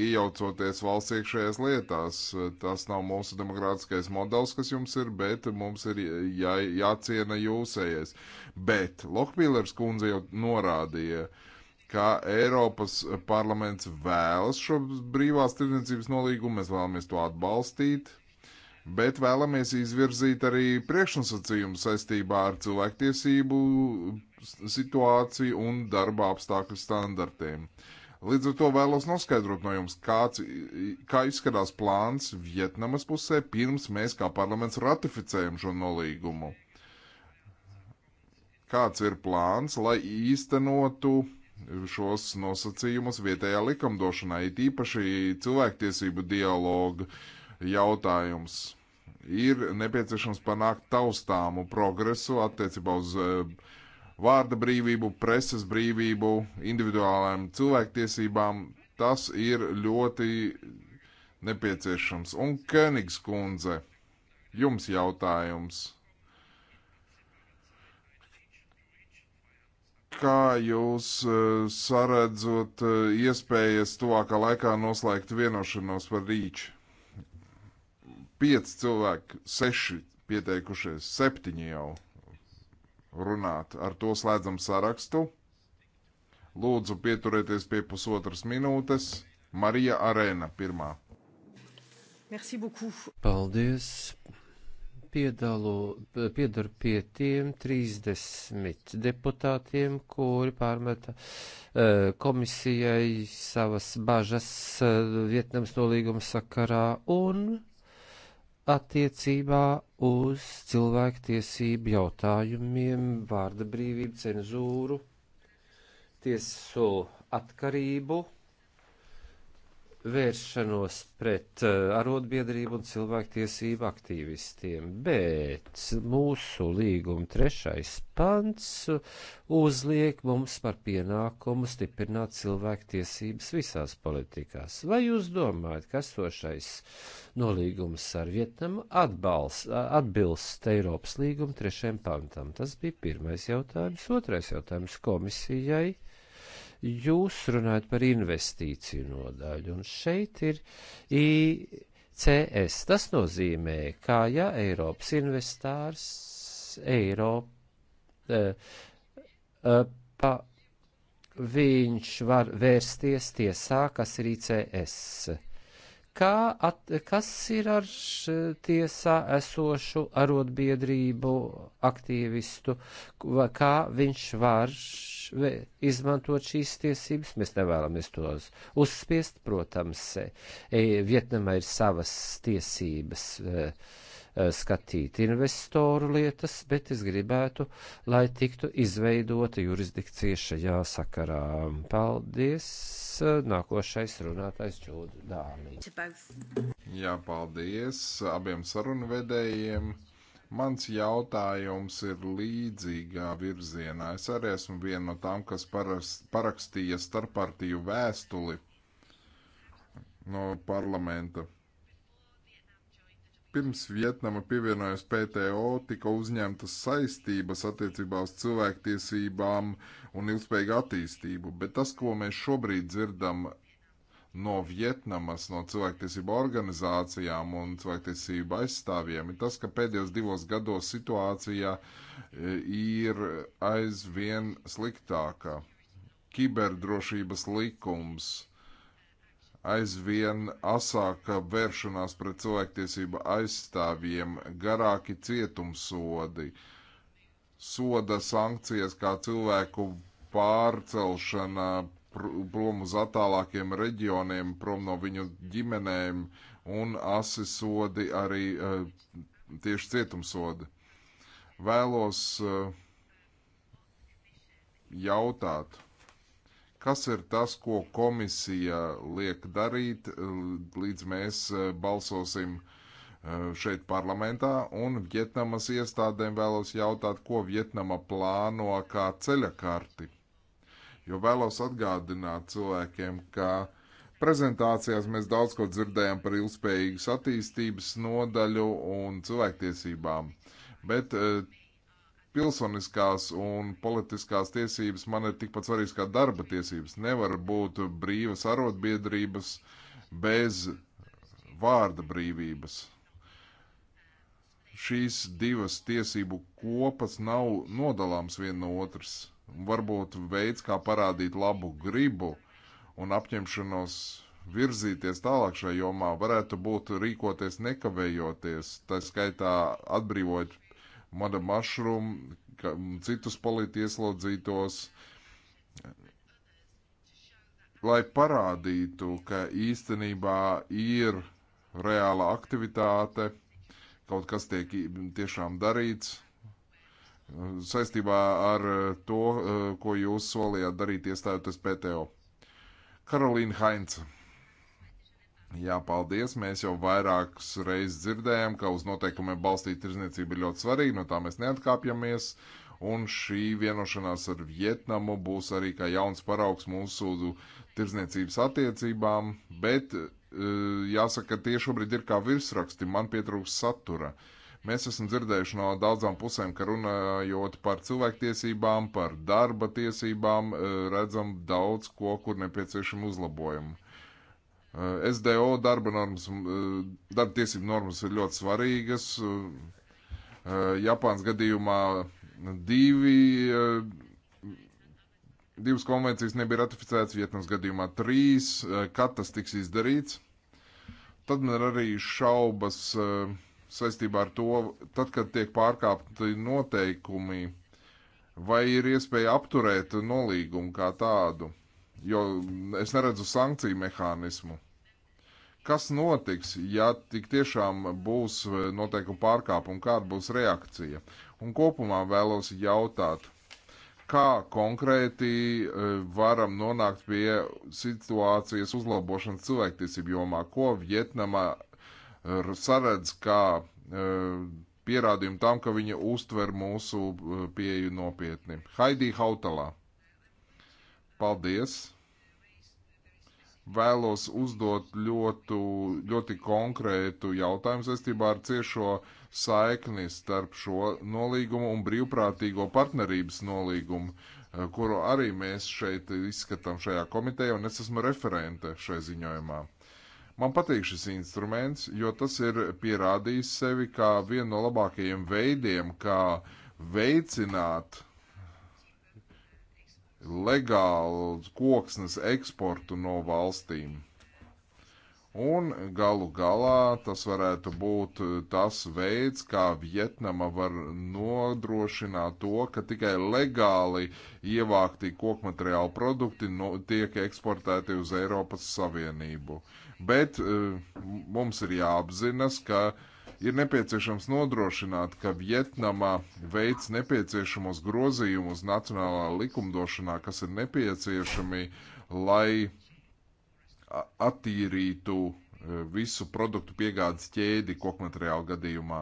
iejaucoties valsts iekšējās lietās. Tas nav mūsu demokrātiskais modelis, kas jums ir, bet mums ir jā, jāciena jūsējais. Bet Lohpīlers kundze jau norādīja, ka Eiropas parlaments vēlas šo brīvās tirdzniecības nolīgumu, mēs vēlamies to atbalstīt, bet vēlamies izvirzīt arī priekšnosacījumu saistībā ar cilvēktiesību situāciju un darba apstākļu standartiem. Līdz ar to vēlos noskaidrot no jums, kāds, kā izskatās plāns Vietnamas pusē, pirms mēs kā parlaments ratificējam šo nolīgumu. Kāds ir plāns, lai īstenotu šos nosacījumus vietējā likumdošanā, it īpaši cilvēktiesību dialogu jautājums? ir nepieciešams panākt taustāmu progresu attiecībā uz uh, vārda brīvību, preses brīvību, individuālām cilvēktiesībām. Tas ir ļoti nepieciešams. Un Königs kundze, jums jautājums. Kā jūs e, saredzot e, iespējas tuvākā laikā noslēgt vienošanos par rīču? Pieci cilvēki, seši pieteikušies, septiņi jau runāt. Ar to slēdzam sarakstu. Lūdzu, pieturieties pie pusotras minūtes. Marija Arēna pirmā. Merci beaucoup. Paldies. Piedalo, piedaru pie tiem 30 deputātiem, kuri pārmeta uh, komisijai savas bažas uh, eh, Vietnams nolīguma sakarā un attiecībā uz cilvēktiesību jautājumiem, vārda brīvību, cenzūru, tiesu atkarību vēršanos pret eh, arotbiedrību un cilvēktiesību aktīvistiem, bet mūsu līguma trešais pants uzliek mums par pienākumu stiprināt cilvēktiesības visās politikās. Vai jūs domājat, ka esošais nolīgums ar Vietnamu atbalst, atbilst Eiropas līguma trešajam pantam? Tas bija pirmais jautājums. Otrais jautājums komisijai Jūs runājat par investīciju nodaļu, un šeit ir ICS. Tas nozīmē, ka ja Eiropas investārs Eiropa. Uh, uh, pa, viņš var vērsties tiesā, kas ir ICS kā at, kas ir ar š, tiesā esošu arotbiedrību aktīvistu, kā viņš var š, izmantot šīs tiesības. Mēs nevēlamies tos uzspiest, protams, e, Vietnamā ir savas tiesības. E, Eh, skatīt investoru lietas, bet es gribētu, lai tiktu izveidota jurisdikcija šajā sakarā. Paldies! Eh, nākošais runātais Čūda Dāmī. Jā, paldies abiem sarunvedējiem. Mans jautājums ir līdzīgā virzienā. Es arī esmu viena no tām, kas paras, parakstīja starppartiju vēstuli no parlamenta Pirms Vietnama pievienojas PTO, tika uzņemtas saistības attiecībā uz cilvēktiesībām un ilgspējīgu attīstību, bet tas, ko mēs šobrīd dzirdam no Vietnamas, no cilvēktiesību organizācijām un cilvēktiesību aizstāvjiem, ir tas, ka pēdējos divos gados situācija e, ir aizvien sliktāka. Kiberdrošības likums aizvien asāka vēršanās pret cilvēktiesību aizstāvjiem, garāki cietumsodi, soda sankcijas kā cilvēku pārcelšana prom uz attālākiem reģioniem, prom no viņu ģimenēm un asi sodi arī eh, tieši cietumsodi. Vēlos eh, jautāt Kas ir tas, ko komisija liek darīt, līdz mēs eh, balsosim eh, šeit parlamentā? Un Vietnamas iestādēm vēlos jautāt, ko Vietnama plāno kā ceļa karti? Jo vēlos atgādināt cilvēkiem, ka prezentācijās mēs daudz ko dzirdējām par ilgspējīgas attīstības nodaļu un cilvēktiesībām. Bet eh, pilsoniskās un politiskās tiesības man ir tikpat svarīgas kā darba tiesības. Nevar būt brīvas arotbiedrības bez vārda brīvības. Šīs divas tiesību kopas nav nodalāmas viena no otras. Varbūt veids, kā parādīt labu gribu un apņemšanos virzīties tālāk šajā jomā, varētu būt rīkoties nekavējoties, tā skaitā atbrīvojot Mada Mašrum, citus politieslodzītos, lai parādītu, ka īstenībā ir reāla aktivitāte, kaut kas tiek tiešām darīts saistībā ar eh, to, eh, ko jūs solījāt darīt iestājoties PTO. Karolīna Heinze. Jā, paldies. Mēs jau vairākas reizes dzirdējām, ka uz noteikumiem balstīta tirzniecība ir ļoti svarīga, no tā mēs neatkāpjamies. Un šī vienošanās ar Vietnamu būs arī kā jauns paraugs mūsu tirzniecības attiecībām, bet e, jāsaka, ka tie šobrīd ir kā virsraksti, man pietrūks satura. Mēs esam dzirdējuši no daudzām pusēm, ka runājot par cilvēktiesībām, par darba tiesībām, e, redzam daudz ko, kur nepieciešama uzlabojuma. Eh, SDO darba normas, eh, darba tiesību normas ir ļoti svarīgas. Eh, Japāns gadījumā divi, divas konvencijas nebija ratificētas, Vietnams gadījumā trīs, kad tas tiks izdarīts. Tad man ir arī šaubas saistībā ar to, tad, kad tiek pārkāpti noteikumi, vai ir iespēja apturēt nolīgumu kā tādu jo es neredzu sankciju mehānismu. Kas notiks, ja tik tiešām būs eh, noteikuma pārkāpuma, kāda būs reakcija? Un kopumā vēlos jautāt, kā konkrēti eh, varam nonākt pie situācijas uzlabošanas cilvēktiesību jomā, ko Vietnama eh, saredz kā pierādījumu tam, ka viņa uztver mūsu pieeju nopietni. Haidī Hautalā. Paldies! Vēlos uzdot ļoti, ļoti konkrētu jautājumu saistībā ar ciešo saikni starp šo nolīgumu un brīvprātīgo partnerības nolīgumu, eh, kuru arī mēs šeit izskatām šajā komitejā, un es esmu referente šai ziņojumā. Man patīk šis instruments, jo tas ir pierādījis sevi kā vienu no labākajiem veidiem, kā veicināt legālu koksnes eksportu no valstīm. Un galu galā tas varētu būt tas veids, kā Vietnama var nodrošināt to, ka tikai legāli ievākti kokmateriāli produkti no, tiek eksportēti uz Eiropas Savienību. Bet eh, mums ir jāapzinas, ka uh, ir nepieciešams nodrošināt, ka Vietnama veic nepieciešamos grozījumus nacionālā likumdošanā, kas ir nepieciešami, lai attīrītu e, visu produktu piegādes ķēdi kokmateriālu gadījumā.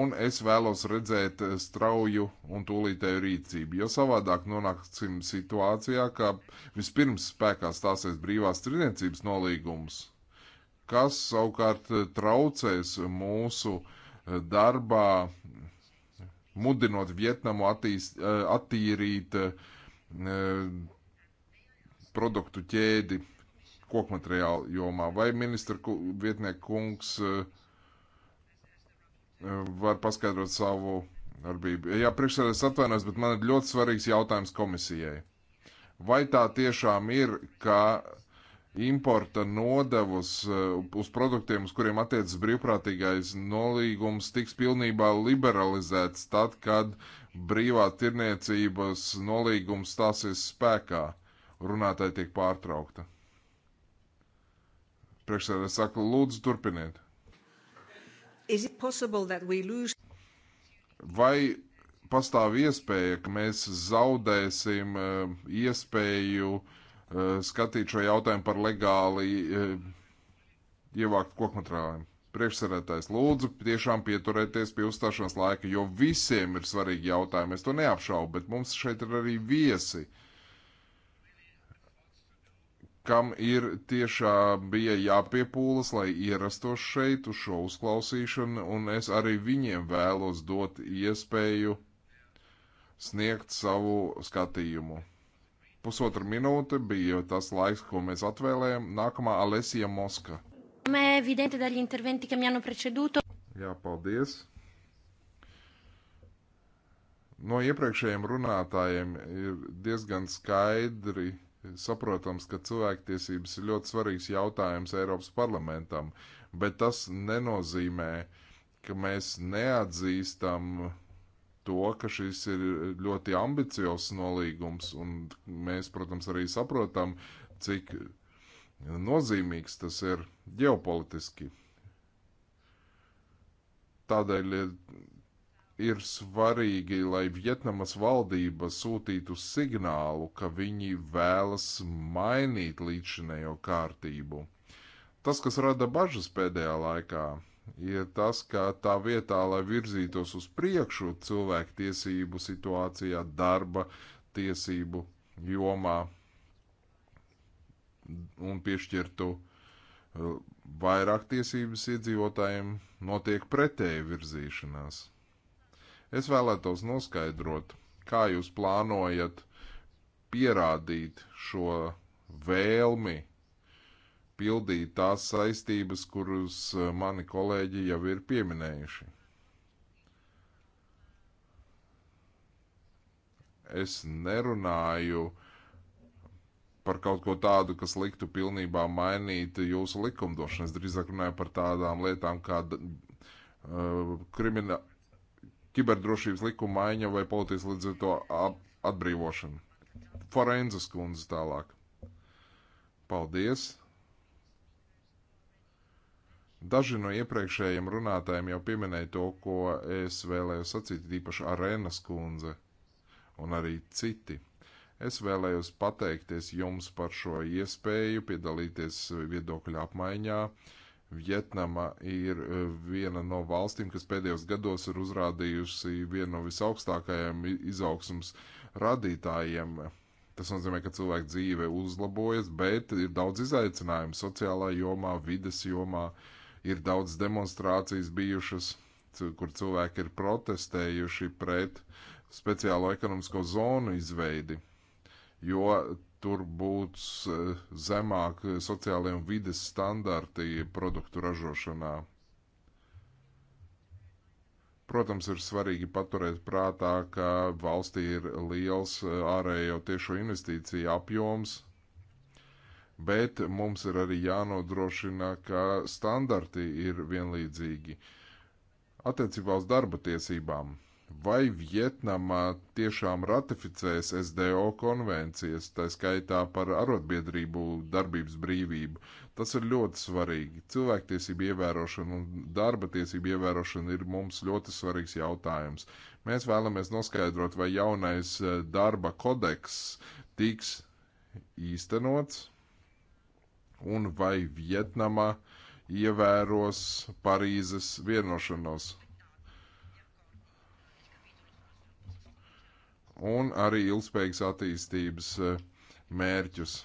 Un es vēlos redzēt e, strauju un tūlītēju rīcību, jo savādāk nonāksim situācijā, ka vispirms spēkā stāsies brīvās tirniecības nolīgums, kas savukārt eh, traucēs mūsu eh, darbā, mudinot Vietnamu attīst, eh, attīrīt produktu ķēdi kokmateriālu jomā. Vai ministra vietnieku kungs var paskaidrot savu darbību? Jā, priekšsēdētājs atvainojas, bet man ir ļoti svarīgs jautājums komisijai. Vai tā tiešām ir, ka importa nodevas eh, uz produktiem, uz kuriem attiecas brīvprātīgais nolīgums, tiks pilnībā liberalizēts tad, kad brīvā tirniecības nolīgums stāsies spēkā. Runātāji tiek pārtraukta. Priekšsēdē saka, lūdzu, turpiniet. Lose... Vai pastāv iespēja, ka mēs zaudēsim uh, iespēju uh, Eh, skatīt šo jautājumu par legāli eh, ievākt kokmateriāliem. Priekšsarētājs lūdzu tiešām pieturēties pie uzstāšanās laika, jo visiem ir svarīgi jautājumi. Es to neapšaubu, bet mums šeit ir arī viesi, kam ir tiešām bija jāpiepūlas, lai ierastos šeit uz šo uzklausīšanu, un es arī viņiem vēlos dot iespēju sniegt savu skatījumu. Pusotra minūte bija tas laiks, ko mēs atvēlējām. Nākamā Alesija Moska. Jā, paldies. No iepriekšējiem runātājiem ir diezgan skaidri saprotams, ka cilvēktiesības ir ļoti svarīgs jautājums Eiropas parlamentam, bet tas nenozīmē, ka mēs neatzīstam uh, to, ka šis ir ļoti ambiciozs nolīgums, un mēs, protams, arī saprotam, cik nozīmīgs tas ir ģeopolitiski. Tādēļ ir, ir svarīgi, lai Vietnamas valdība sūtītu signālu, ka viņi vēlas mainīt līdzinējo kārtību. Tas, kas rada bažas pēdējā laikā, ir tas, ka tā vietā, lai virzītos uz priekšu cilvēku tiesību situācijā, darba tiesību jomā un piešķirtu eh, vairāk tiesības iedzīvotājiem, notiek pretēji virzīšanās. Es vēlētos noskaidrot, kā jūs plānojat pierādīt šo vēlmi pildīt tās saistības, kuras eh, mani kolēģi jau ir pieminējuši. Es nerunāju par kaut ko tādu, kas liktu pilnībā mainīt jūsu likumdošanu. Es drīzāk runāju par tādām lietām kā uh, krimina, kiberdrošības likuma maiņa vai policijas līdz ar to atbrīvošana. Forenzas kundze tālāk. Paldies! Daži no iepriekšējiem runātājiem jau pieminēja to, ko es vēlēju sacīt, īpaši Arēnas kundze un arī citi. Es vēlējos pateikties jums par šo iespēju piedalīties viedokļu apmaiņā. Vietnama ir e, viena no valstīm, kas pēdējos gados ir uzrādījusi vienu no visaugstākajiem izaugsmus radītājiem. Tas nozīmē, ka cilvēku dzīve uzlabojas, bet ir daudz izaicinājumu sociālā jomā, vides jomā. Uh, Ir daudz demonstrācijas bijušas, kur cilvēki ir protestējuši pret speciālo ekonomisko zonu izveidi, jo tur būs e, zemāk sociālajiem vides standarti produktu ražošanā. Protams, ir svarīgi paturēt prātā, ka valstī ir liels e, ārējo tiešo investīciju apjoms, bet mums ir arī jānodrošina, ka standarti ir vienlīdzīgi. Attiecībā uz darba tiesībām. Vai Vietnama tiešām ratificēs SDO konvencijas, tā skaitā par arotbiedrību darbības brīvību? Tas ir ļoti svarīgi. Cilvēktiesība ievērošana un darba tiesība ievērošana ir mums ļoti svarīgs jautājums. Mēs vēlamies noskaidrot, vai jaunais eh, darba kodeks tiks īstenots un vai Vietnama ievēros Parīzes vienošanos. Un arī ilgspējīgas attīstības eh, mērķus.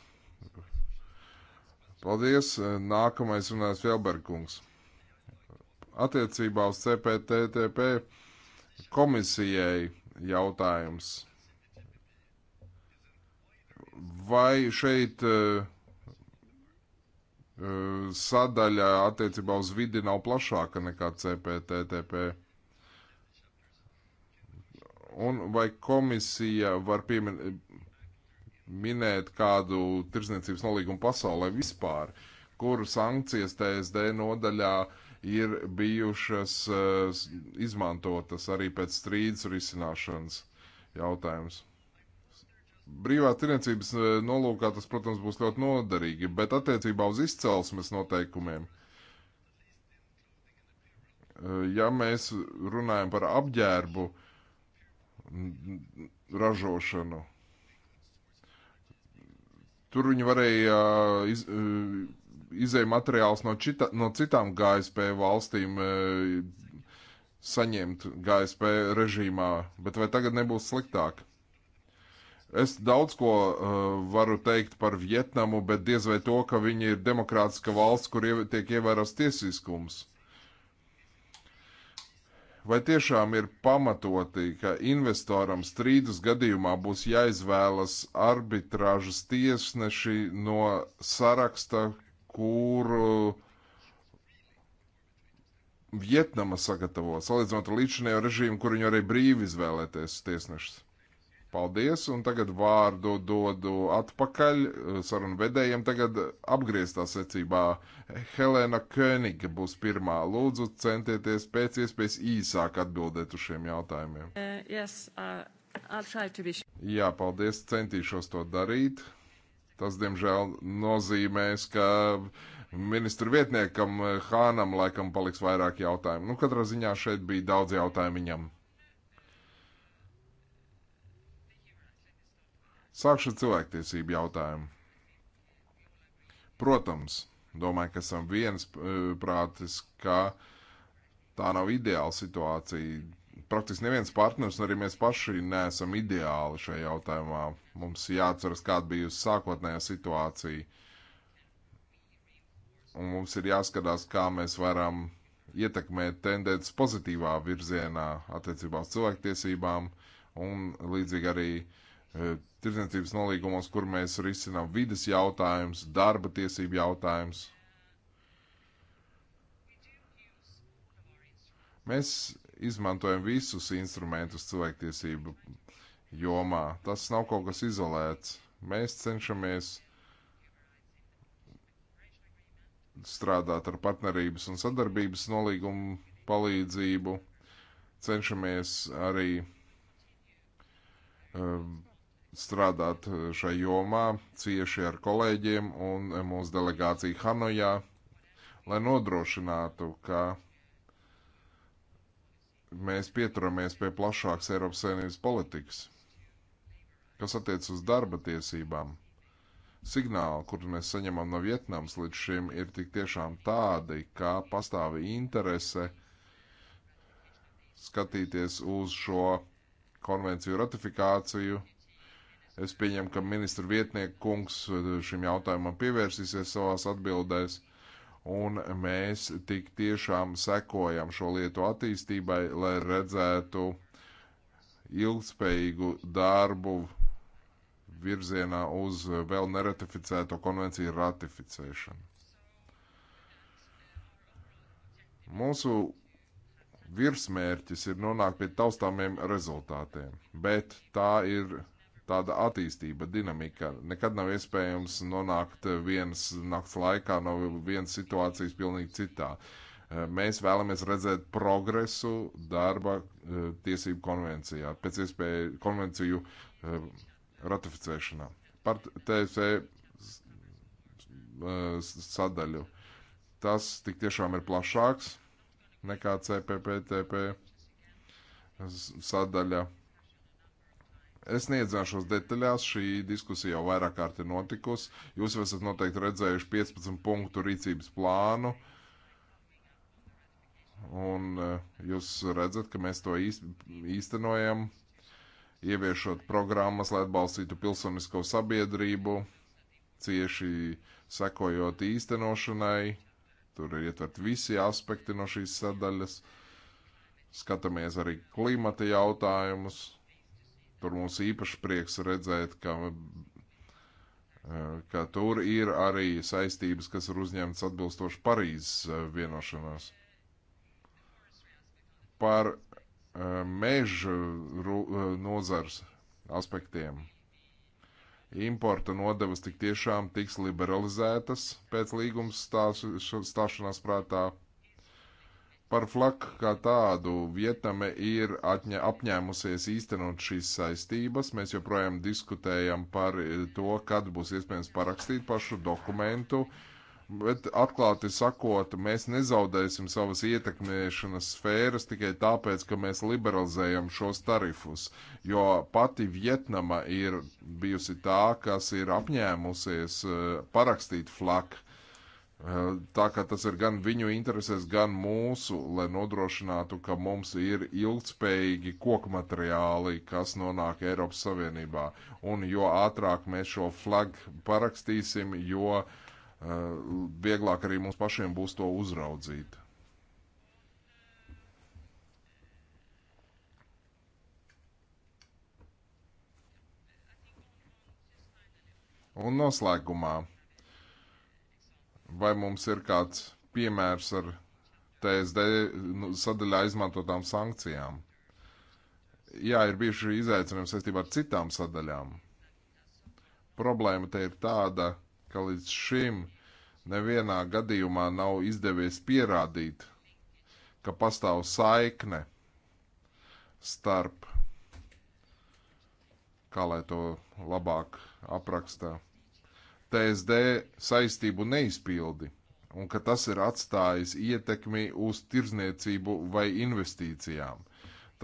Paldies! Eh, nākamais runās Fjellbergungs. Attiecībā uz CPTTP komisijai jautājums. Vai šeit uh, Eh, sadaļa attiecībā uz vidi nav plašāka nekā CPTTP. Un vai komisija var pieminēt kādu tirzniecības nolīgumu pasaulē vispār, kur sankcijas TSD nodaļā ir bijušas uh, izmantotas arī pēc strīdus risināšanas jautājums? Brīvā tirniecības eh, nolūkā tas, protams, būs ļoti noderīgi, bet attiecībā uz izcelsmes noteikumiem, eh, ja mēs runājam par apģērbu ražošanu, tur viņi varēja eh, iz, izēja materiāls no, čita, no citām GSP valstīm saņemt GSP režīmā, bet vai tagad nebūs sliktāk? Es daudz ko uh, varu teikt par Vietnamu, bet diez vai to, ka viņi ir demokrātiska valsts, kur iev tiek ievēros tiesiskums. Vai tiešām ir pamatoti, ka investoram strīdus gadījumā būs jāizvēlas arbitrāžas tiesneši no saraksta, kuru uh, Vietnama sagatavo, salīdzinot ar līdzinējo režīmu, kur viņi arī brīvi izvēlēties tiesnešus? Paldies, un tagad vārdu dodu atpakaļ eh, sarunu vedējiem. Tagad apgrieztā secībā Helēna Königa būs pirmā. Lūdzu, centieties pēc iespējas īsāk atbildēt uz šiem jautājumiem. Uh, yes, uh, be... Jā, paldies, centīšos to darīt. Tas, diemžēl, nozīmēs, ka ministru vietniekam eh, Hānam laikam paliks vairāk jautājumu. Nu, katrā ziņā šeit bija daudz jautājumu viņam. Sākšu ar cilvēktiesību jautājumu. Protams, domāju, ka esam viens e, prātis, ka tā nav ideāla situācija. Praktiski neviens partners, un arī mēs paši neesam ideāli šajā jautājumā. Mums jāatceras, kāda bija sākotnējā situācija. Un mums ir jāskatās, kā mēs varam ietekmēt tendences pozitīvā virzienā attiecībā uz cilvēktiesībām un līdzīgi arī uh, Eh, tirdzniecības nolīgumos, kur mēs risinām vidas jautājumus, darba tiesību jautājumus. Mēs izmantojam visus instrumentus cilvēktiesību jomā. Tas nav kaut kas izolēts. Mēs cenšamies strādāt ar partnerības un sadarbības nolīgumu palīdzību. Cenšamies arī um, strādāt eh, šai jomā cieši ar kolēģiem un eh, mūsu delegāciju Hanojā, lai nodrošinātu, ka mēs pieturamies pie plašākas Eiropas Savienības politikas, kas attiec uz darba tiesībām. Signāli, kur mēs saņemam no Vietnams līdz šim, ir tik tiešām tādi, ka pastāv interese skatīties uz šo konvenciju ratifikāciju Es pieņemu, ka ministra vietnieku kungs eh, šim jautājumam pievērsīsies savās atbildēs, un mēs tik tiešām sekojam šo lietu attīstībai, lai redzētu ilgspējīgu darbu virzienā uz vēl neratificēto konvenciju ratificēšanu. Mūsu virsmērķis ir nonākt pie taustāmiem rezultātiem, bet tā ir tāda attīstība, dinamika. Nekad nav iespējams nonākt vienas nakts laikā no vienas situācijas pilnīgi citā. Eh, mēs vēlamies redzēt progresu darba eh, tiesību konvencijā, pēc iespēju konvenciju eh, ratificēšanā. Par TSE sadaļu. Tas tik tiešām ir plašāks nekā CPPTP sadaļa Es neiedzāšos detaļās, šī diskusija jau vairāk kārt ir notikusi. Jūs esat noteikti redzējuši 15 punktu rīcības plānu, un eh, jūs redzat, ka mēs to īstenojam, ieviešot programmas, lai atbalstītu pilsonisko sabiedrību, cieši sekojot īstenošanai. Tur ir ietvert visi aspekti no šīs sadaļas. Skatāmies arī klimata jautājumus, Tur mums īpaši prieks redzēt, ka, eh, ka tur ir arī saistības, kas ir uzņemtas atbilstoši Parīzes eh, vienošanās. Par eh, meža nozars aspektiem. Importa nodevas tik tiešām tiks liberalizētas pēc līgums stāšanās prātā Par flaku kā tādu Vietname ir atņa, apņēmusies īstenot šīs saistības. Mēs joprojām diskutējam par eh, to, kad būs iespējams parakstīt pašu dokumentu. Bet atklāti sakot, mēs nezaudēsim savas ietekmēšanas sfēras tikai tāpēc, ka mēs liberalizējam šos tarifus, jo pati Vietnama ir bijusi tā, kas ir apņēmusies eh, parakstīt flaku Eh, tā kā tas ir gan viņu interesēs, gan mūsu, lai nodrošinātu, ka mums ir ilgspējīgi koku materiāli, kas nonāk Eiropas Savienībā. Un jo ātrāk mēs šo flagu parakstīsim, jo eh, vieglāk arī mums pašiem būs to uzraudzīt. Un noslēgumā Vai mums ir kāds piemērs ar TSD nu, sadaļā izmantotām sankcijām? Jā, ir bijuši izaicinājumi saistībā ar citām sadaļām. Problēma te ir tāda, ka līdz šim nevienā gadījumā nav izdevies pierādīt, ka pastāv saikne starp, kā lai to labāk apraksta, TSD saistību neizpildi un ka tas ir atstājis ietekmi uz tirzniecību vai investīcijām.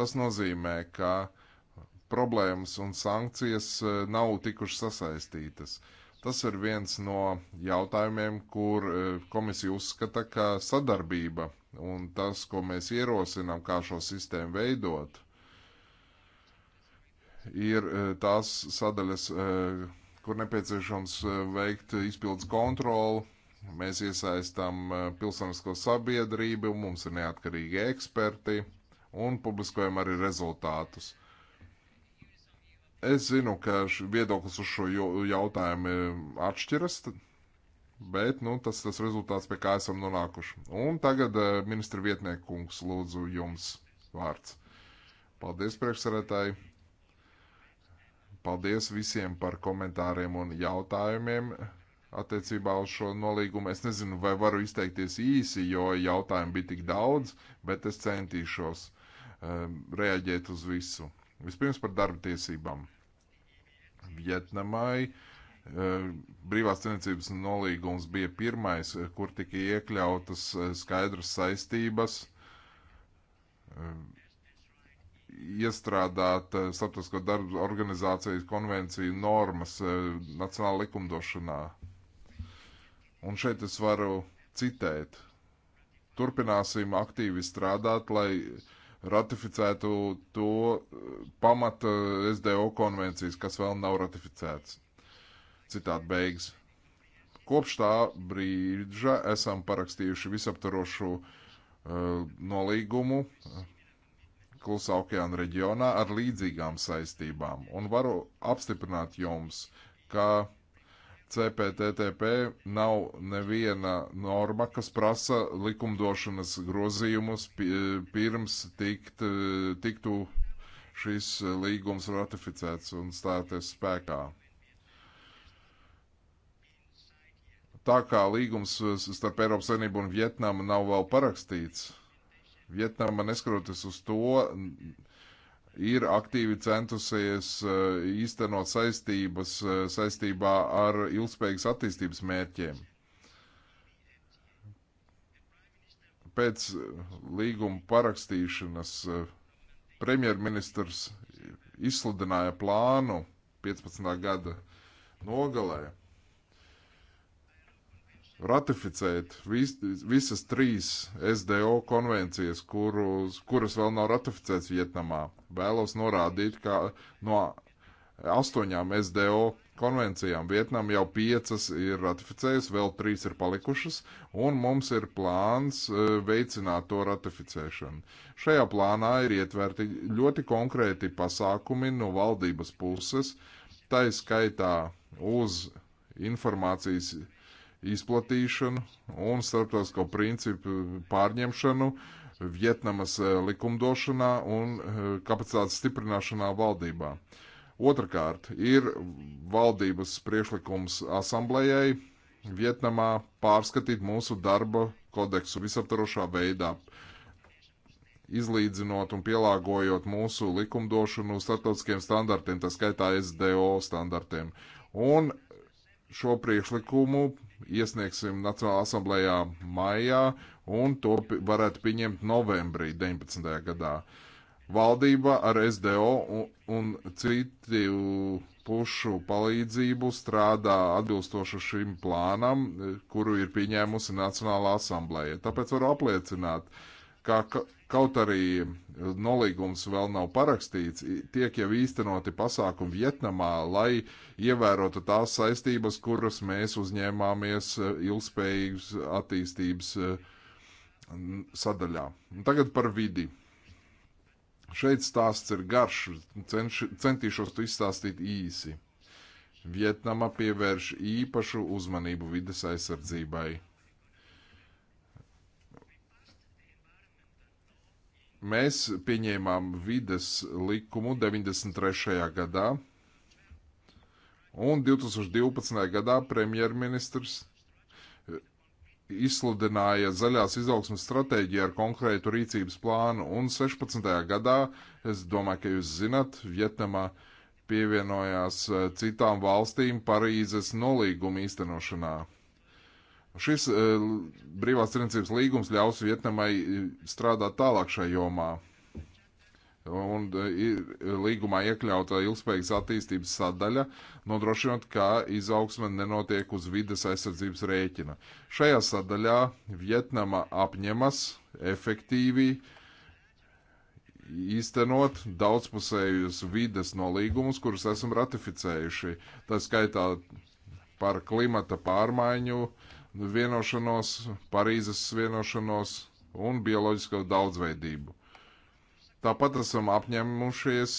Tas nozīmē, ka problēmas un sankcijas e, nav tikušas sasaistītas. Tas ir viens no jautājumiem, kur e, komisija uzskata, ka sadarbība un tas, ko mēs ierosinām, kā šo sistēmu veidot, ir e, tās sadaļas, kur nepieciešams eh, veikt izpildus kontroli. Mēs iesaistām eh, pilsonisko sabiedrību, mums ir neatkarīgi eksperti un publiskojam arī rezultātus. Es zinu, ka viedoklis uz šo jautājumu eh, atšķiras, bet nu, tas ir tas rezultāts, pie kā esam nonākuši. Un tagad ministra vietnieku kungs lūdzu jums vārds. Paldies, priekšsarētāji! Paldies visiem par komentāriem un jautājumiem attiecībā uz šo nolīgumu. Es nezinu, vai varu izteikties īsi, jo jautājumu bija tik daudz, bet es centīšos um, reaģēt uz visu. Vispirms par darba tiesībām. Vietnamai ehm, brīvās tirdzniecības nolīgums bija pirmais, kur tika iekļautas eh, skaidras saistības ehm, iestrādāt eh, starptautisko darbu organizācijas konvenciju normas eh, nacionāla likumdošanā. Un šeit es varu citēt. Turpināsim aktīvi strādāt, lai ratificētu to eh, pamata SDO konvencijas, kas vēl nav ratificēts. Citādi beigas. Kopš tā brīža esam parakstījuši visaptarošu uh, nolīgumu Klusā okeāna reģionā ar līdzīgām saistībām. Un varu apstiprināt jums, ka CPTTP nav neviena norma, kas prasa likumdošanas grozījumus pirms tikt, tiktu šis līgums ratificēts un stāties spēkā. Tā kā līgums starp Eiropas Savienību un Vietnamu nav vēl parakstīts, Vietnama, neskatoties uz to, ir aktīvi centusies e, īstenot saistības e, saistībā ar ilgspējīgas attīstības mērķiem. Pēc līguma parakstīšanas e, premjerministrs izsludināja plānu 15. gada nogalē ratificēt vis, visas trīs SDO konvencijas, kurus, kuras vēl nav ratificētas Vietnamā. Vēlos norādīt, ka no astoņām SDO konvencijām Vietnam jau piecas ir ratificējusi, vēl trīs ir palikušas, un mums ir plāns e, veicināt to ratificēšanu. Šajā plānā ir ietverti ļoti konkrēti pasākumi no valdības puses, tā ir skaitā uz informācijas izplatīšanu un starptautisko principu pārņemšanu Vietnamas eh, likumdošanā un eh, kapacitātes stiprināšanā valdībā. Otrakārt, ir valdības priešlikums asamblējai Vietnamā pārskatīt mūsu darba kodeksu visaptarošā veidā, izlīdzinot un pielāgojot mūsu likumdošanu starptautiskiem standartiem, tā skaitā SDO standartiem. Un šo priekšlikumu iesniegsim Nacionālajā asamblējā maijā, un to varētu pieņemt novembrī 19. gadā. Valdība ar SDO un, un citu pušu palīdzību strādā atbilstoši šim plānam, kuru ir pieņēmusi Nacionālā asamblēja. Tāpēc varu apliecināt, ka Kaut arī nolīgums vēl nav parakstīts, tiek jau īstenoti pasākumi Vietnamā, lai ievērotu tās saistības, kuras mēs uzņēmāmies e, ilgspējīgas attīstības e, sadaļā. Tagad par vidi. Šeit stāsts ir garš, cenš, centīšos to izstāstīt īsi. Vietnama pievērš īpašu uzmanību vides aizsardzībai Mēs pieņēmām vides likumu 93. gadā, un 2012. gadā premjerministrs eh, izsludināja zaļās izaugsmas stratēģiju ar konkrētu rīcības plānu, un 16. gadā, es domāju, ka jūs zinat, Vietnamā pievienojās eh, citām valstīm Parīzes nolīguma īstenošanā. Šis uh, brīvās tirdzniecības līgums ļaus Vietnamai e, strādāt tālāk šajā jomā. Un e, ir uh, līgumā iekļauta ilgspējīgas attīstības sadaļa, nodrošinot, ka izaugsme nenotiek uz vides aizsardzības rēķina. Šajā sadaļā Vietnama apņemas efektīvi īstenot daudzpusējus vides nolīgumus, kurus esam ratificējuši. Tā skaitā par klimata pārmaiņu uh, vienošanos, Parīzes vienošanos un bioloģisko daudzveidību. Tāpat esam apņēmušies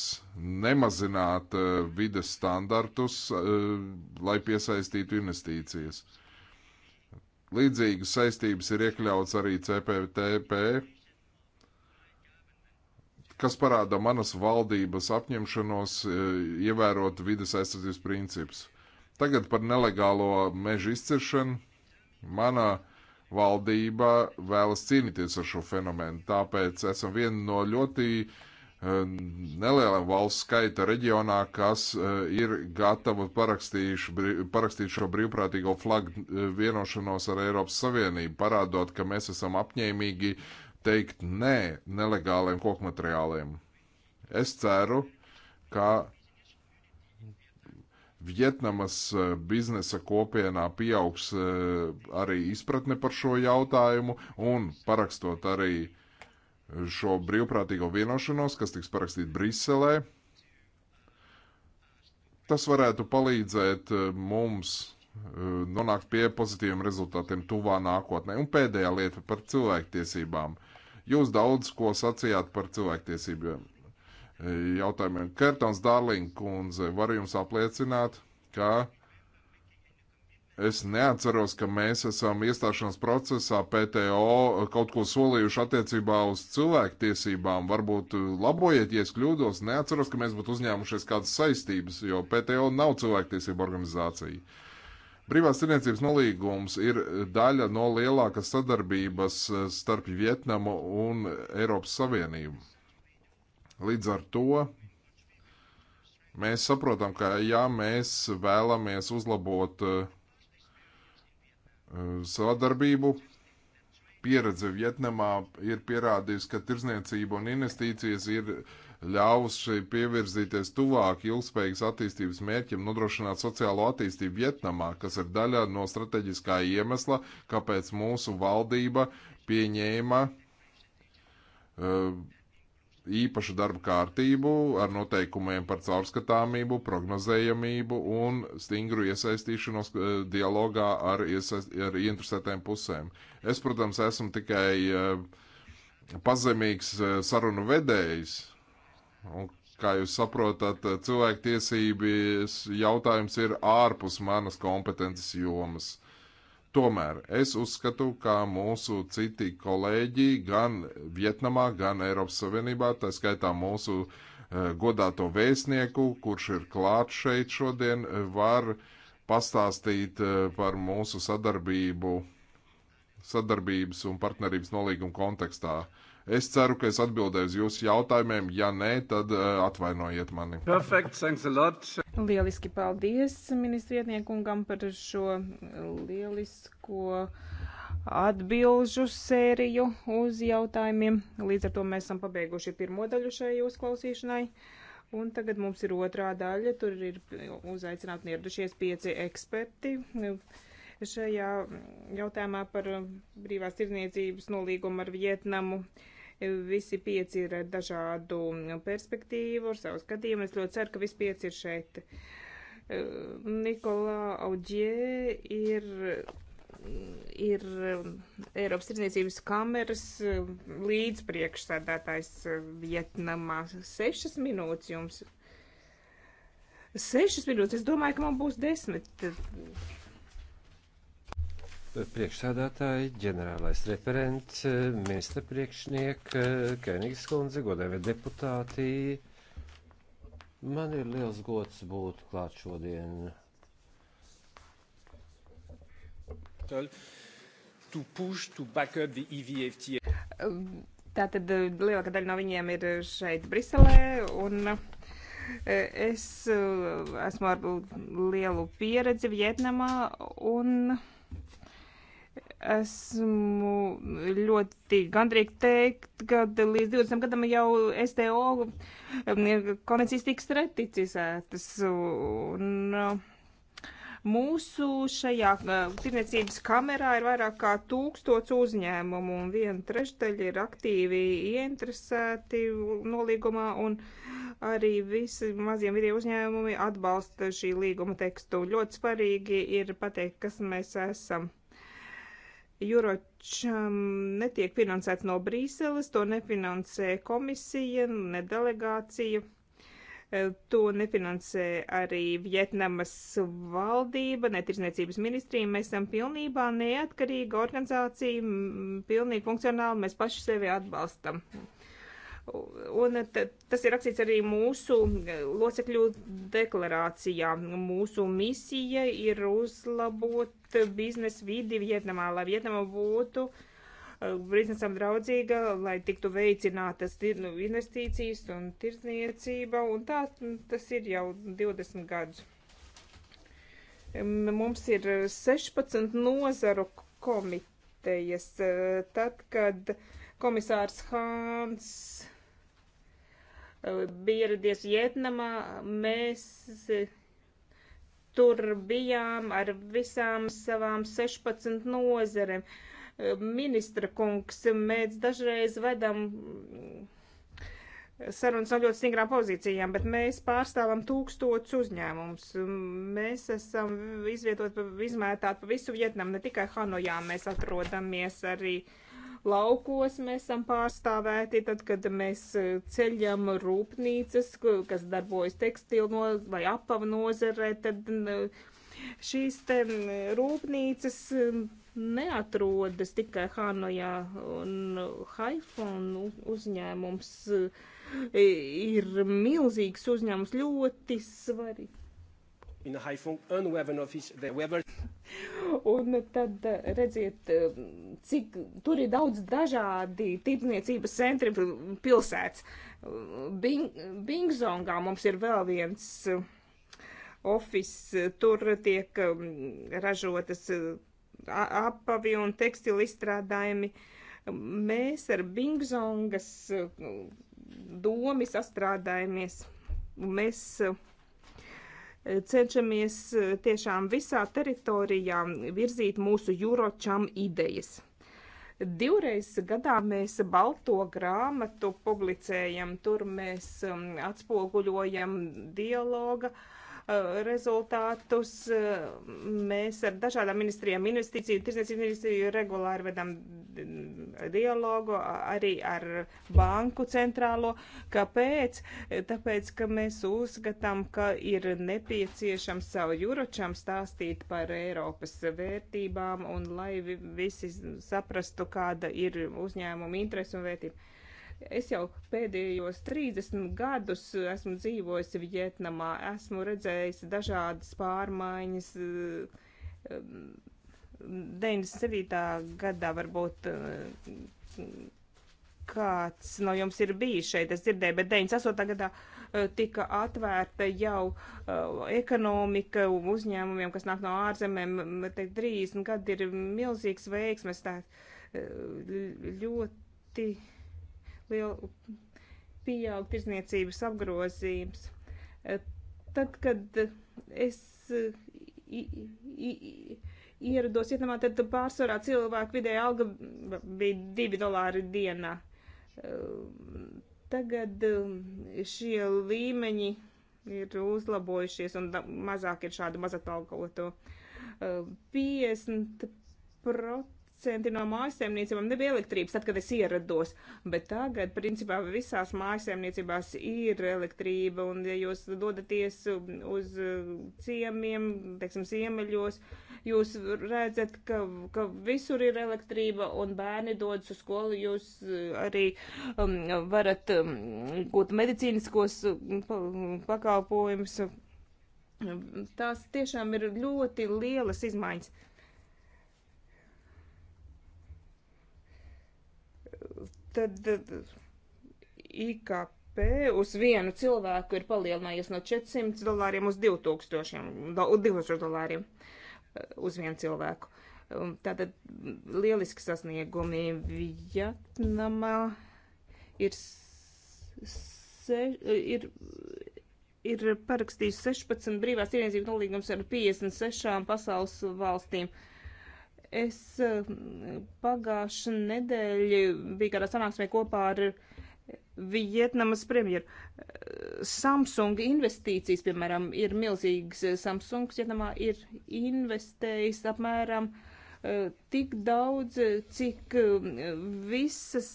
nemazināt uh, vides standartus, uh, lai piesaistītu investīcijas. Līdzīgas saistības ir iekļauts arī CPTP, kas parāda manas valdības apņemšanos uh, ievērot vides aizsardzības principus. Tagad par nelegālo mežu izciršanu Mana valdība vēlas cīnīties ar šo fenomenu, tāpēc esam viena no ļoti eh, nelielā valsts skaita reģionā, kas eh, ir gatava parakstīt šo brīvprātīgo flagu eh, vienošanos ar Eiropas Savienību, parādot, ka mēs esam apņēmīgi teikt nē nelegāliem kokmateriāliem. Es ceru, ka Vietnamas eh, biznesa kopienā pieaugs eh, arī izpratne par šo jautājumu un parakstot arī šo brīvprātīgo vienošanos, kas tiks parakstīt Briselē. Tas varētu palīdzēt eh, mums nonākt pie pozitīviem rezultātiem tuvā nākotnē. Un pēdējā lieta par cilvēktiesībām. Jūs daudz ko sacījāt par cilvēktiesībām jautājumiem. Kertons Dārling kundze, varu jums apliecināt, ka es neatceros, ka mēs esam iestāšanās procesā PTO kaut ko solījuši attiecībā uz cilvēktiesībām. Varbūt eh, labojiet, ja es kļūdos, neatceros, ka mēs būtu uzņēmušies kādas saistības, jo PTO nav cilvēktiesība organizācija. Brīvās tirniecības nolīgums ir daļa no lielākas sadarbības eh, starp Vietnamu un Eiropas Savienību. Līdz ar to mēs saprotam, ka ja mēs vēlamies uzlabot eh, sadarbību, pieredze Vietnamā ir pierādījusi, ka tirzniecība un investīcijas ir ļāvusi pievirzīties tuvāk ilgspējīgas attīstības mērķim, nodrošināt sociālo attīstību Vietnamā, kas ir daļa no strateģiskā iemesla, kāpēc mūsu valdība pieņēma uh, īpašu darba kārtību ar noteikumiem par caurskatāmību, prognozējamību un stingru iesaistīšanos eh, dialogā ar, iesaist, ar interesētēm pusēm. Es, protams, esmu tikai eh, pazemīgs eh, sarunu vedējs. Un, kā jūs saprotat, cilvēktiesības jautājums ir ārpus manas kompetences jomas. Tomēr es uzskatu, ka mūsu citi kolēģi gan Vietnamā, gan Eiropas Savienībā, tā skaitā mūsu eh, godāto vēstnieku, kurš ir klāts šeit šodien, eh, var pastāstīt eh, par mūsu sadarbību, sadarbības un partnerības nolīgumu kontekstā. Uh, Es ceru, ka es atbildēju uz jūsu jautājumiem. Ja nē, tad eh, atvainojiet mani. Perfect, thanks a lot. Lieliski paldies ministrietniekungam par šo lielisko atbilžu sēriju uz jautājumiem. Līdz ar to mēs esam pabeiguši pirmo daļu šai uzklausīšanai. Un tagad mums ir otrā daļa. Tur ir uzaicināti un ieradušies pieci eksperti šajā jautājumā par brīvās tirdzniecības nolīgumu ar Vietnamu. Uh, Visi pieci ir ar dažādu perspektīvu, ar savu skatījumu. Es ļoti ceru, ka visi pieci ir šeit. Uh, Nikolā Audžie ir ir um, Eiropas Tirdzniecības kameras um, līdzpriekšsēdētājs uh, Vietnamā. Sešas minūtes jums. Sešas minūtes. Es domāju, ka man būs desmit priekšsēdētāji, ģenerālais referents, eh, ministra priekšnieka, eh, Kēnigas kundze, godējumie deputāti. Man ir liels gods būt klāt šodien. To push, to back up the EVFTA. Um, tātad eh, lielākā daļa no viņiem ir šeit Briselē, un es esmu ar lielu pieredzi Vietnamā, un esmu ļoti gandrīgi teikt, ka līdz 20 gadam jau STO um, konvencijas tiks reticizētas. Un, uh, Mūsu šajā uh, tirniecības kamerā ir vairāk kā tūkstots uzņēmumu, un viena trešdaļa ir aktīvi ieinteresēti nolīgumā, un arī visi mazie vidēji uzņēmumi atbalsta šī līguma tekstu. Ļoti svarīgi ir pateikt, kas mēs esam Juročam netiek finansēts no Brīseles, to nefinansē komisija, ne delegācija. E, to nefinansē arī Vietnamas valdība, ne tirsniecības ministrija. Mēs esam pilnībā neatkarīga organizācija, pilnīgi funkcionāli, mēs paši sevi atbalstam. Un tas ir rakstīts arī mūsu locekļu deklarācijā. Mūsu misija ir uzlabot biznesa vidi Vietnamā, lai Vietnama būtu uh, biznesam draudzīga, lai tiktu veicinātas nu, investīcijas un tirdzniecība, un tā tas ir jau 20 gadus. Mums ir 16 nozaru komitejas. Uh, tad, kad komisārs Hāns bija ieradies Vietnamā, mēs eh, tur bijām ar visām savām 16 nozerēm. Eh, ministra kungs, mēs dažreiz vedam mm, sarunas no ļoti stingrām pozīcijām, bet mēs pārstāvam tūkstotus uzņēmumus. Mēs esam izvietot, izmētāt pa visu Vietnamu, ne tikai Hanojā mēs atrodamies arī uh, laukos mēs esam pārstāvēti, tad, kad mēs eh, ceļam rūpnīcas, kas darbojas tekstilu no, vai apavu nozarē, tad eh, šīs te mm, rūpnīcas mm, neatrodas tikai Hanojā un eh, Haifon uzņēmums ir milzīgs uzņēmums, ļoti svarīgs Un tad eh, redziet, eh, cik tur ir daudz dažādi tīpniecības centri pilsētas. Bing, Bingzongā mums ir vēl viens eh, office, tur tiek ražotas apavi un tekstilu izstrādājumi. Mēs ar Bingzongas domi sastrādājamies. Mēs uh, cenšamies e, tiešām visā teritorijā virzīt mūsu juročam idejas. Divreiz gadā mēs balto grāmatu publicējam, tur mēs atspoguļojam dialoga uh, Eh, rezultātus. Eh, mēs ar dažādām ministrijām investīciju, tirsniecības ministriju regulāri vedam mm, dialogu arī ar banku centrālo. Kāpēc? Tāpēc, ka mēs uzskatām, ka ir nepieciešams savu juročam stāstīt par Eiropas vērtībām un lai visi saprastu, kāda ir uzņēmuma interesa un vērtība. Es jau pēdējos 30 gadus esmu dzīvojis Vietnamā, esmu redzējis dažādas pārmaiņas. 97. Eh, gadā varbūt eh, kāds no jums ir bijis šeit, es dzirdēju, bet 98. gadā eh, tika atvērta jau ekonomika uzņēmumiem, kas nāk no ārzemēm. Teikt, 30 gadi ir milzīgs veiksmes, tā ļoti lielu pieaug tirzniecības apgrozījums. Eh, tad, kad es i, i, ierados Vietnamā, tad pārsvarā cilvēku vidēja alga bija 2 dolāri dienā. Eh, tagad eh, šie līmeņi ir uzlabojušies un mazāk ir šādu mazatalgotu. 50% 50% no mājasemniecībām nebija elektrības, tad, kad es ierados. Bet tagad, principā, visās mājasemniecībās ir elektrība, un ja jūs dodaties uz eh, ciemiem, teiksim, ziemeļos, jūs redzat, ka, ka visur ir elektrība, un bērni dodas uz skolu, jūs eh, arī um, varat um, gūt medicīniskos um, pakalpojumus. Tās tiešām ir ļoti lielas izmaiņas. tad IKP uz vienu cilvēku ir palielinājies no 400 dolāriem uz 2000, 2000 dolāriem eh, uz vienu cilvēku. Tātad lieliski sasniegumi Vietnamā ir, se, ir, ir parakstījis 16 brīvās tirniecības nolīgums ar 56 pasaules valstīm. Uh, Es eh, pagājušā nedēļa biju kādā sanāksmē kopā ar eh, Vietnamas premjeru. Eh, Samsung investīcijas, piemēram, ir milzīgas. Samsung Vietnamā ir investējis apmēram tik daudz, cik, visas,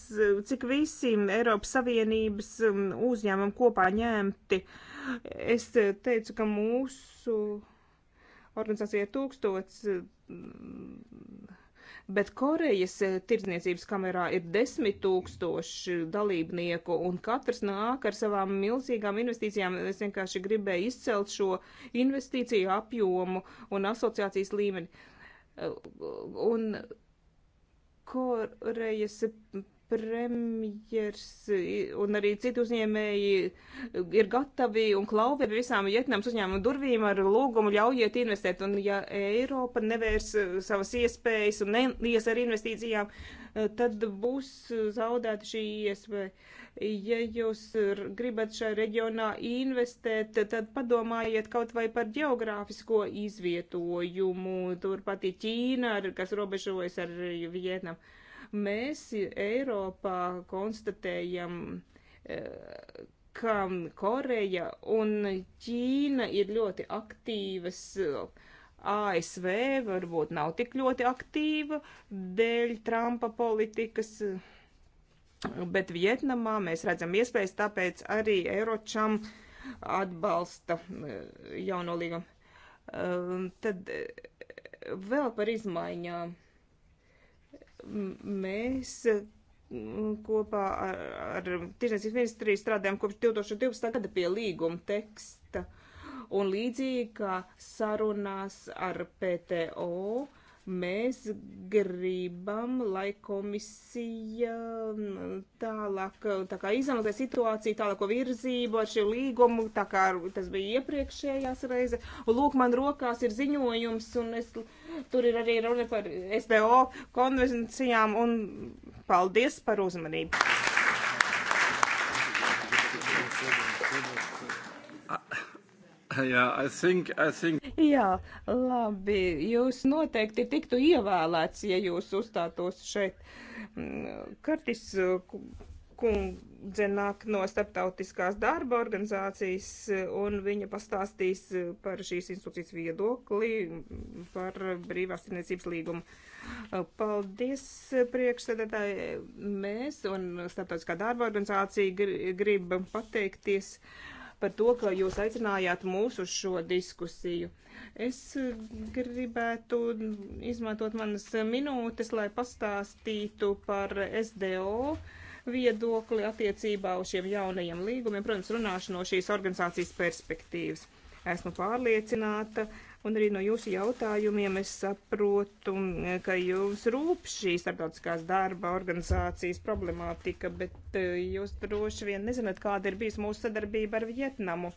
cik visi Eiropas Savienības uzņēmumi kopā ņemti. Es teicu, ka mūsu organizācija ir tūkstots, bet Korejas eh, tirdzniecības kamerā ir desmit tūkstoši dalībnieku, un katrs nāk ar savām milzīgām investīcijām. Es vienkārši gribēju izcelt šo investīciju apjomu un asociācijas līmeni. Eh, un Korejas premjers un arī citi uzņēmēji ir gatavi un klauvi ar visām Vietnams uzņēmumu durvīm ar lūgumu ļaujiet investēt. Un ja Eiropa nevērs uh, savas iespējas un neies ar investīcijām, uh, tad būs zaudēta šī iespēja. Ja jūs gribat šajā reģionā investēt, tad padomājiet kaut vai par geogrāfisko izvietojumu. Turpat ir Ķīna, kas robežojas ar Vietnamu Mēs Eiropā konstatējam, eh, ka Koreja un Ķīna ir ļoti aktīvas. ASV varbūt nav tik ļoti aktīva dēļ Trumpa politikas, bet Vietnamā mēs redzam iespējas, tāpēc arī Eiročam atbalsta eh, jauno līgumu. Eh, tad vēl par izmaiņām mēs mm, kopā ar, ar Tirzniecības ministriju strādājam kopš 2012. gada pie līguma teksta. Un līdzīgi kā sarunās ar PTO, uh, Mēs gribam, lai komisija tālāk, tā kā izanalizē situāciju, tālāko virzību ar šo līgumu, tā kā tas bija iepriekšējās reize. Lūk, man rokās ir ziņojums, un es, tur ir arī runa par SDO konvencijām, un paldies par uzmanību. Jā, I think, I think. Jā, labi. Jūs noteikti tiktu ievēlēts, ja jūs uzstātos šeit. Mm, Kartis uh, kundze nāk no starptautiskās darba organizācijas, uh, un viņa pastāstīs uh, par šīs institūcijas viedokli mm, par brīvās tirniecības līgumu. Paldies, priekšsēdētāji. Mēs un starptautiskā darba organizācija grib pateikties. Uh, par to, ka jūs aicinājāt mūs uz šo diskusiju. Es eh, gribētu izmantot manas minūtes, lai pastāstītu par SDO viedokli attiecībā uz šiem jaunajiem līgumiem, protams, runāšu no šīs organizācijas perspektīvas. Esmu pārliecināta, Un arī no jūsu jautājumiem es saprotu, mm, ka jums rūp šī starptautiskās darba organizācijas problemātika, bet e, jūs droši vien nezināt, kāda ir bijusi mūsu sadarbība ar Vietnamu.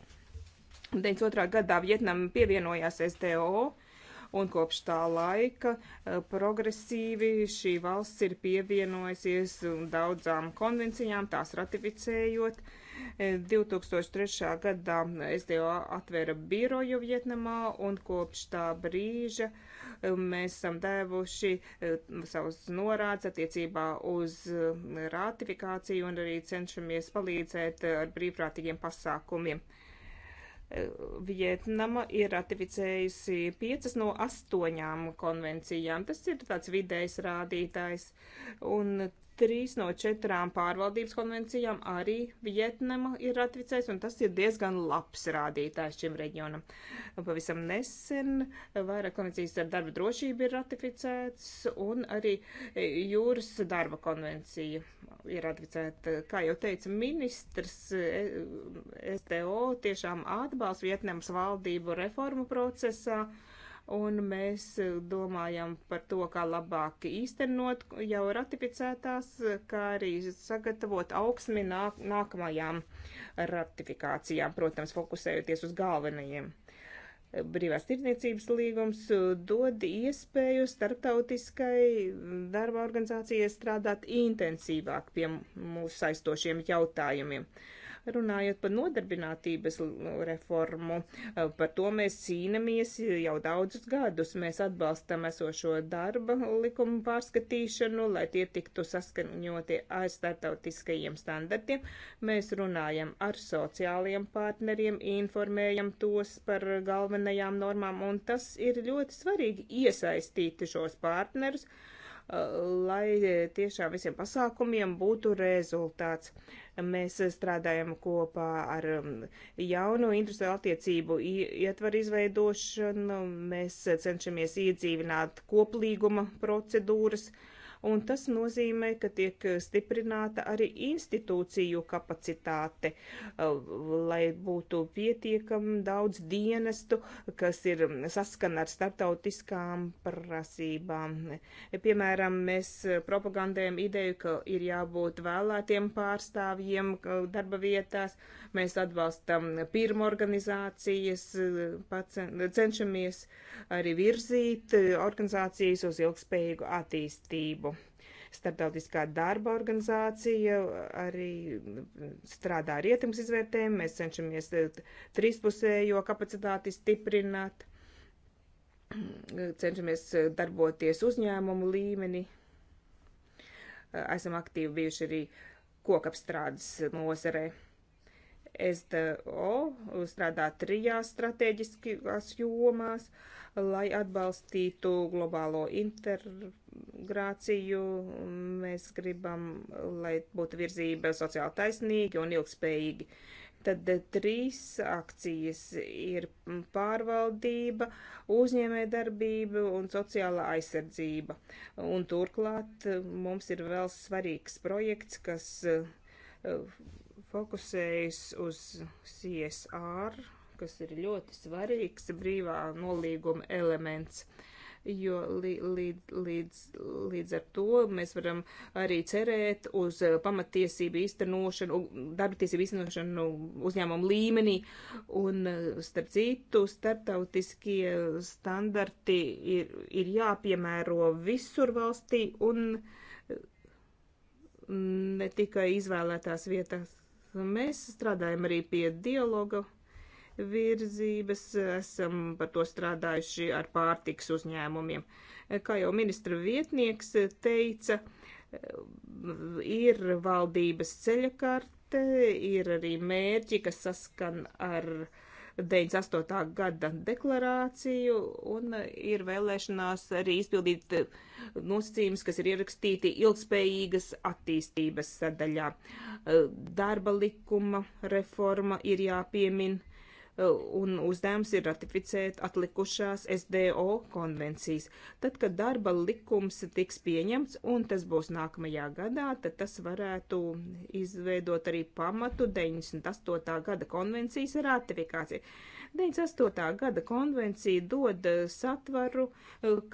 92. gadā Vietnama pievienojās STO un kopš tā laika eh, progresīvi šī valsts ir pievienojusies daudzām konvencijām, tās ratificējot. 2003. Eh, gadā SDO atvēra biroju Vietnamā un kopš tā brīža eh, mēs esam devuši savus norādes attiecībā uz ratifikāciju un arī cenšamies palīdzēt ar brīvprātīgiem pasākumiem. Vietnama ir ratificējusi piecas no astoņām konvencijām. Tas ir tāds vidējs rādītājs. Un Trīs no četrām pārvaldības konvencijām arī Vietnama ir ratificējusi, un tas ir diezgan labs rādītājs šim reģionam. Pavisam nesen vairāk konvencijas ar darba drošību ir ratificēts, un arī jūras darba konvencija ir ratificēta. Kā jau teica ministrs, e, STO tiešām atbalsta Vietnamas valdību reformu procesā. Uh, un mēs eh, domājam par to, kā labāk īstenot jau ratificētās, kā arī sagatavot augsmi nāk, nākamajām ratifikācijām, protams, fokusējoties uz galvenajiem. Brīvās tirdzniecības līgums eh, dod iespēju starptautiskai darba organizācijai strādāt intensīvāk pie mūsu saistošiem jautājumiem. Uh, Runājot par nodarbinātības reformu, eh, par to mēs cīnamies jau daudzus gadus. Mēs atbalstam esošo darba likumu pārskatīšanu, lai tie tiktu saskaņoti ar startautiskajiem standartiem. Mēs runājam ar sociālajiem partneriem, informējam tos par galvenajām normām, un tas ir ļoti svarīgi iesaistīt šos partnerus lai tiešām visiem pasākumiem būtu rezultāts. Mēs strādājam kopā ar um, jaunu industriālu attiecību ietvaru izveidošanu, mēs cenšamies iedzīvināt koplīguma procedūras. Uh, un tas nozīmē, ka tiek eh, stiprināta arī institūciju kapacitāte, eh, lai būtu pietiekami daudz dienestu, kas ir mm, saskana ar starptautiskām prasībām. Piemēram, mēs eh, propagandējam ideju, ka ir jābūt vēlētiem pārstāvjiem darba vietās, mēs atbalstam pirmo organizācijas, cenšamies arī virzīt organizācijas uz ilgspējīgu attīstību. Startautiskā darba organizācija arī strādā ar ietekmes izvērtējumu. Mēs cenšamies eh, trīspusējo kapacitāti stiprināt, cenšamies eh, darboties uzņēmumu līmenī. Eh, esam aktīvi bijuši arī kokapstrādes nozarē. SDO strādā trijās strateģiskās jomās lai atbalstītu globālo integrāciju. Mēs gribam, lai būtu virzība sociāli taisnīgi un ilgspējīgi. Tad trīs akcijas ir pārvaldība, uzņēmējdarbība un sociālā aizsardzība. Un turklāt eh, mums ir vēl svarīgs projekts, kas eh, fokusējas uz CSR kas ir ļoti svarīgs brīvā nolīguma elements jo līdz, līdz, līdz ar to mēs varam arī cerēt uz eh, pamatiesību īstenošanu, darba tiesību īstenošanu uzņēmumu līmenī, un eh, starp citu startautiskie standarti ir, ir jāpiemēro visur valstī un eh, ne tikai izvēlētās vietās. Mēs strādājam arī pie dialoga virzības. Esam par to strādājuši ar pārtiks uzņēmumiem. Kā jau ministra vietnieks teica, ir valdības ceļakarte, ir arī mērķi, kas saskan ar 98. gada deklarāciju un ir vēlēšanās arī izpildīt nosacījumus, kas ir ierakstīti ilgspējīgas attīstības sadaļā. Darba likuma reforma ir jāpiemina un uzdevums ir ratificēt atlikušās SDO konvencijas. Tad, kad darba likums tiks pieņemts, un tas būs nākamajā gadā, tad tas varētu izveidot arī pamatu 98. gada konvencijas ratifikāciju. 98. gada konvencija dod satvaru,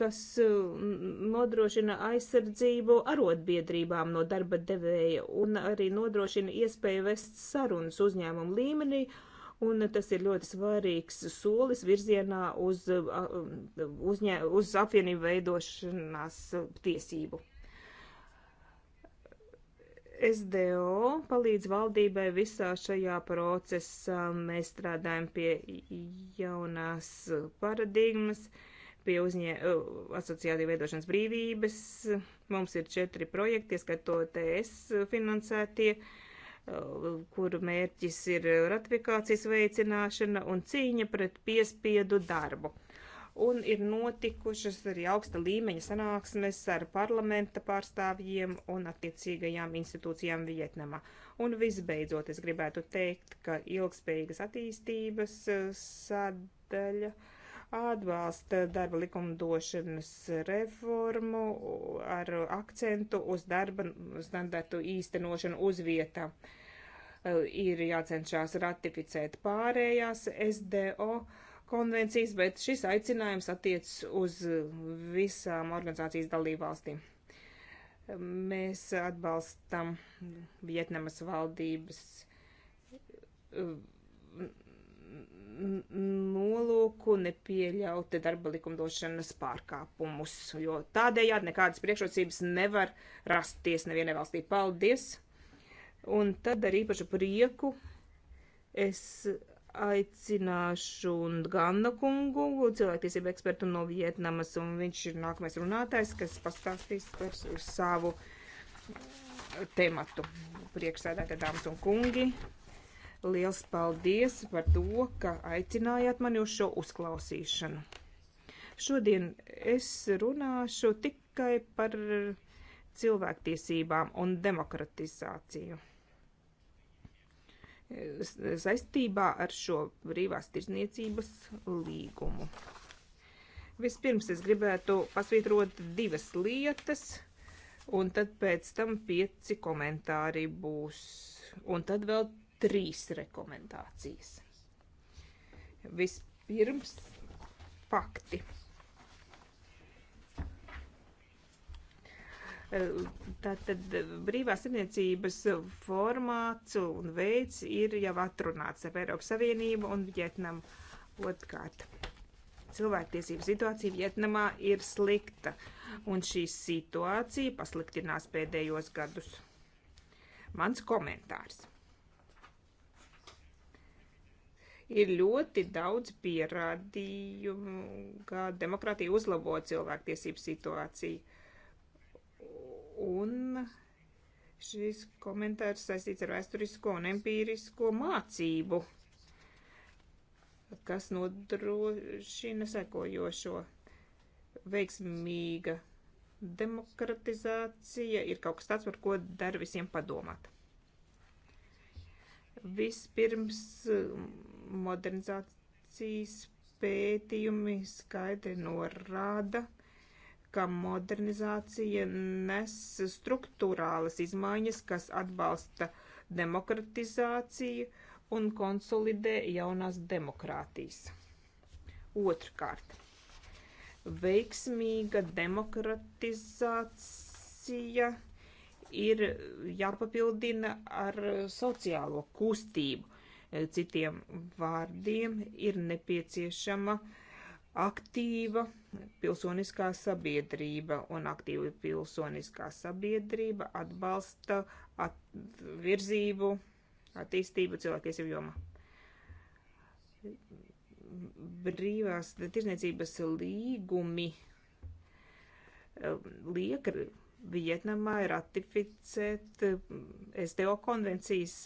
kas mm, nodrošina aizsardzību arotbiedrībām no darba devēja un arī nodrošina iespēju vest sarunas uzņēmumu līmenī un tas ir ļoti svarīgs solis virzienā uz, uzņē, uz apvienību veidošanās tiesību. SDO palīdz valdībai visā šajā procesā. Mēs strādājam pie jaunās paradigmas, pie uzņē, asociāciju veidošanas brīvības. Mums ir četri projekti, ieskatot ES finansētie. Uh, kuru mērķis ir ratifikācijas veicināšana un cīņa pret piespiedu darbu. Un ir notikušas arī augsta līmeņa sanāksmes ar parlamenta pārstāvjiem un attiecīgajām institūcijām Vietnamā. Un visbeidzot, es gribētu teikt, ka ilgspējīgas attīstības sadaļa uh, atbalsta darba likumdošanas reformu ar akcentu uz darba standartu īstenošanu uz vietām ir jācenšas ratificēt pārējās SDO konvencijas, bet šis aicinājums attiecas uz visām organizācijas dalībvalstīm. Mēs atbalstam Vietnamas valdības nolūku nepieļaut darba likumdošanas pārkāpumus, jo tādējādi nekādas priekšrocības nevar rasties nevienai valstī. Paldies! Un tad ar īpašu prieku es aicināšu Ganna kungu, cilvēktiesību ekspertu no Vietnamas, un viņš ir nākamais runātājs, kas pastāstīs par savu tematu. Priekšsēdētāji, dāmas un kungi! Liels paldies par to, ka aicinājāt mani uz šo uzklausīšanu. Šodien es runāšu tikai par cilvēktiesībām un demokratizāciju. Saistībā ar šo brīvās tirzniecības līgumu. Vispirms es gribētu pasvītrot divas lietas, un tad pēc tam pieci komentāri būs. Un tad vēl trīs rekomendācijas. Vispirms fakti. Tātad brīvās tirniecības formāts un veids ir jau atrunāts ar Eiropas Savienību un Vietnamu. Otkārt, cilvēktiesību situācija Vietnamā ir slikta, un šī situācija pasliktinās pēdējos gadus. Mans komentārs. Ir ļoti daudz pierādījumu, ka demokrātija uzlabo cilvēktiesību situāciju. Un šis komentārs saistīts ar vēsturisko un empīrisko mācību, kas nodrošina sekojošo veiksmīga demokratizācija ir kaut kas tāds, par ko dar visiem padomāt. Vispirms modernizācijas pētījumi skaidri norāda, ka modernizācija nes struktūrālas izmaiņas, kas atbalsta demokratizāciju un konsolidē jaunās demokrātijas. Otrkārt, veiksmīga demokratizācija ir jāpapildina ar sociālo kustību Citiem vārdiem ir nepieciešama aktīva pilsoniskā sabiedrība, un aktīva pilsoniskā sabiedrība atbalsta at virzību, attīstību cilvēktiesību jomā. Brīvās tirzniecības līgumi um, liek Vietnamai ratificēt um, SDO konvencijas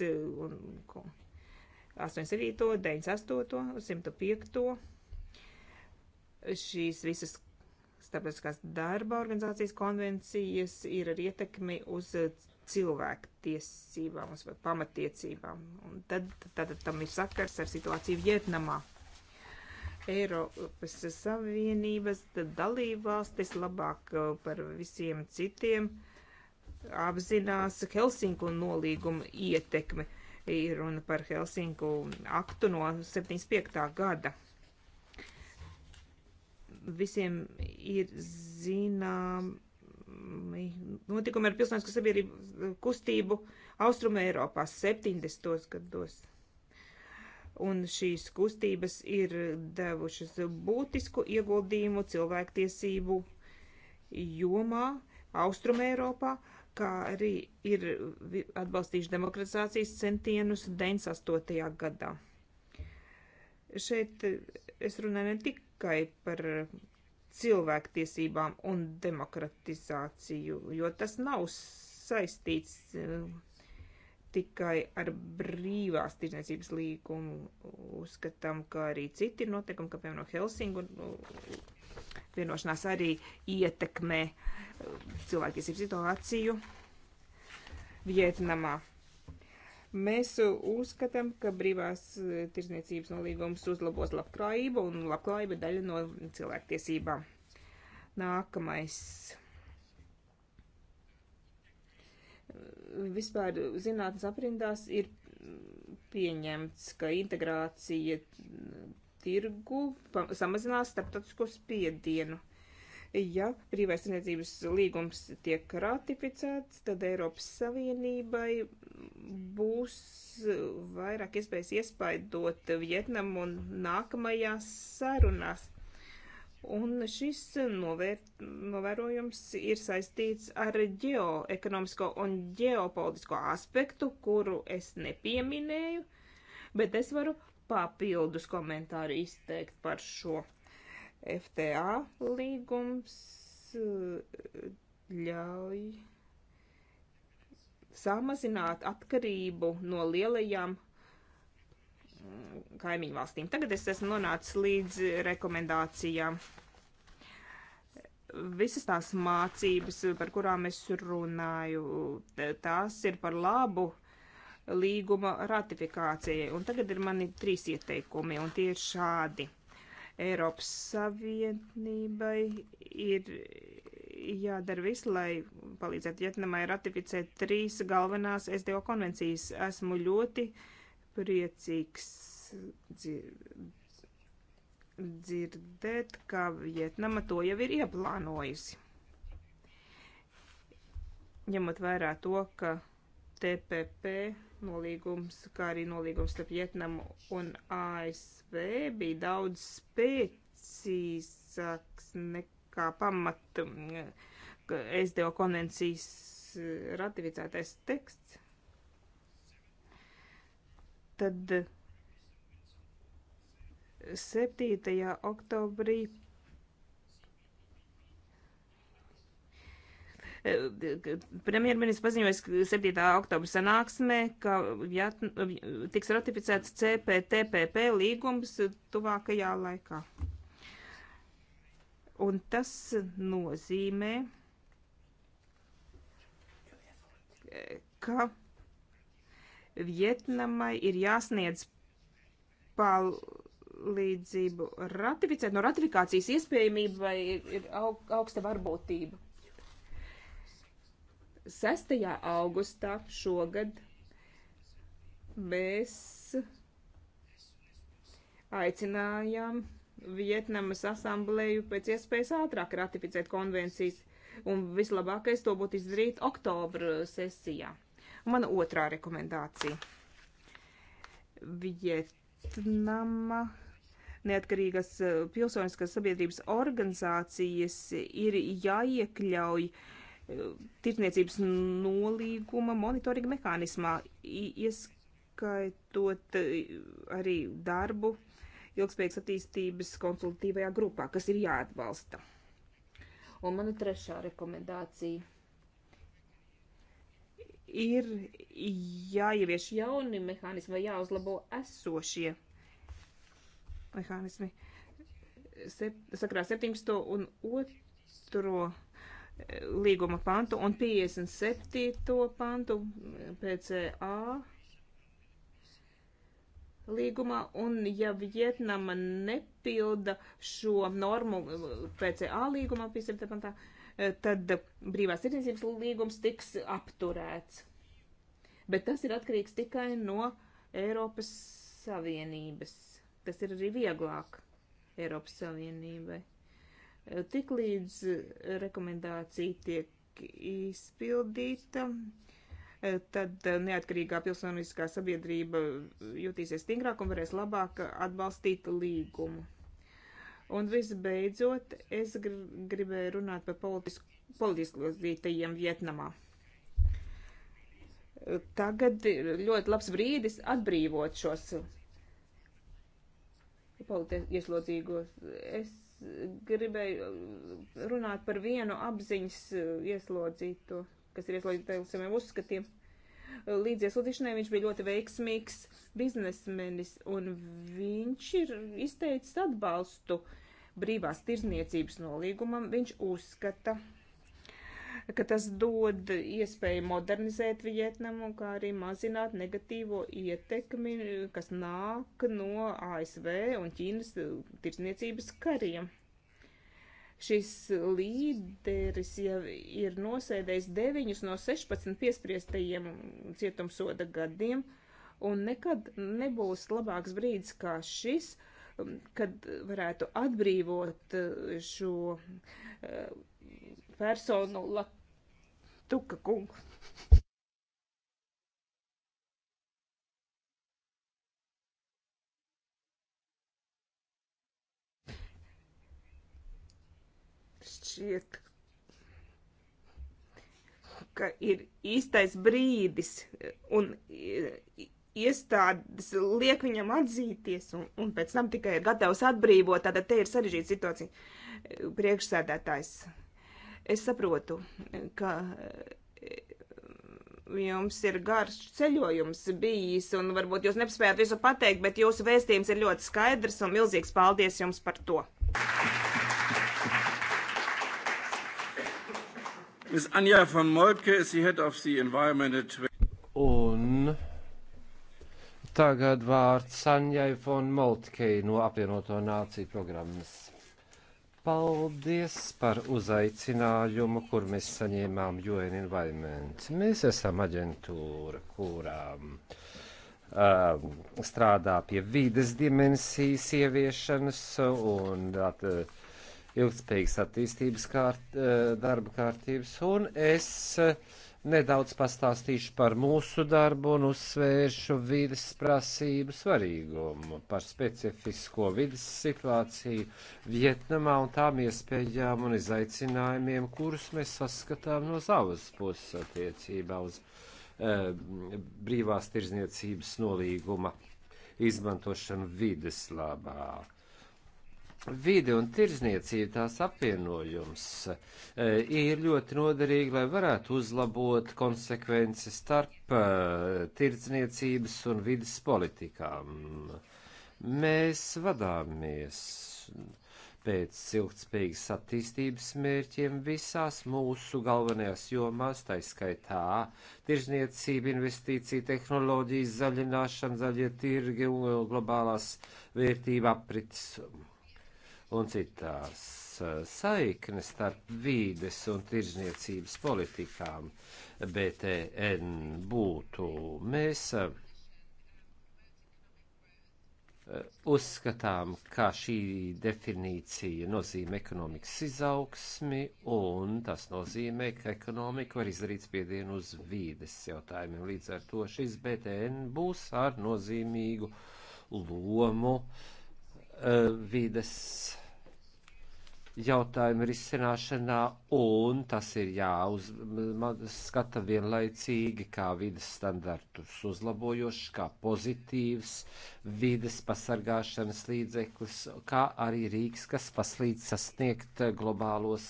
un um, 87., 98., 105. Šīs visas starptautiskās darba organizācijas konvencijas ir ar ietekmi uz cilvēku tiesībām, uz pamatiecībām. Un tad, tad tam ir sakars ar situāciju Vietnamā. Eiropas Savienības dalībvalstis labāk uh, par visiem citiem apzinās Helsinku nolīgumu ietekmi. Uh, ir runa par Helsinku aktu no 75. gada. Visiem ir zināmi notikumi ar pilsonisko sabiedrību kustību Austruma Eiropā 70. gados. Un šīs kustības ir devušas būtisku ieguldījumu cilvēktiesību jomā Austruma Eiropā. Uh, kā arī ir atbalstījuši demokratizācijas centienus 98. gadā. Šeit eh, es runāju ne tikai par cilvēktiesībām un demokratizāciju, jo tas nav saistīts eh, tikai ar brīvās tirdzniecības līgumu. Uzskatām, ka arī citi noteikumi, kā piemēram no Helsingu, vienošanās arī ietekmē eh, cilvēktiesību situāciju Vietnamā. Mēs eh, uzskatām, ka brīvās eh, tirzniecības nolīgums uzlabos labklājību, un labklājība daļa no cilvēktiesībām. Nākamais. Vispār zinātnes aprindās ir mm, pieņemts, ka integrācija tirgu samazinās starptautisko spiedienu. Ja brīvais tirdzniecības līgums tiek ratificēts, tad Eiropas Savienībai būs vairāk iespējas iespaidot Vietnamu nākamajās sarunās. Un šis novēr, novērojums ir saistīts ar ģeoekonomisko un ģeopolitisko aspektu, kuru es nepieminēju, bet es varu papildus komentāru izteikt par šo FTA līgums ļauj samazināt atkarību no lielajām mm, kaimiņu valstīm. Tagad es esmu nonācis līdz rekomendācijām. Visas tās mācības, par kurām es runāju, tās ir par labu līguma ratifikācijai. Un tagad ir mani trīs ieteikumi, un tie ir šādi. Eiropas Savienībai ir jādara viss, lai palīdzētu Vietnamai ratificēt trīs galvenās SDO konvencijas. Esmu ļoti priecīgs dzirdēt, ka Vietnama to jau ir ieplānojusi. Ņemot vērā to, ka TPP nolīgums, kā arī nolīgums starp Vietnamu un ASV bija daudz spēcīgāks nekā pamat mm, SDO konvencijas eh, ratificētais teksts. Tad 7. Eh, oktobrī Premjerministrs paziņoja 7. oktobra sanāksmē, ka ja, tiks ratificēts CPTPP līgums tuvākajā laikā. Un tas nozīmē, ka Vietnamai ir jāsniedz palīdzību ratificēt. No ratifikācijas iespējamība vai ir augsta varbūtība? 6. augustā šogad mēs aicinājām Vietnamas asamblēju pēc iespējas ātrāk ratificēt konvencijas, un vislabākais to būtu izdarīt oktobra sesijā. Un mana otrā rekomendācija. Vietnama neatkarīgas eh, pilsoniskas sabiedrības organizācijas ir jāiekļauj uh, tirdzniecības nolīguma monitoringa mehānismā, ieskaitot e, arī darbu ilgspējīgas attīstības konsultatīvajā grupā, kas ir jāatbalsta. Un mana trešā rekomendācija ir jāievieš jauni mehānismi vai jāuzlabo esošie mehānismi. Sep, sakrā 17. un 2 līguma pantu un 57. pantu PCA līgumā, un ja Vietnama nepilda šo normu PCA līgumā, 57. pantā, eh, tad brīvās tirdzniecības līgums tiks apturēts. Bet tas ir atkarīgs tikai no Eiropas Savienības. Tas ir arī vieglāk Eiropas Savienībai. Tik līdz rekomendācija tiek izpildīta, tad neatkarīgā pilsoniskā sabiedrība jutīsies stingrāk un varēs labāk atbalstīt līgumu. Un visbeidzot, es gr gribēju runāt par politisku, politisko zītajiem Vietnamā. Tagad ir ļoti labs brīdis atbrīvot šos politieslodzīgos. Es gribēju uh, runāt par vienu apziņas uh, ieslodzīto, kas ir ieslodzīts saviem uzskatiem. Uh, līdz ieslodzīšanai viņš bija ļoti veiksmīgs biznesmenis, un viņš ir izteicis atbalstu brīvās tirzniecības nolīgumam. Viņš uzskata, ka ka tas dod iespēju modernizēt Vietnamu, kā arī mazināt negatīvo ietekmi, kas nāk no ASV un Ķīnas eh, tirsniecības kariem šis līderis jau ir nosēdējis 9 no 16 piespriestajiem cietumsoda gadiem, un nekad nebūs labāks brīdis kā šis, kad varētu atbrīvot eh, šo eh, personu Latuka kungu. Šķiet, ka ir īstais brīdis un iestādes liek viņam atzīties un, un pēc tam tikai ir gatavs atbrīvot, tātad te ir sarežģīta situācija. Priekšsēdētājs Es saprotu, ka eh, jums ir garš ceļojums bijis, un varbūt jūs nespējat visu pateikt, bet jūsu vēstījums ir ļoti skaidrs, un milzīgs paldies jums par to. Ms. Anja van Molke is the head of the environment. Un tagad vārds Sanjai von Moltkei no apvienoto nāciju programmas. Paldies par uzaicinājumu, kur mēs saņēmām UN Environment. Mēs esam aģentūra, kurām um, strādā pie vides dimensijas ieviešanas un at, ilgspējīgas attīstības kārt, eh, darba kārtības. Un es uh, Nedaudz pastāstīšu par mūsu darbu un uzsvēršu vidas prasību svarīgumu, par specifisko vidas situāciju Vietnamā un tām iespējām un izaicinājumiem, kurus mēs saskatām no savas puses attiecībā uz e, brīvās tirzniecības nolīguma izmantošanu vides labāk vide un tirzniecība, tās apvienojums e, ir ļoti noderīgi, lai varētu uzlabot konsekvenci starp e, tirzniecības un vidas politikām. Mēs vadāmies pēc ilgtspējīgas attīstības mērķiem visās mūsu galvenajās jomās, tā skaitā tirzniecība, investīcija, tehnoloģijas, zaļināšana, zaļie tirgi un globālās vērtība aprits un citās saiknes starp vīdes un tirzniecības politikām BTN būtu. Mēs uzskatām, ka šī definīcija nozīmē ekonomikas izaugsmi, un tas nozīmē, ka ekonomika var izdarīt spiedienu uz vīdes jautājumiem. Līdz ar to šis BTN būs ar nozīmīgu lomu uh, Eh, vides jautājumu risināšanā, un tas ir jāuzskata vienlaicīgi kā vidas standartus uzlabojošs, kā pozitīvs vides pasargāšanas līdzeklis, kā arī rīks, kas paslīdz sasniegt globālos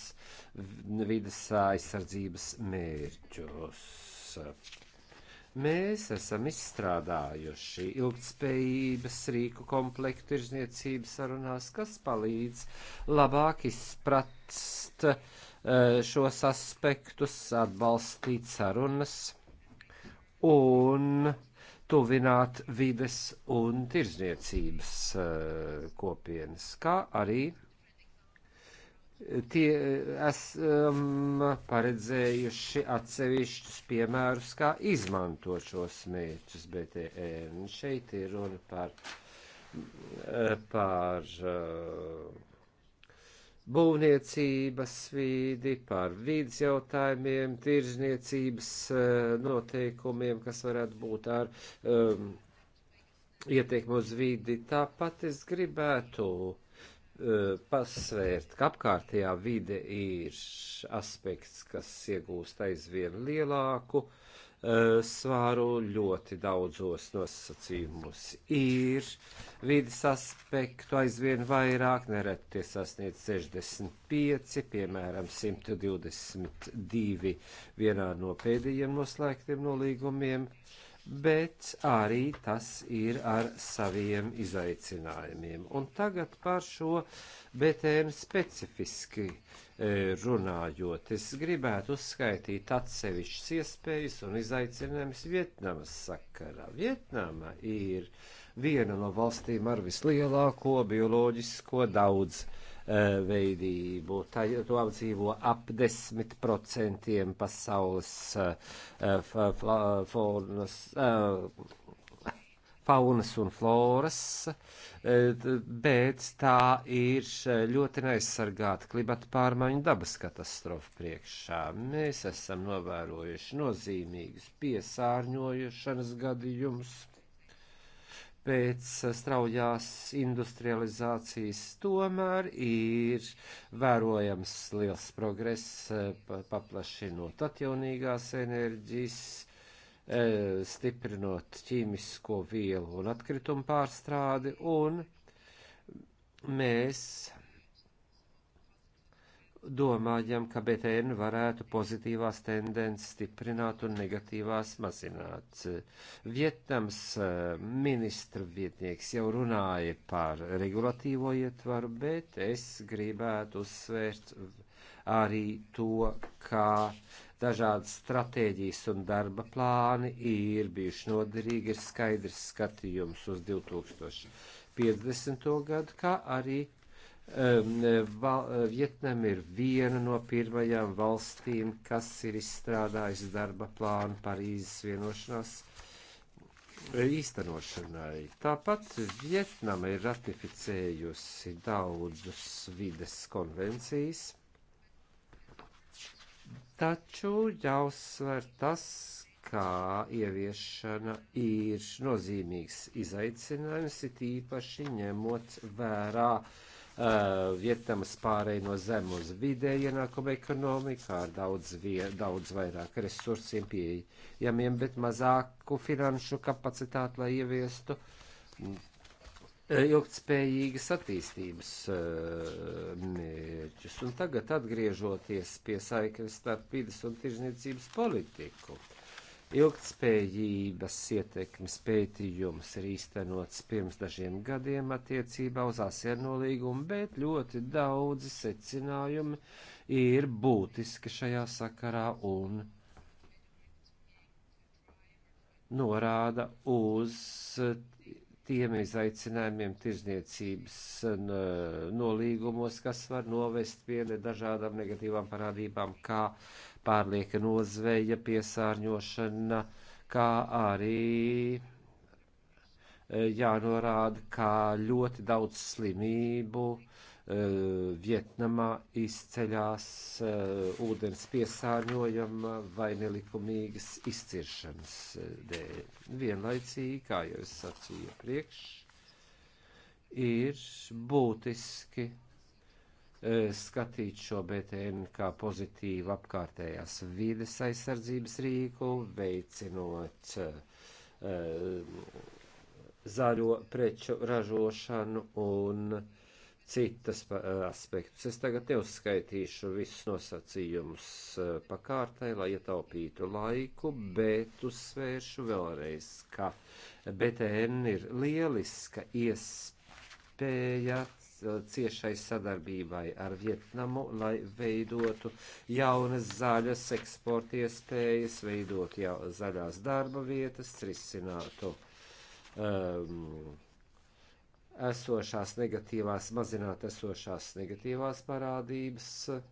vides aizsardzības mērķus. Mēs esam izstrādājuši ilgtspējības rīku komplektu tirzniecības sarunās, kas palīdz labāk izprast eh, šos aspektus, atbalstīt sarunas un tuvināt vides un tirzniecības eh, kopienas, kā arī tie esam paredzējuši atsevišķus piemērus, kā izmantot šos mērķus, bet e šeit ir runa par, par eh, būvniecības vīdi, par vīdes jautājumiem, tirzniecības eh, noteikumiem, kas varētu būt ar um, eh, ietekmi uz vīdi. Tāpat es gribētu Eh, pasvērt, ka apkārtējā vide ir aspekts, kas iegūst aizvien lielāku uh, svāru ļoti daudzos nosacījumus. Ir vidas aspektu aizvien vairāk, nereti tie sasniedz 65, piemēram, 122 vienā no pēdējiem noslēgtiem nolīgumiem. Uh, bet arī tas ir ar saviem izaicinājumiem. Un tagad par šo BTN specifiski e, runājot, es gribētu uzskaitīt atsevišķas iespējas un izaicinājumus Vietnamas sakarā. Vietnama ir viena no valstīm ar vislielāko bioloģisko daudz Eh, veidību. Tā, to apdzīvo ap 10% pasaules eh, faunas, eh, faunas un floras, bet tā ir ļoti neaizsargāta klimata pārmaiņu dabas katastrofa priekšā. Mēs esam novērojuši nozīmīgus piesārņojušanas gadījumus pēc eh, straujās industrializācijas tomēr ir vērojams liels progress, eh, paplašinot atjaunīgās enerģijas, eh, stiprinot ķīmisko vielu un atkritumu pārstrādi, un mēs domājam, ka BTN varētu pozitīvās tendences stiprināt un negatīvās mazināt. Vietnams eh, ministra vietnieks jau runāja par regulatīvo ietvaru, bet es gribētu uzsvērt arī to, kā dažādas stratēģijas un darba plāni ir bijuši noderīgi, ir skaidrs skatījums uz 2050. gadu, kā arī E, Vietnam ir viena no pirmajām valstīm, kas ir izstrādājis darba plānu Parīzes vienošanās īstenošanai. Tāpat Vietnama ir ratificējusi daudzus vides konvencijas, taču jāuzsver tas, kā ieviešana ir nozīmīgs izaicinājums, it īpaši ņemot vērā uh, Eh, vietams pārēj no zem uz vidēju ienākumu ekonomiku ar daudz, vie, daudz vairāk resursiem pieejamiem, bet mazāku finanšu kapacitāti, lai ieviestu mm, ilgtspējīgas attīstības eh, mērķus. Un tagad atgriežoties pie saiknes starp vidas un tirzniecības politiku. Ilgtspējības ietekmes pētījums ir īstenots pirms dažiem gadiem attiecībā uz ASEAN nolīgumu, bet ļoti daudzi secinājumi ir būtiski šajā sakarā un norāda uz tiem izaicinājumiem tirzniecības nolīgumos, kas var novest pie dažādām negatīvām parādībām, kā pārlieka nozveja, piesārņošana, kā arī e, jānorāda, kā ļoti daudz slimību e, Vietnamā izceļās e, ūdens piesārņojuma vai nelikumīgas izciršanas dēļ. Vienlaicīgi, kā jau es sacīju iepriekš, ir būtiski E, skatīt šo BTN kā pozitīvu apkārtējās vides aizsardzības rīku, veicinot e, e, zaļo preču ražošanu un citas aspektus. Es tagad neuzskaitīšu visus nosacījumus pakārtai, lai ietaupītu laiku, bet uzsvēršu vēlreiz, ka BTN ir lieliska iespēja Uh, ciešai sadarbībai ar Vietnamu, lai veidotu jaunas zaļas eksporta iespējas, veidotu jau zaļās darba vietas, risinātu um, esošās negatīvās, mazināt esošās negatīvās parādības. Uh,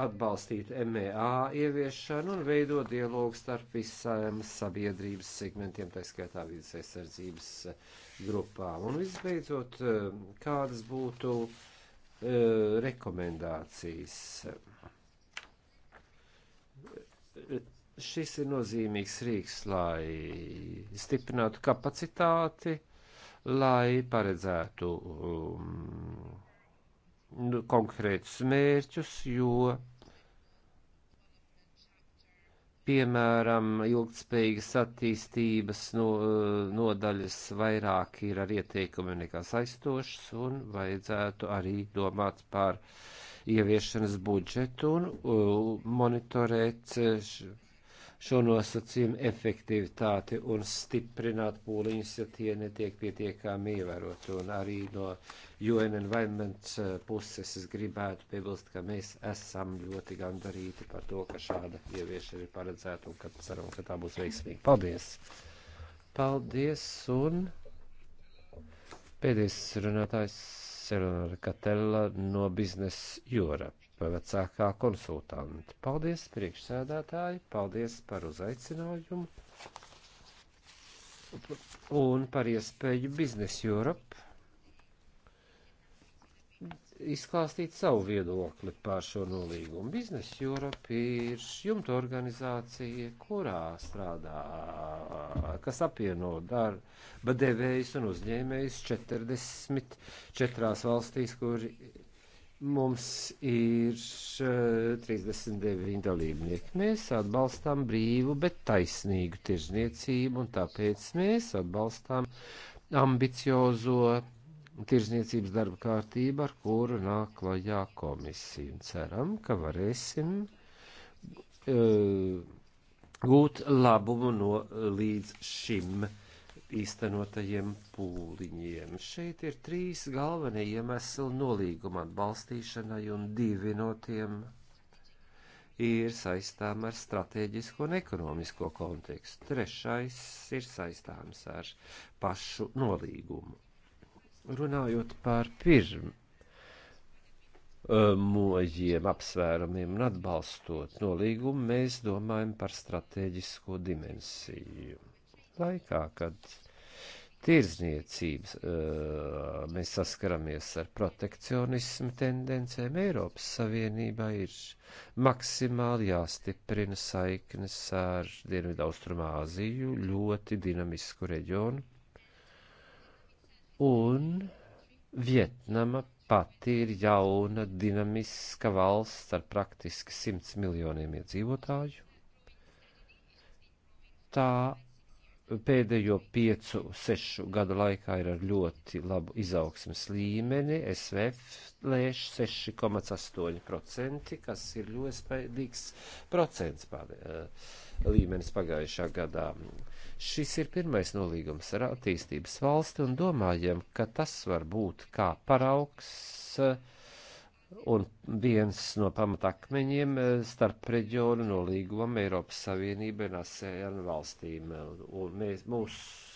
atbalstīt MEA ieviešanu un veidot dialogu starp visām sabiedrības segmentiem, tā skaitā vidas aizsardzības eh, grupām. Un visbeidzot, eh, kādas būtu uh, rekomendācijas? Šis ir nozīmīgs rīks, lai stiprinātu kapacitāti, lai paredzētu um, Nu, konkrētus mērķus, jo, piemēram, ilgtspējīgas attīstības no, nodaļas vairāk ir ar ieteikumu nekā saistošas, un vajadzētu arī domāt par ieviešanas budžetu un, un uh, monitorēt. Uh, š, šo nosacījumu efektivitāti un stiprināt pūliņus, ja tie netiek pietiekami ievērot. Un arī no UN Environment eh, puses es gribētu piebilst, ka mēs esam ļoti gandarīti par to, ka šāda ieviešana ir paredzēta un ka ceram, ka tā būs veiksmīga. Paldies! Paldies! Un pēdējais runātājs Selena Katella no Business Europe vecākā konsultante. Paldies, priekšsēdētāji, paldies par uzaicinājumu un par iespēju Business Europe izklāstīt savu viedokli par šo nolīgumu. Business Europe ir jumta organizācija, kurā strādā, kas apvieno darba devējus un uzņēmējus 44 valstīs, kur Mums ir 39 eh, dalībnieki. Mēs atbalstām brīvu, bet taisnīgu tirzniecību, un tāpēc mēs atbalstām ambiciozo tirzniecības darba kārtību, ar kuru nāk klajā komisija. Ceram, ka varēsim uh, gūt labumu no eh, līdz šim īstenotajiem pūliņiem. Šeit ir trīs galvenie iemesli nolīguma atbalstīšanai un divi no tiem ir saistām ar strateģisko un ekonomisko kontekstu. Trešais ir saistāms ar pašu nolīgumu. Runājot par pirmu mojiem, apsvērumiem un atbalstot nolīgumu, mēs domājam par strateģisko dimensiju laikā, kad tirzniecības mēs saskaramies ar protekcionismu tendencēm, Eiropas Savienībā ir maksimāli jāstiprina saiknes ar Dienvidaustrumāziju, ļoti dinamisku reģionu, un Vietnama pati ir jauna, dinamiska valsts ar praktiski simts miljoniem iedzīvotāju. Tā pēdējo piecu, sešu gadu laikā ir ar ļoti labu izaugsmas līmeni. SVF lēš 6,8%, kas ir ļoti spēcīgs procents pār, eh, līmenis pagājušā gadā. Šis ir pirmais nolīgums ar attīstības valsti un domājam, ka tas var būt kā paraugs uh, un viens no pamatakmeņiem eh, starp reģionu nolīgumam Eiropas Savienībai un ASEAN valstīm. Un mēs, mūsu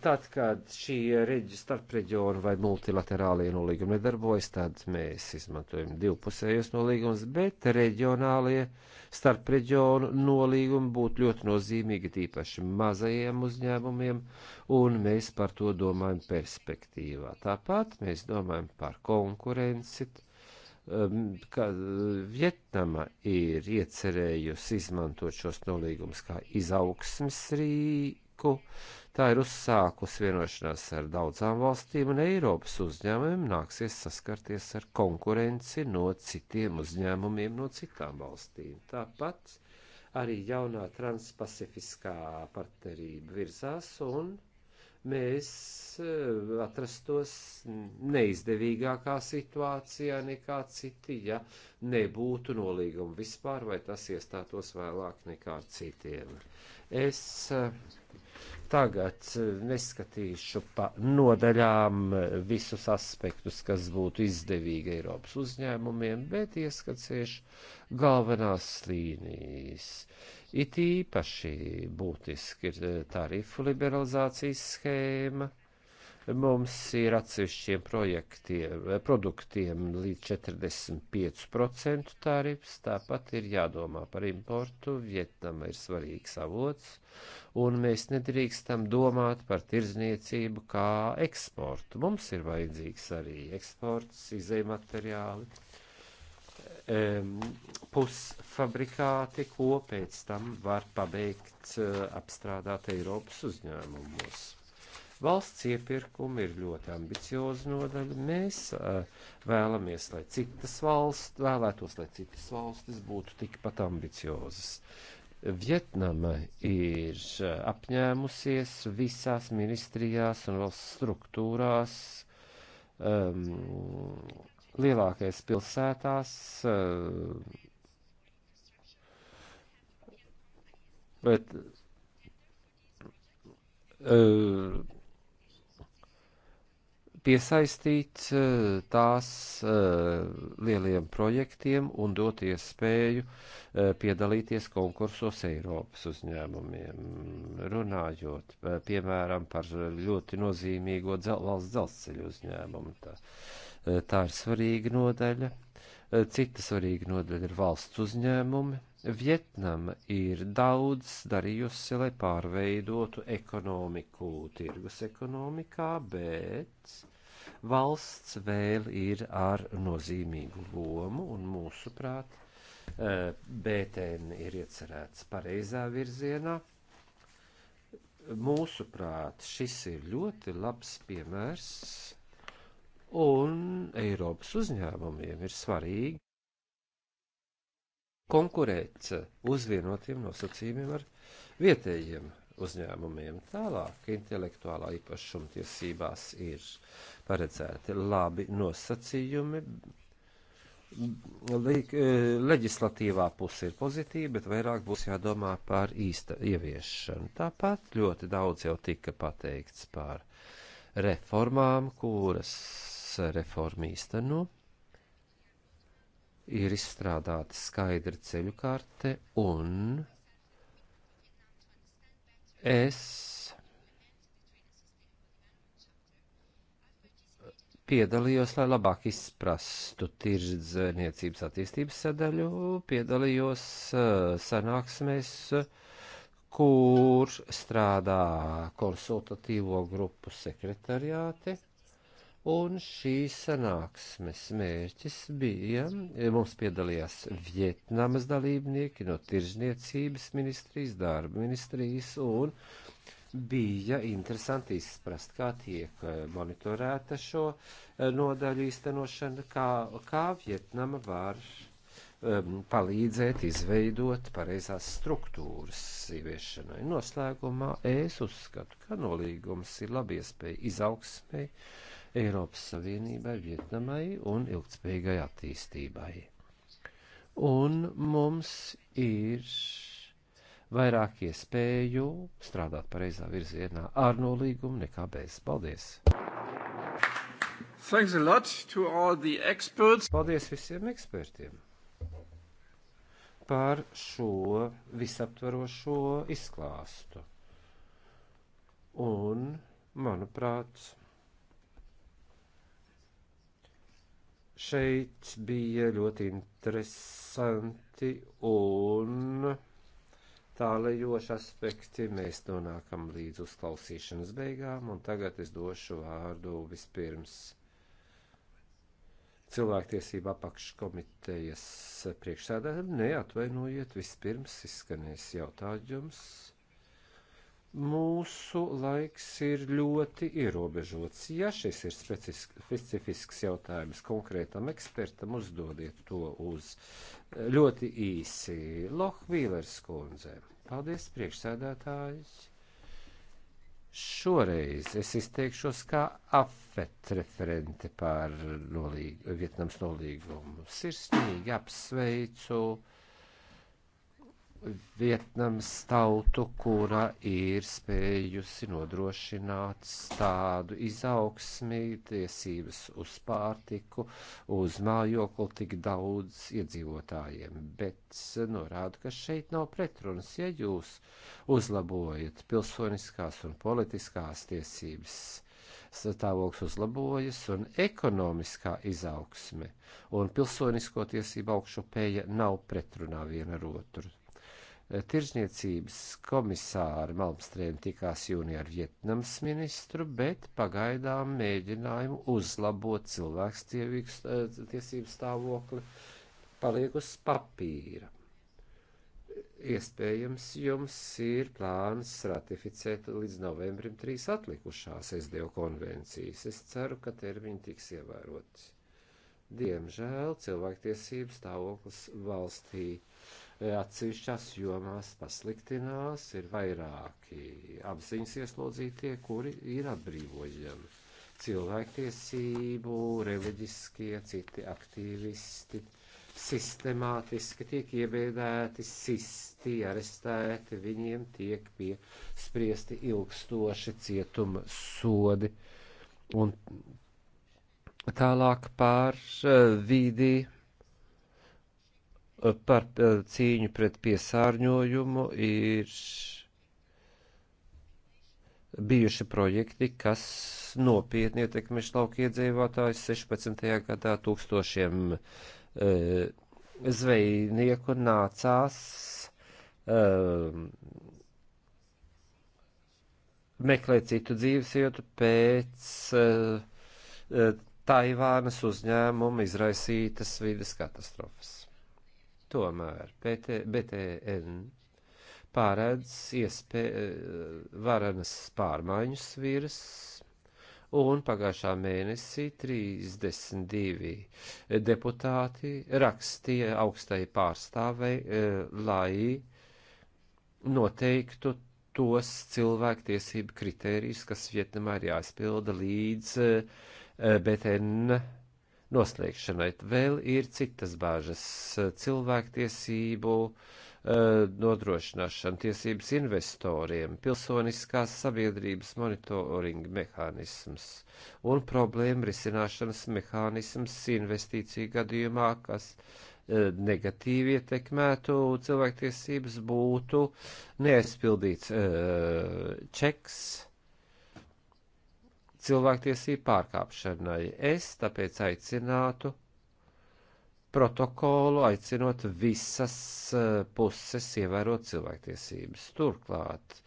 Tad, kad šie reģi, starpreģionu vai multilaterālie nolīgumi nedarbojas, tad mēs izmantojam divpusējos nolīgumus, bet reģionālie starpreģionu nolīgumi būtu ļoti nozīmīgi tīpaši mazajiem uzņēmumiem, un mēs par to domājam perspektīvā. Tāpat mēs domājam par konkurenci. Um, ka Vietnama ir iecerējusi izmantot šos nolīgumus kā izaugsmes rīku, uh, Tā ir uzsākusi vienošanās ar daudzām valstīm, un Eiropas uzņēmumiem nāksies saskarties ar konkurenci no citiem uzņēmumiem no citām valstīm. Tāpat arī jaunā transpacifiskā partnerība virzās un mēs eh, atrastos neizdevīgākā situācijā nekā citi, ja nebūtu nolīguma vispār, vai tas iestātos vēlāk nekā ar citiem. Es eh, Tagad eh, neskatīšu pa nodaļām eh, visus aspektus, kas būtu izdevīgi Eiropas uzņēmumiem, bet ieskaciešu galvenās līnijas. It īpaši būtiski ir eh, tarifu liberalizācijas schēma Mums ir atsevišķiem projektiem, produktiem līdz 45% tarifs, tāpat ir jādomā par importu, Vietnama ir svarīgs avots, un mēs nedrīkstam domāt par tirzniecību kā eksportu. Mums ir vajadzīgs arī eksports, izējumateriāli, um, pusfabrikāti, ko pēc tam var pabeigt uh, apstrādāt Eiropas uzņēmumos. Valsts iepirkumi ir ļoti ambicioza nodaļa. Mēs uh, vēlamies, lai citas valsts, vēlētos, lai citas valstis būtu tikpat ambiciozas. Vietnama ir eh, apņēmusies visās ministrijās un valsts struktūrās, um, lielākais pilsētās, uh, bet uh, piesaistīt eh, tās eh, lieliem projektiem un dot iespēju eh, piedalīties konkursos Eiropas uzņēmumiem. Runājot, piemēram, par ļoti nozīmīgo dzel valsts dzelzceļu uzņēmumu. Tā, tā ir svarīga nodaļa. Cita svarīga nodaļa ir valsts uzņēmumi. Vietnama ir daudz darījusi, lai pārveidotu ekonomiku tirgus ekonomikā, bet valsts vēl ir ar nozīmīgu lomu un mūsuprāt eh, BTN ir iecerēts pareizā virzienā. Mūsuprāt, šis ir ļoti labs piemērs, un Eiropas uzņēmumiem ir svarīgi konkurēt uz vienotiem nosacījumiem ar vietējiem uzņēmumiem. Tālāk intelektuālā īpašuma tiesībās ir uh, paredzēti labi nosacījumi. Le, leģislatīvā puse ir pozitīva, bet vairāk būs jādomā par īsta ieviešanu. Tāpat ļoti daudz jau tika pateikts par reformām, kuras reforma īsteno. Ir izstrādāta skaidra ceļu karte un es piedalījos, lai labāk izprastu tirdzniecības attīstības sadaļu, piedalījos eh, sanāksmēs, kur strādā konsultatīvo grupu sekretariāti. Un šīs sanāksmes mērķis bija, eh, mums piedalījās Vietnamas dalībnieki no Tirzniecības ministrijas, darba ministrijas un bija interesanti izprast, kā tiek eh, monitorēta šo eh, nodaļu īstenošana, kā, kā Vietnama var um, palīdzēt izveidot pareizās struktūras ieviešanai. Noslēgumā es uzskatu, ka nolīgums ir labi iespēja izaugsmai Eiropas Savienībai, Vietnamai un ilgtspējīgai attīstībai. Un mums ir vairāk iespēju strādāt pareizā virzienā ar nolīgumu nekā bez. Paldies! Thanks a lot to all the experts. Paldies visiem ekspertiem par šo visaptvarošo izklāstu. Un, manuprāt, šeit bija ļoti interesanti un tālajoši aspekti. Mēs nonākam līdz uzklausīšanas beigām, un tagad es došu vārdu vispirms cilvēktiesība apakškomitejas priekšsēdētājiem. Neatvainojiet, vispirms izskanēs jautājums. Mūsu laiks ir ļoti ierobežots. Ja šis ir specifisks jautājums konkrētam ekspertam, uzdodiet to uz ļoti īsi Lohvīlers kundzēm. Paldies, priekšsēdētājs! Šoreiz es izteikšos kā afet referente pār nolīgu, Vietnams nolīgumu. Sirsnīgi apsveicu! Vietnams tautu, kura ir spējusi nodrošināt tādu izaugsmi, tiesības uz pārtiku, uz mājokli tik daudz iedzīvotājiem. Bet norādu, ka šeit nav pretrunas, ja jūs uzlabojat pilsoniskās un politiskās tiesības stāvoklis uzlabojas un ekonomiskā izaugsme un pilsonisko tiesību augšupēja nav pretrunā viena ar otru. Tirzniecības komisāri Malmstrēm tikās jūnijā ar Vietnams ministru, bet pagaidām mēģinājumu uzlabot cilvēks eh, tiesību stāvokli paliek uz papīra. Iespējams, jums ir plāns ratificēt līdz novembrim trīs atlikušās SDO konvencijas. Es ceru, ka termiņi tiks ievēroti. Diemžēl cilvēktiesību stāvoklis valstī atsevišķās jomās pasliktinās, ir vairāki apziņas ieslodzītie, kuri ir atbrīvojami. Cilvēktiesību, reliģiskie, citi aktīvisti sistemātiski tiek iebēdēti, sisti, arestēti, viņiem tiek piespriesti ilgstoši cietuma sodi. Un tālāk pār uh, eh, vīdī par eh, cīņu pret piesārņojumu ir bijuši projekti, kas nopietni ietekmēši lauku iedzīvotājus 16. gadā tūkstošiem e, zvejnieku nācās e, meklēt citu dzīves vietu pēc e, e, Taivānas uzņēmuma izraisītas vides katastrofas. Tomēr PT, BTN eh, eh, pārēdz iespē, eh, varenas pārmaiņu sviras un pagājušā mēnesī 32 deputāti rakstīja augstai pārstāvei, lai noteiktu tos cilvēktiesību kritērijus, kas Vietnamā ir jāizpilda līdz BTN noslēgšanai. Vēl ir citas bāžas - cilvēktiesību eh, nodrošināšana, tiesības investoriem, pilsoniskās sabiedrības monitoringa mehānisms un problēma risināšanas mehānisms investīciju gadījumā, kas eh, negatīvi ietekmētu cilvēktiesības, būtu neaizpildīts eh, čeks. Uh, cilvēktiesību pārkāpšanai. Es tāpēc aicinātu protokolu, aicinot visas eh, puses ievērot cilvēktiesības. Turklāt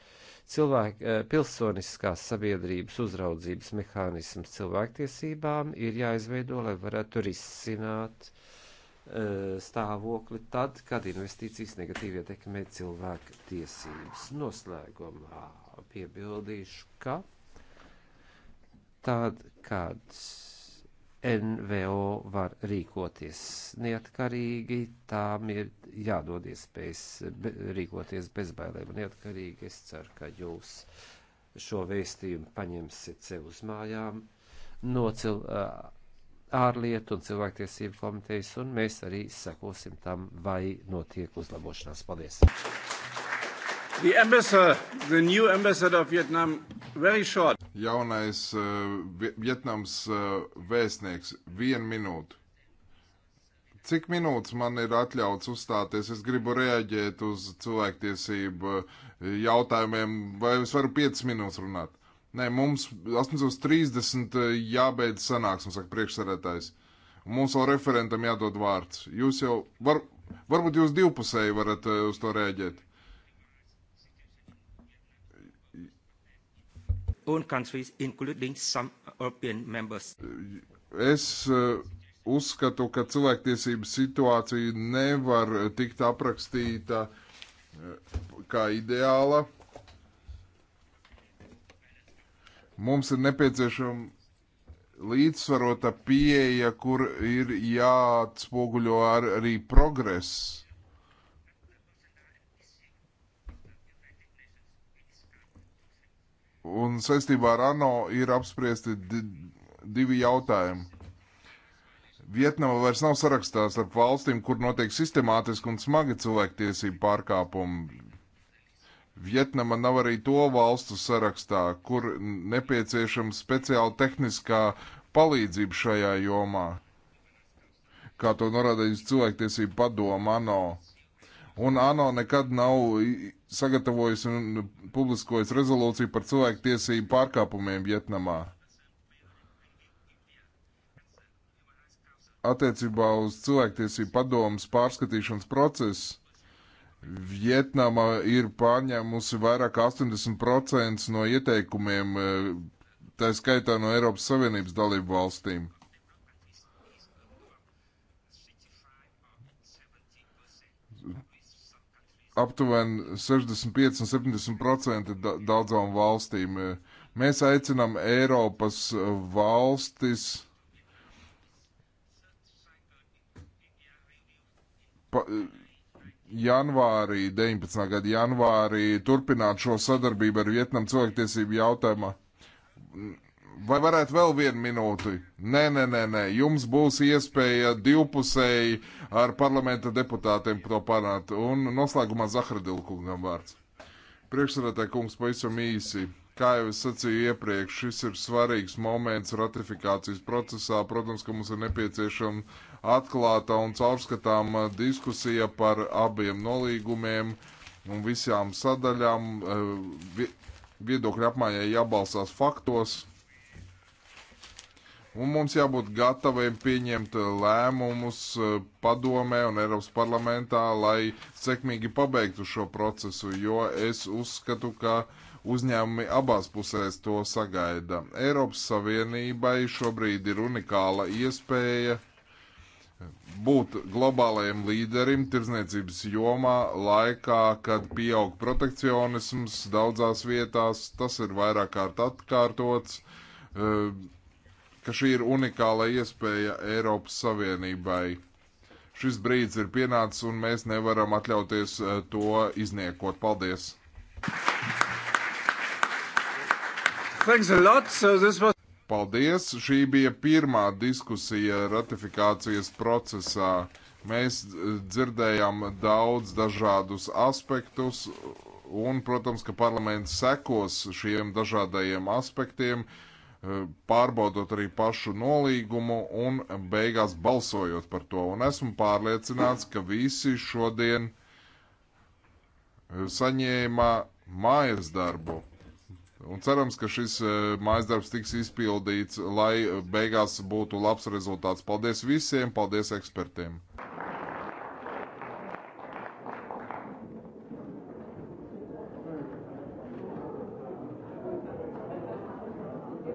cilvēk, eh, pilsoniskās sabiedrības uzraudzības mehānisms cilvēktiesībām ir jāizveido, lai varētu risināt eh, stāvokli tad, kad investīcijas negatīvi ietekmē cilvēku tiesības. Noslēgumā piebildīšu, ka tad, kad NVO var rīkoties neatkarīgi, tām ir jādod iespējas be, rīkoties bezbailēm un neatkarīgi. Es ceru, ka jūs šo vēstījumu paņemsiet sev uz mājām no cil, ārlietu un cilvēktiesību komitejas, un mēs arī sekosim tam, vai notiek uzlabošanās. Paldies! The ambassador, the new ambassador of Vietnam, very short jaunais eh, Vietnams eh, vēstnieks. Vienu minūtu. Cik minūtes man ir atļauts uzstāties? Es gribu reaģēt uz cilvēktiesību eh, jautājumiem, vai es varu 5 minūtes runāt? Nē, mums 8.30 jābeidz sanāksme, saka priekšsarētājs. Mums vēl referentam jādod vārds. Jūs jau, var, varbūt jūs divpusēji varat uz to reaģēt. own countries, including some European members. Es uh, uzskatu, ka cilvēktiesību situācija nevar tikt aprakstīta uh, kā ideāla. Mums ir nepieciešama līdzsvarota pieeja, kur ir jāatspoguļo ar, arī progress Un saistībā ar ANO ir apspriesti di divi jautājumi. Vietnama vairs nav sarakstā starp valstīm, kur notiek sistemātiski un smagi cilvēktiesību pārkāpumi. Vietnama nav arī to valstu sarakstā, kur nepieciešama speciāla tehniskā palīdzība šajā jomā, kā to norādījis cilvēktiesību padomu ANO un ANO nekad nav sagatavojis un publiskojis rezolūciju par cilvēku tiesību pārkāpumiem Vietnamā. Attiecībā uz cilvēktiesību padomus pārskatīšanas procesu Vietnama ir pārņēmusi vairāk 80% no ieteikumiem, eh, tā skaitā no Eiropas Savienības dalību valstīm. aptuveni 65 un 70% daudzām valstīm. Mēs aicinām Eiropas valstis pa, janvārī, 19. gada janvārī, turpināt šo sadarbību ar Vietnamu cilvēktiesību jautājumā. Vai varētu vēl vienu minūti? Nē, nē, nē, nē. jums būs iespēja divpusēji ar parlamenta deputātiem to panākt. Un noslēgumā Zahradila kungam vārds. Priekšsēdētāji kungs pavisam īsi. Kā jau es sacīju iepriekš, šis ir svarīgs moments ratifikācijas procesā. Protams, ka mums ir nepieciešama atklāta un caurskatāma diskusija par abiem nolīgumiem un visām sadaļām. Eh, Viedokļu apmaiņai jābalstās faktos, Un mums jābūt gataviem pieņemt eh, lēmumus eh, padomē un Eiropas parlamentā, lai sekmīgi pabeigtu šo procesu, jo es uzskatu, ka uzņēmumi abās pusēs to sagaida. Eiropas Savienībai šobrīd ir unikāla iespēja būt globālajiem līderim tirzniecības jomā laikā, kad pieaug protekcionisms daudzās vietās, tas ir vairāk kārt atkārtots. Uh, ka šī ir unikāla iespēja Eiropas Savienībai. Šis brīdis ir pienācis, un mēs nevaram atļauties eh, to izniekot. Paldies! Paldies! Šī bija pirmā diskusija ratifikācijas procesā. Mēs eh, dzirdējām daudz dažādus aspektus, un, protams, ka parlaments sekos šiem dažādajiem aspektiem Eh, pārbaudot arī pašu nolīgumu un beigās balsojot par to. Un esmu pārliecināts, ka visi šodien eh, saņēma mājas darbu. Un cerams, ka šis eh, mājas darbs tiks izpildīts, lai beigās būtu labs rezultāts. Paldies visiem, paldies ekspertiem!